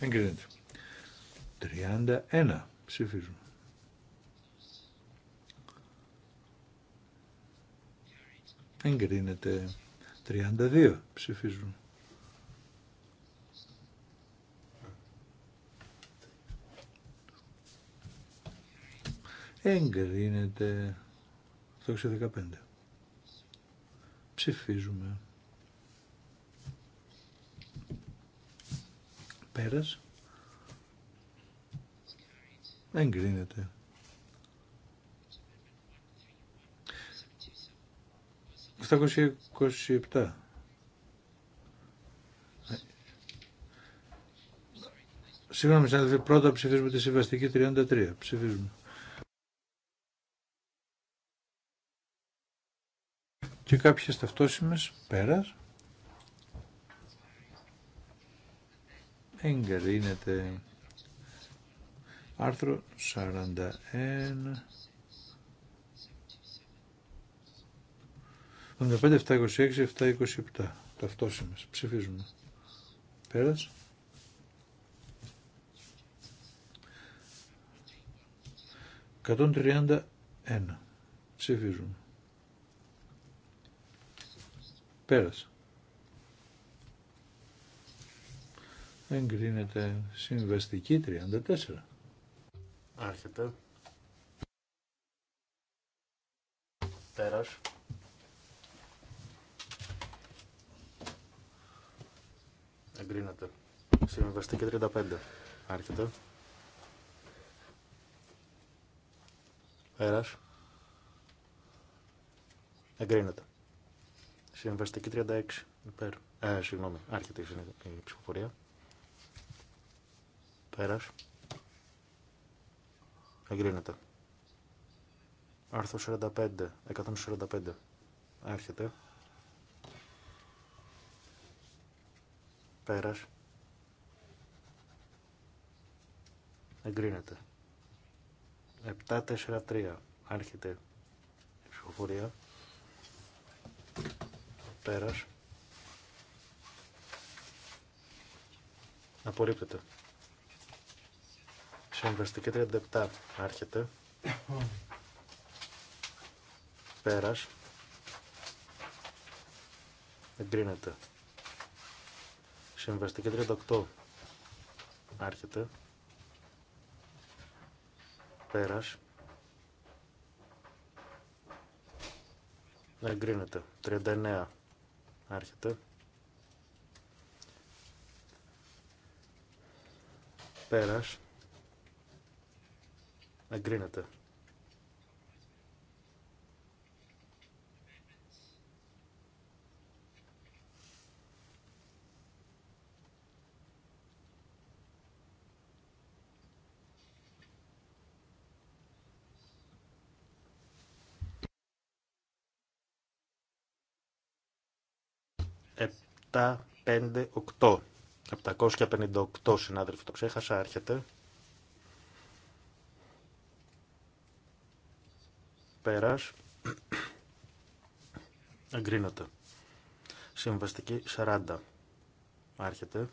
Εγκρίνεται. 31 ψηφίζουν. Εγκρίνεται 32. Ψηφίζουν. Εγκρίνεται το 615. Ψηφίζουμε. Πέρασε. Εγκρίνεται. Στα Συγγνώμη, συνάδελφοι, πρώτα ψηφίζουμε τη συμβαστική 33. Ψηφίζουμε. Και κάποιες ταυτόσημες πέρας. Εγκρίνεται. Άρθρο 41. Το 726, 727. Ταυτόσιμες. Ψηφίζουμε. Πέρας. Κατόν τριάντα ένα. Ψηφίζουμε. Πέρασε. Εγκρίνεται συμβαστική 34. Άρχεται. Πέρας. Εγκρίνεται. Συμβαστική 35. Άρχεται. Πέρας. Εγκρίνεται. Συμβαστική 36. Υπέρ. Ε, συγγνώμη. Άρχεται η ψηφοφορία. Πέρας. Εγκρίνεται. Άρθρο 45. 145. Άρχεται. Πέρας. Εγκρίνεται. 743. Άρχεται η ψηφοφορία. Πέρας. Απορρίπτεται. Συμβαστική 37 άρχεται. Πέρας. Εγκρίνεται. Συμβαστική 38 άρχεται. Πέρας. Εγκρίνεται. 39 άρχεται. Πέρας εγκρίνεται. Επτά, πέντε, οκτώ. πενήντα οκτώ, συνάδελφοι το ξέχασα, έρχεται. Πέρας. Εγκρίνεται. Συμβαστική 40. Άρχεται.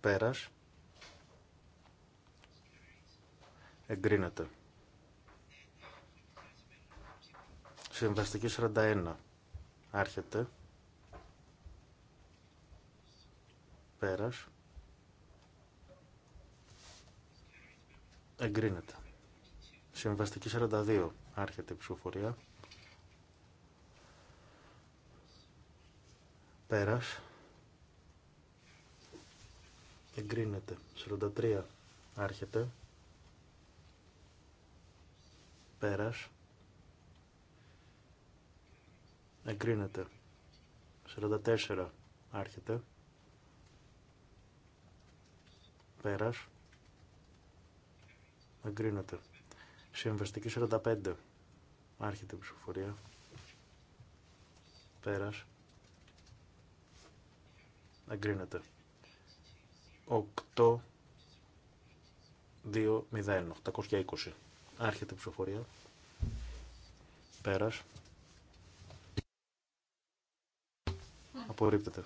Πέρας. Εγκρίνεται. Συμβαστική 41. Άρχεται. Πέρας. Εγκρίνεται. Συμβαστική 42. Άρχεται η ψηφοφορία. Πέρας. Εγκρίνεται. 43. Άρχεται. Πέρας. Εγκρίνεται. 44. Άρχεται. Πέρας. Αγκρίνεται. Συμβαστική 45. Άρχεται η ψηφοφορία. Πέρας. αγκρινεται 8. 2, 0, 820. Άρχεται η ψηφοφορία. Πέρας. Απορρίπτεται.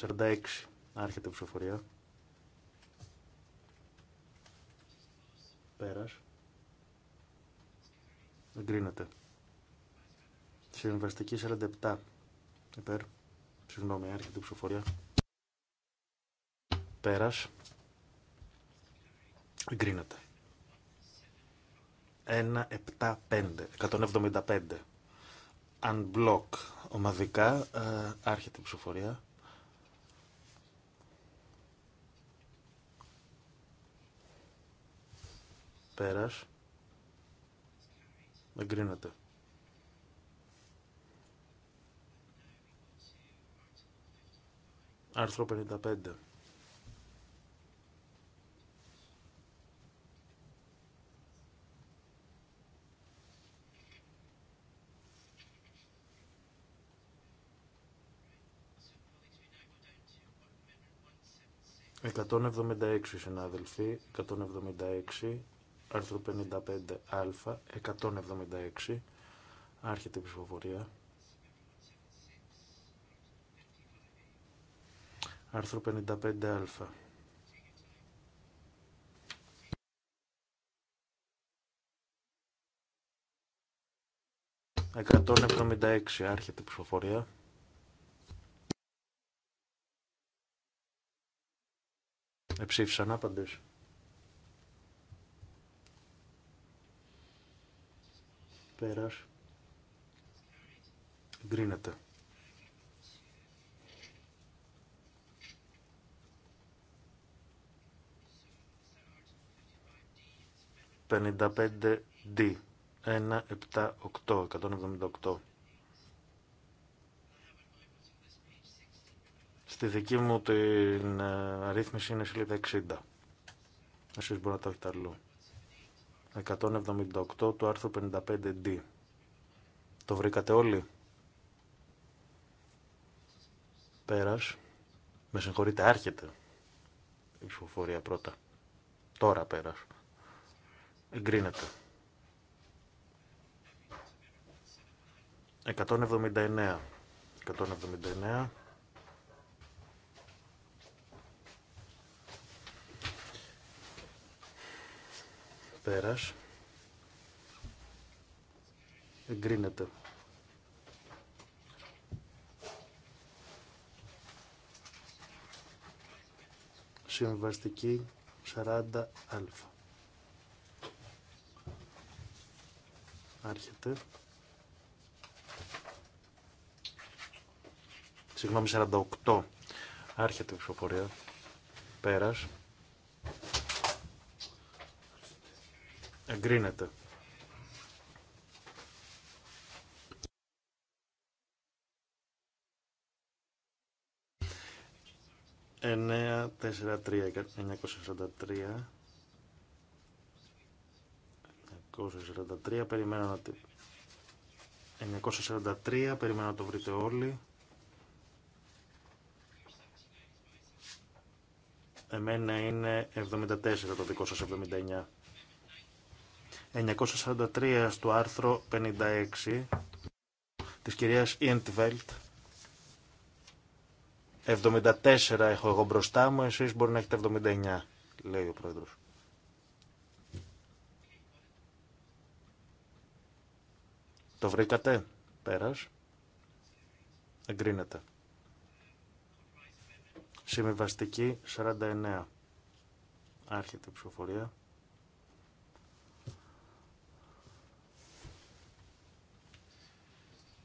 46. Άρχεται η ψηφοφορία. Πέρας. Εγκρίνεται. Συμβαστική 47. Υπέρ. Συγγνώμη, άρχεται η ψηφοφορία. Πέρας. Εγκρίνεται. 175. 175. Unblock. Ομαδικά. έρχεται άρχεται η ψηφοφορία. πέρας εγκρίνεται. Άρθρο 55. 176 συνάδελφοι 176 άρθρο 55α, 176, άρχεται η ψηφοφορία. Άρθρο 55α. Εκατόν εβδομήντα έξι άρχεται η ψηφοφορία. Εψήφισαν άπαντες. Γκρίνεται. 55 D. 178. Στη δική μου την ε, αρρύθμιση είναι σελίδα 60. Εσείς μπορείτε να το έχετε αλλού. 178 του άρθρου 55D. Το βρήκατε όλοι. Πέρας. Με συγχωρείτε, άρχεται η ψηφοφορία πρώτα. Τώρα πέρας. Εγκρίνεται. 179. 179. πέρας εγκρίνεται. Συμβαστική 40α. Άρχεται. Συγγνώμη, 48. Άρχεται η ψηφοφορία. Πέρας. Εγκρίνεται. Εννέα, τέσσερα, τρία, 943 περιμένω να 943 περιμένω να το βρείτε όλοι εμένα είναι 74 το δικό σας 79 943 στο άρθρο 56 της κυρίας Ιεντβέλτ. 74 έχω εγώ μπροστά μου, εσείς μπορεί να έχετε 79, λέει ο πρόεδρος. Το βρήκατε, πέρας. Εγκρίνεται. Συμβιβαστική 49. Άρχεται η ψηφοφορία.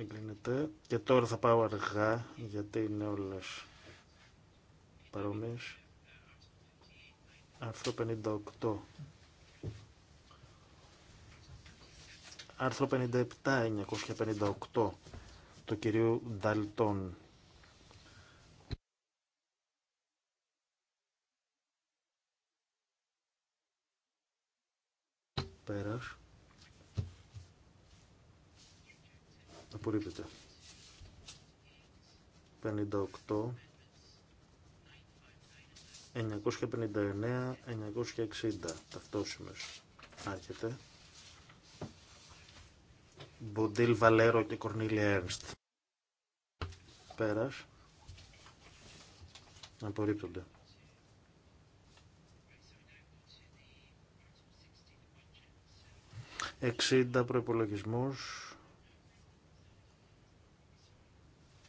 Εγκρίνεται. Και τώρα θα πάω αργά, γιατί είναι όλε. παρόμοιε. Άρθρο 58. Άρθρο 57, 958, του κυρίου Νταλτών. Πέρας. Απορρίπτεται. 58. 959, 960 ταυτόσιμες άρχεται. Μποντίλ Βαλέρο και Κορνίλια Έρνστ. Πέρας. Απορρίπτονται. Εξήντα προϋπολογισμούς.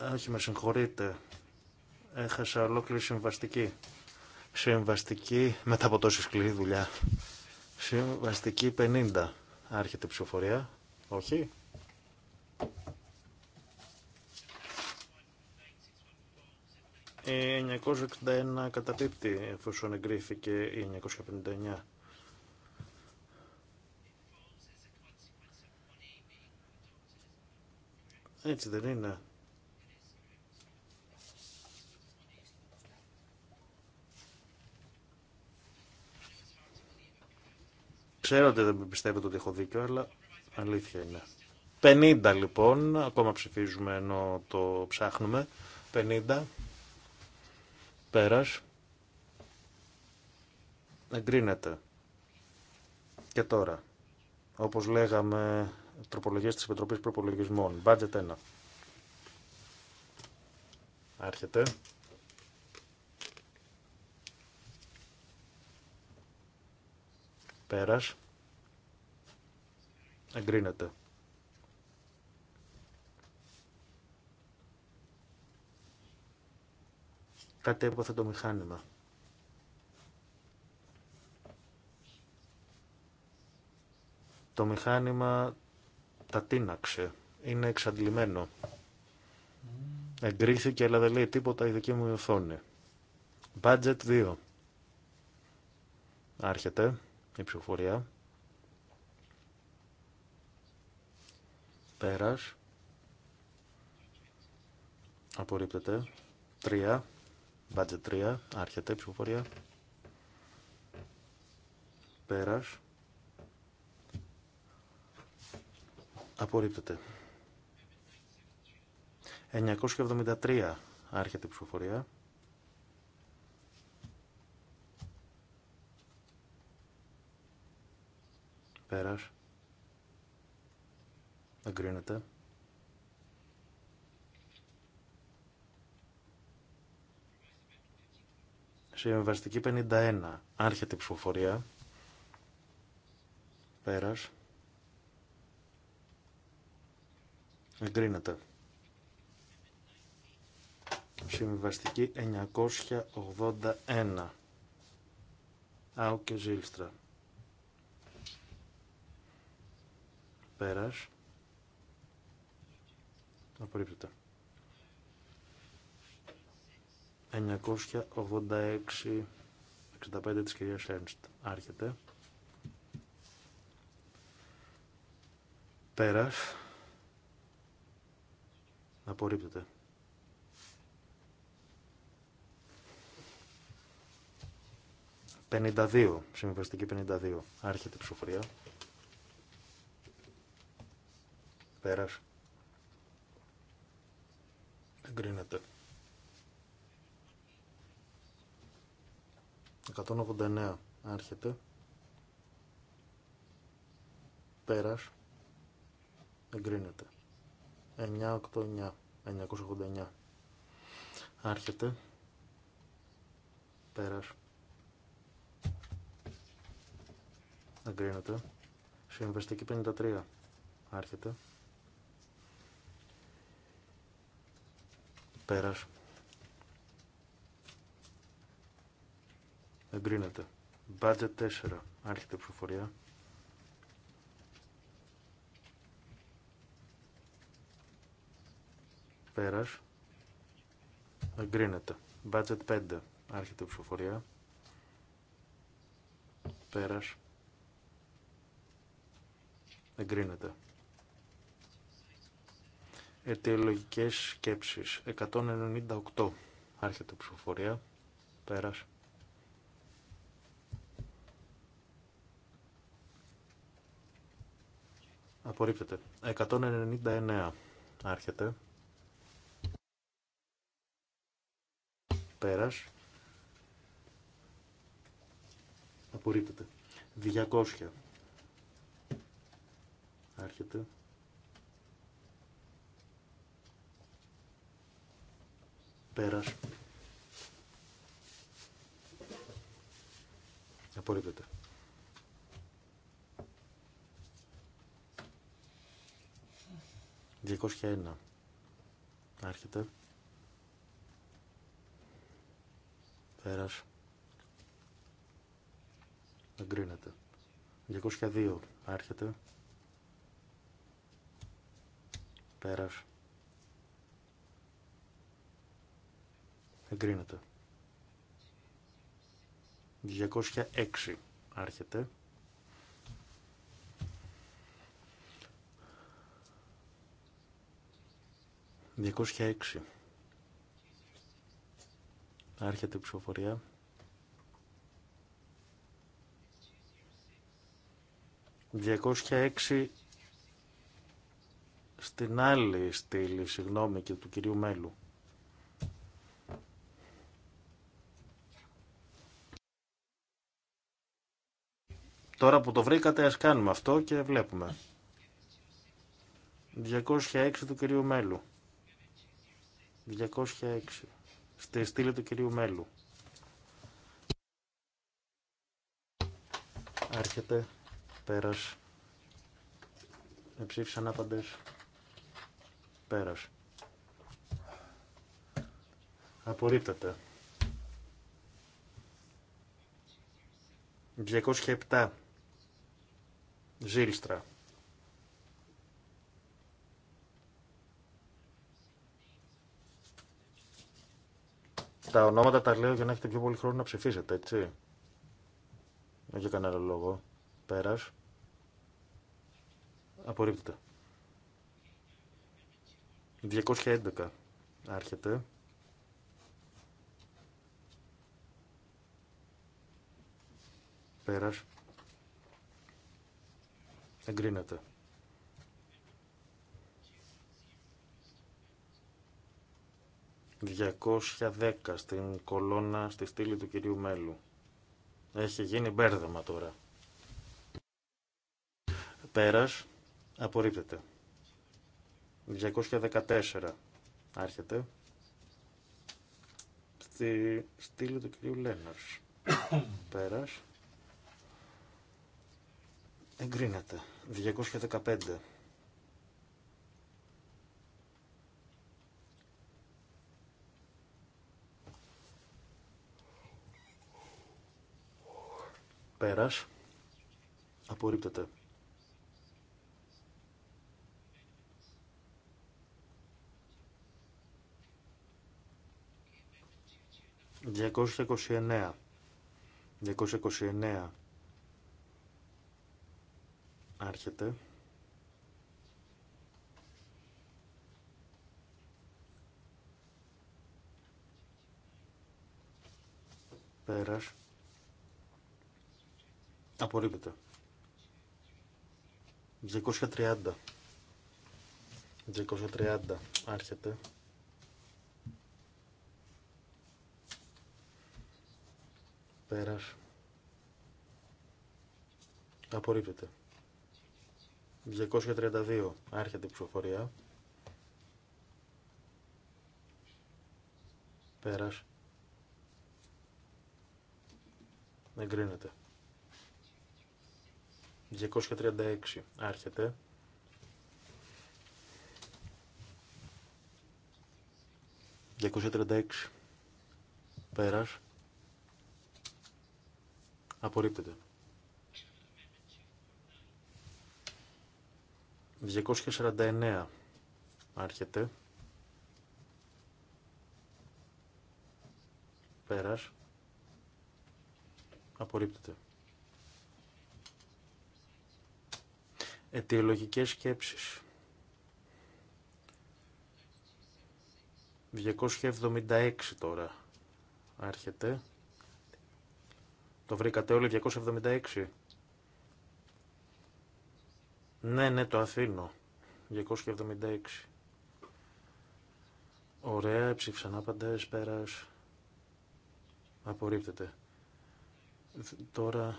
Όχι, με συγχωρείτε. Έχασα ολόκληρη συμβαστική. Συμβαστική, μετά από τόση σκληρή δουλειά. Συμβαστική 50. Άρχεται η ψηφοφορία. Όχι. Η 961 καταπίπτει εφόσον εγκρίθηκε η 959. Έτσι δεν είναι. Ξέρω ότι δεν πιστεύετε ότι έχω δίκιο, αλλά αλήθεια είναι. 50 λοιπόν, ακόμα ψηφίζουμε ενώ το ψάχνουμε. 50. Πέρας. Εγκρίνεται. Και τώρα. Όπως λέγαμε, τροπολογίες της Επιτροπής Προπολογισμών. Budget 1. Άρχεται. Πέρας. Εγκρίνεται. Κάτι έπαθε το μηχάνημα. Το μηχάνημα τα τίναξε. Είναι εξαντλημένο. Εγκρίθηκε αλλά δεν λέει τίποτα η δική μου οθόνη. Budget 2. Άρχεται η ψηφοφορία. Πέρας. Απορρίπτεται. 3. Budget 3. Άρχεται η ψηφοφορία. Πέρας. Απορρίπτεται. 973. Άρχεται η ψηφοφορία. Πέρας. Εγκρίνεται. Συμβαστική 51. Άρχεται η ψηφοφορία. Πέρας. Εγκρίνεται. Συμβαστική 981. Άου και Ζήλστρα. Πέρας. Απορρίπτεται. 986 65 της κυρίας Ένστ. Άρχεται. Πέρας. Απορρίπτεται. 52. Συμβαστική 52. Άρχεται η ψηφοφορία. Πέρας. Εγκρίνεται. 189 άρχεται. Πέρας. Εγκρίνεται. 989. 989. Άρχεται. Πέρας. Εγκρίνεται. Συμβεστική 53. Άρχεται. πέρα. Εγκρίνεται. Budget 4. Άρχεται ψηφοφορία. Πέρα. Εγκρίνεται. Budget 5. Άρχεται ψηφοφορία. Πέρα. Εγκρίνεται. Αιτιολογικές σκέψεις. 198. Άρχεται η ψηφοφορία. Πέρας. Απορρίπτεται. 199. Άρχεται. Πέρας. Απορρίπτεται. 200. Άρχεται. Πέρας. Απορρίπτεται. 201. Άρχεται. Πέρας. Εγκρίνεται. 202. Άρχεται. Πέρας. Εγκρίνεται. 206 άρχεται. Διακόσια έξι. Άρχεται η ψηφοφορία. Διακόσια στην άλλη στήλη, συγγνώμη, και του κυρίου Μέλου. Τώρα που το βρήκατε, ας κάνουμε αυτό και βλέπουμε. 206 του κυρίου Μέλου. 206. Στη στήλη του κυρίου Μέλου. Άρχεται. Πέρας. Εψήφισαν άπαντες. Πέρας. Απορρίπτεται. 207 Ζήλστρα. Τα ονόματα τα λέω για να έχετε πιο πολύ χρόνο να ψηφίσετε, έτσι. Δεν για κανένα λόγο. Πέρας. Απορρίπτεται. 211 άρχεται. Πέρας. Εγκρίνεται. «210» στην κολόνα στη στήλη του κυρίου Μέλου. Έχει γίνει μπέρδεμα τώρα. Πέρας, απορρίπτεται. 214 άρχεται. Στη στήλη του κυρίου Λέναρς. Πέρας. Εγκρίνεται. 215. Πέρας. Απορρίπτεται. Διακόσια είκοσι εννέα. 229 Άρχεται. Πέρας. Απορρίπτεται. 230. 230. Άρχεται. Πέρας. Απορρίπτεται. 232. Άρχεται η ψηφοφορία. Πέρας. Εγκρίνεται. 236. Άρχεται. ...236... ...πέρας... ...απορρίπτεται... 249 άρχεται. Πέρας. Απορρίπτεται. Αιτιολογικές σκέψεις. 276 τώρα άρχεται. Το βρήκατε όλοι 276. Ναι, ναι, το αφήνω. 276. Ωραία, ψήφισαν άπαντες, πέρα Απορρίπτεται. Τώρα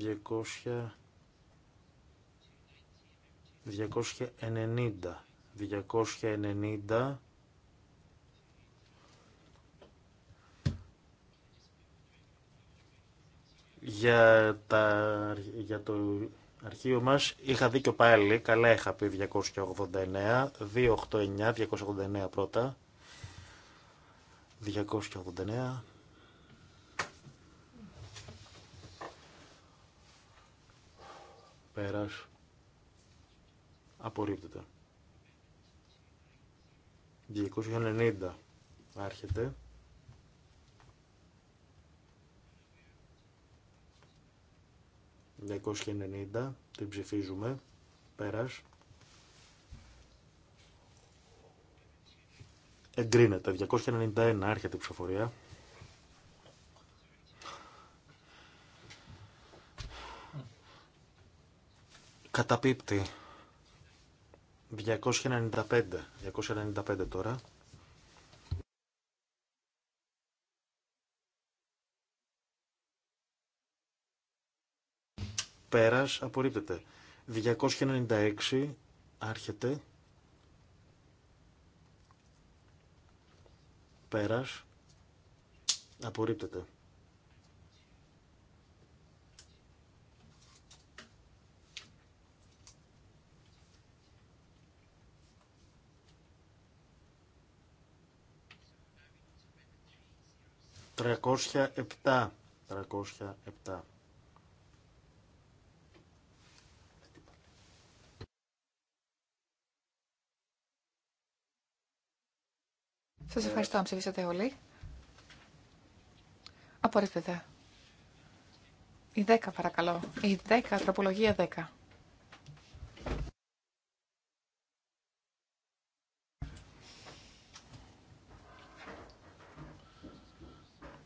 200... 290. 290. Για, τα, για το αρχείο μας είχα δίκιο πάλι, καλά είχα πει 289, 289, 289 πρώτα, 289, πέρας, απορρίπτεται. 290 άρχεται. 290, την ψηφίζουμε, πέρας. Εγκρίνεται, 291, έρχεται η ψηφοφορία. Καταπίπτει. 295, 295 τώρα. Πέρας απορρίπτεται. 296 άρχεται. Πέρας απορρίπτεται. 307. 307. Σα ευχαριστώ αν ψηφίσατε όλοι. Απορρίπτεται. Η 10 παρακαλώ. Η 10, τροπολογία 10.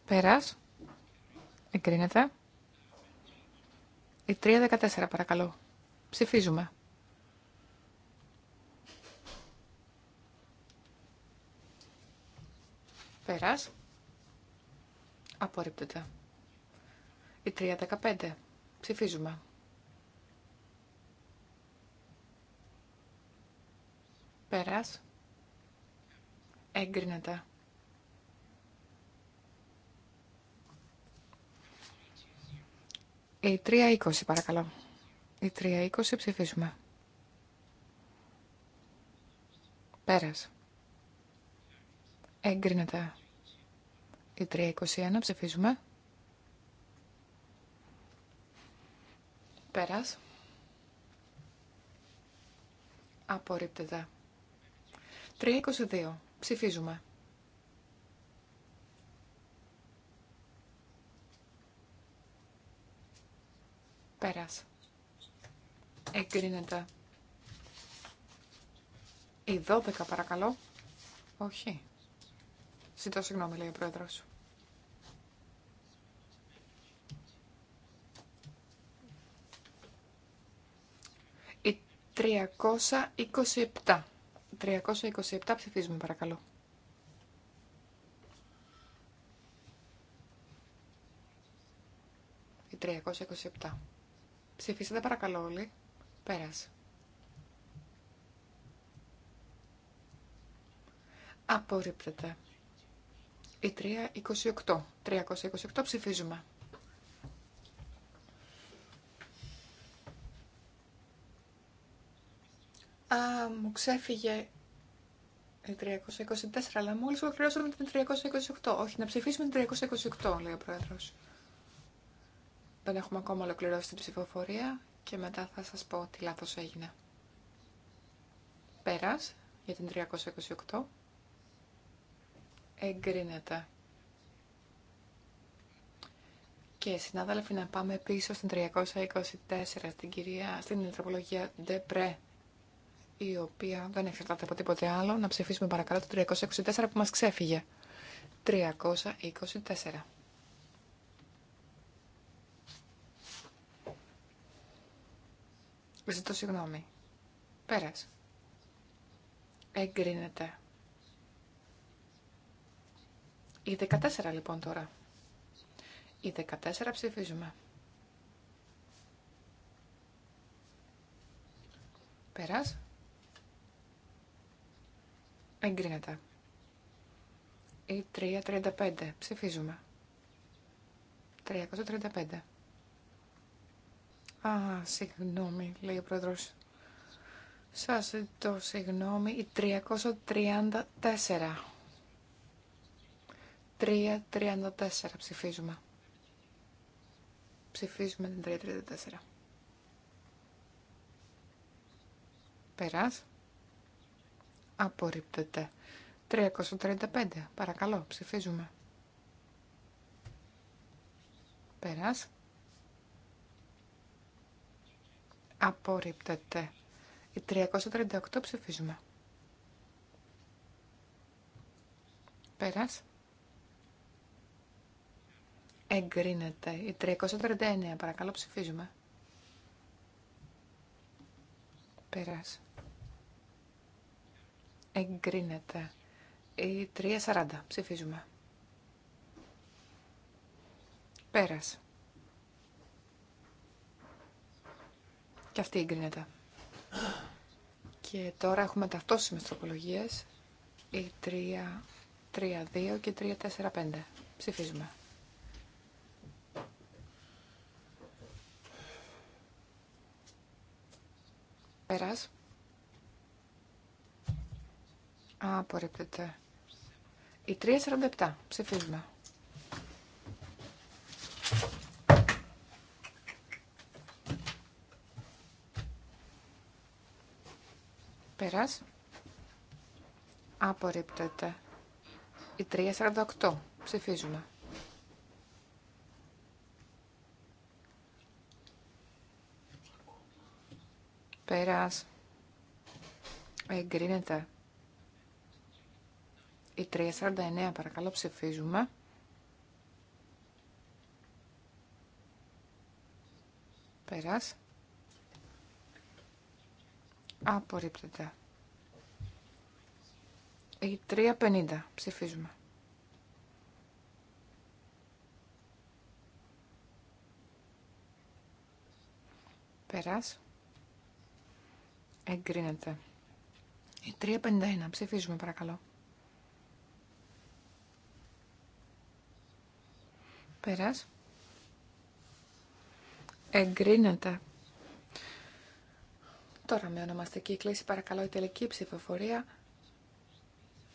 Πέρας. Εγκρίνεται. Η 3, 14, παρακαλώ. Ψηφίζουμε. Πέρας. Απορρίπτεται. Η 315. Ψηφίζουμε. Πέρας. Έγκρινεται. Η 320 παρακαλώ. Η 320 ψηφίζουμε. Πέρας. Εγκρίνεται. Η 321 ψηφίζουμε. Πέρας. Απορρίπτεται. 322 ψηφίζουμε. Πέρας. Εγκρίνεται. Η 12 παρακαλώ. Όχι. Ζητώ συγγνώμη, λέει ο πρόεδρο. Η 327. 327 ψηφίζουμε, παρακαλώ. Η 327. Ψηφίσατε, παρακαλώ, όλοι. Πέρασε. Απορρίπτεται. Η 328. 328 ψηφίζουμε. Α, μου ξέφυγε η 324, αλλά μόλις ολοκληρώσαμε την 328. Όχι, να ψηφίσουμε την 328, λέει ο Πρόεδρος. Δεν έχουμε ακόμα ολοκληρώσει την ψηφοφορία και μετά θα σας πω τι λάθος έγινε. Πέρας για την 328 εγκρίνεται. Και συνάδελφοι να πάμε πίσω στην 324, στην κυρία, στην τροπολογία Ντεπρέ, η οποία δεν εξαρτάται από τίποτε άλλο. Να ψηφίσουμε παρακαλώ το 324 που μας ξέφυγε. 324. Ζητώ συγγνώμη. Πέρας. Εγκρίνεται. Η 14 λοιπόν τώρα. Η 14 ψηφίζουμε. Πέρας. Εγκρίνεται. Η 335 ψηφίζουμε. 335. Α, συγγνώμη, λέει ο πρόεδρος. Σας ζητώ συγγνώμη, η 334. 3-3-0-4 3.34 ψηφίζουμε. Ψηφίζουμε την 3.34. Περάς. Απορρίπτεται. 335. Παρακαλώ, ψηφίζουμε. Περάς. Απορρίπτεται. Η 338 ψηφίζουμε. Πέρας. Εγκρίνεται. Η 339. Παρακαλώ ψηφίζουμε. Πέρας. Εγκρίνεται. Η 340. Ψηφίζουμε. Πέρας. Και αυτή εγκρίνεται. Και τώρα έχουμε ταυτόσιμες τροπολογίες. Η 3-2 και 345. Ψηφίζουμε. Πέρας. Απορρίπτεται. Η 347. Ψηφίζουμε. Πέρας. Απορρίπτεται. Η 348. Ψηφίζουμε. πέρας εγκρίνεται. Η 349 παρακαλώ ψηφίζουμε. Πέρας. Απορρίπτεται. Η 350 ψηφίζουμε. Πέρας. Εγκρίνεται. 351. Ψηφίζουμε παρακαλώ. Πέρας. Εγκρίνεται. Τώρα με ονομαστική κλίση παρακαλώ η τελική ψηφοφορία.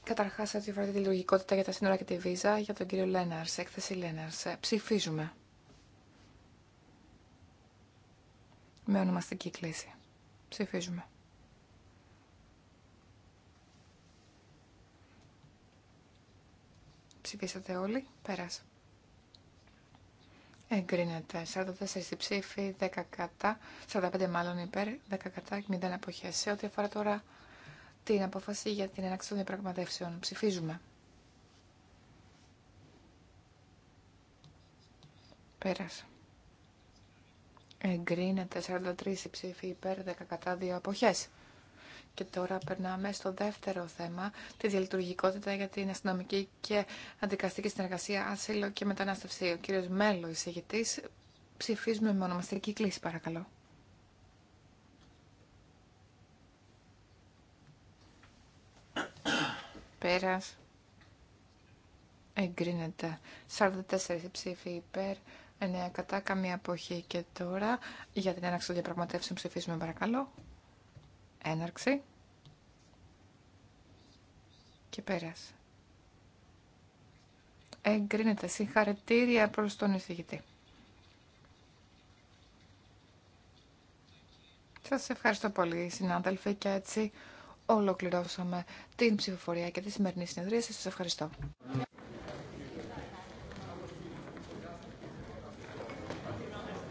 Καταρχάς, έτσι τη λογικότητα για τα σύνορα και τη βίζα για τον κύριο Λέναρ. Έκθεση Λέναρ. Ε, ψηφίζουμε. Με ονομαστική κλίση. Ψηφίζουμε. Ψηφίσατε όλοι. πέρασα. Εγκρίνεται. 44 ψήφοι, 10 κατά, 45 μάλλον υπέρ, 10 κατά, 0 αποχές. Σε ό,τι αφορά τώρα την απόφαση για την έναξη των διαπραγματεύσεων. Ψηφίζουμε. Πέρασε. Εγκρίνεται 43 ψήφοι υπέρ, 10 κατά, 2 αποχές. Και τώρα περνάμε στο δεύτερο θέμα, τη διαλειτουργικότητα για την αστυνομική και αντικαστική συνεργασία, άσυλο και μετανάστευση. Ο κύριος Μέλο, εισηγητής, ψηφίζουμε με ονομαστική κλίση, παρακαλώ. Πέρας. Εγκρίνεται. 44 ψήφοι υπέρ, 9 κατά, καμία αποχή. Και τώρα για την έναξη των διαπραγματεύσεων ψηφίζουμε, παρακαλώ. Έναρξη. Και πέρας. Εγκρίνεται. Συγχαρητήρια προς τον εισηγητή. Σας ευχαριστώ πολύ συνάδελφοι και έτσι ολοκληρώσαμε την ψηφοφορία και τη σημερινή συνεδρία. Σας ευχαριστώ.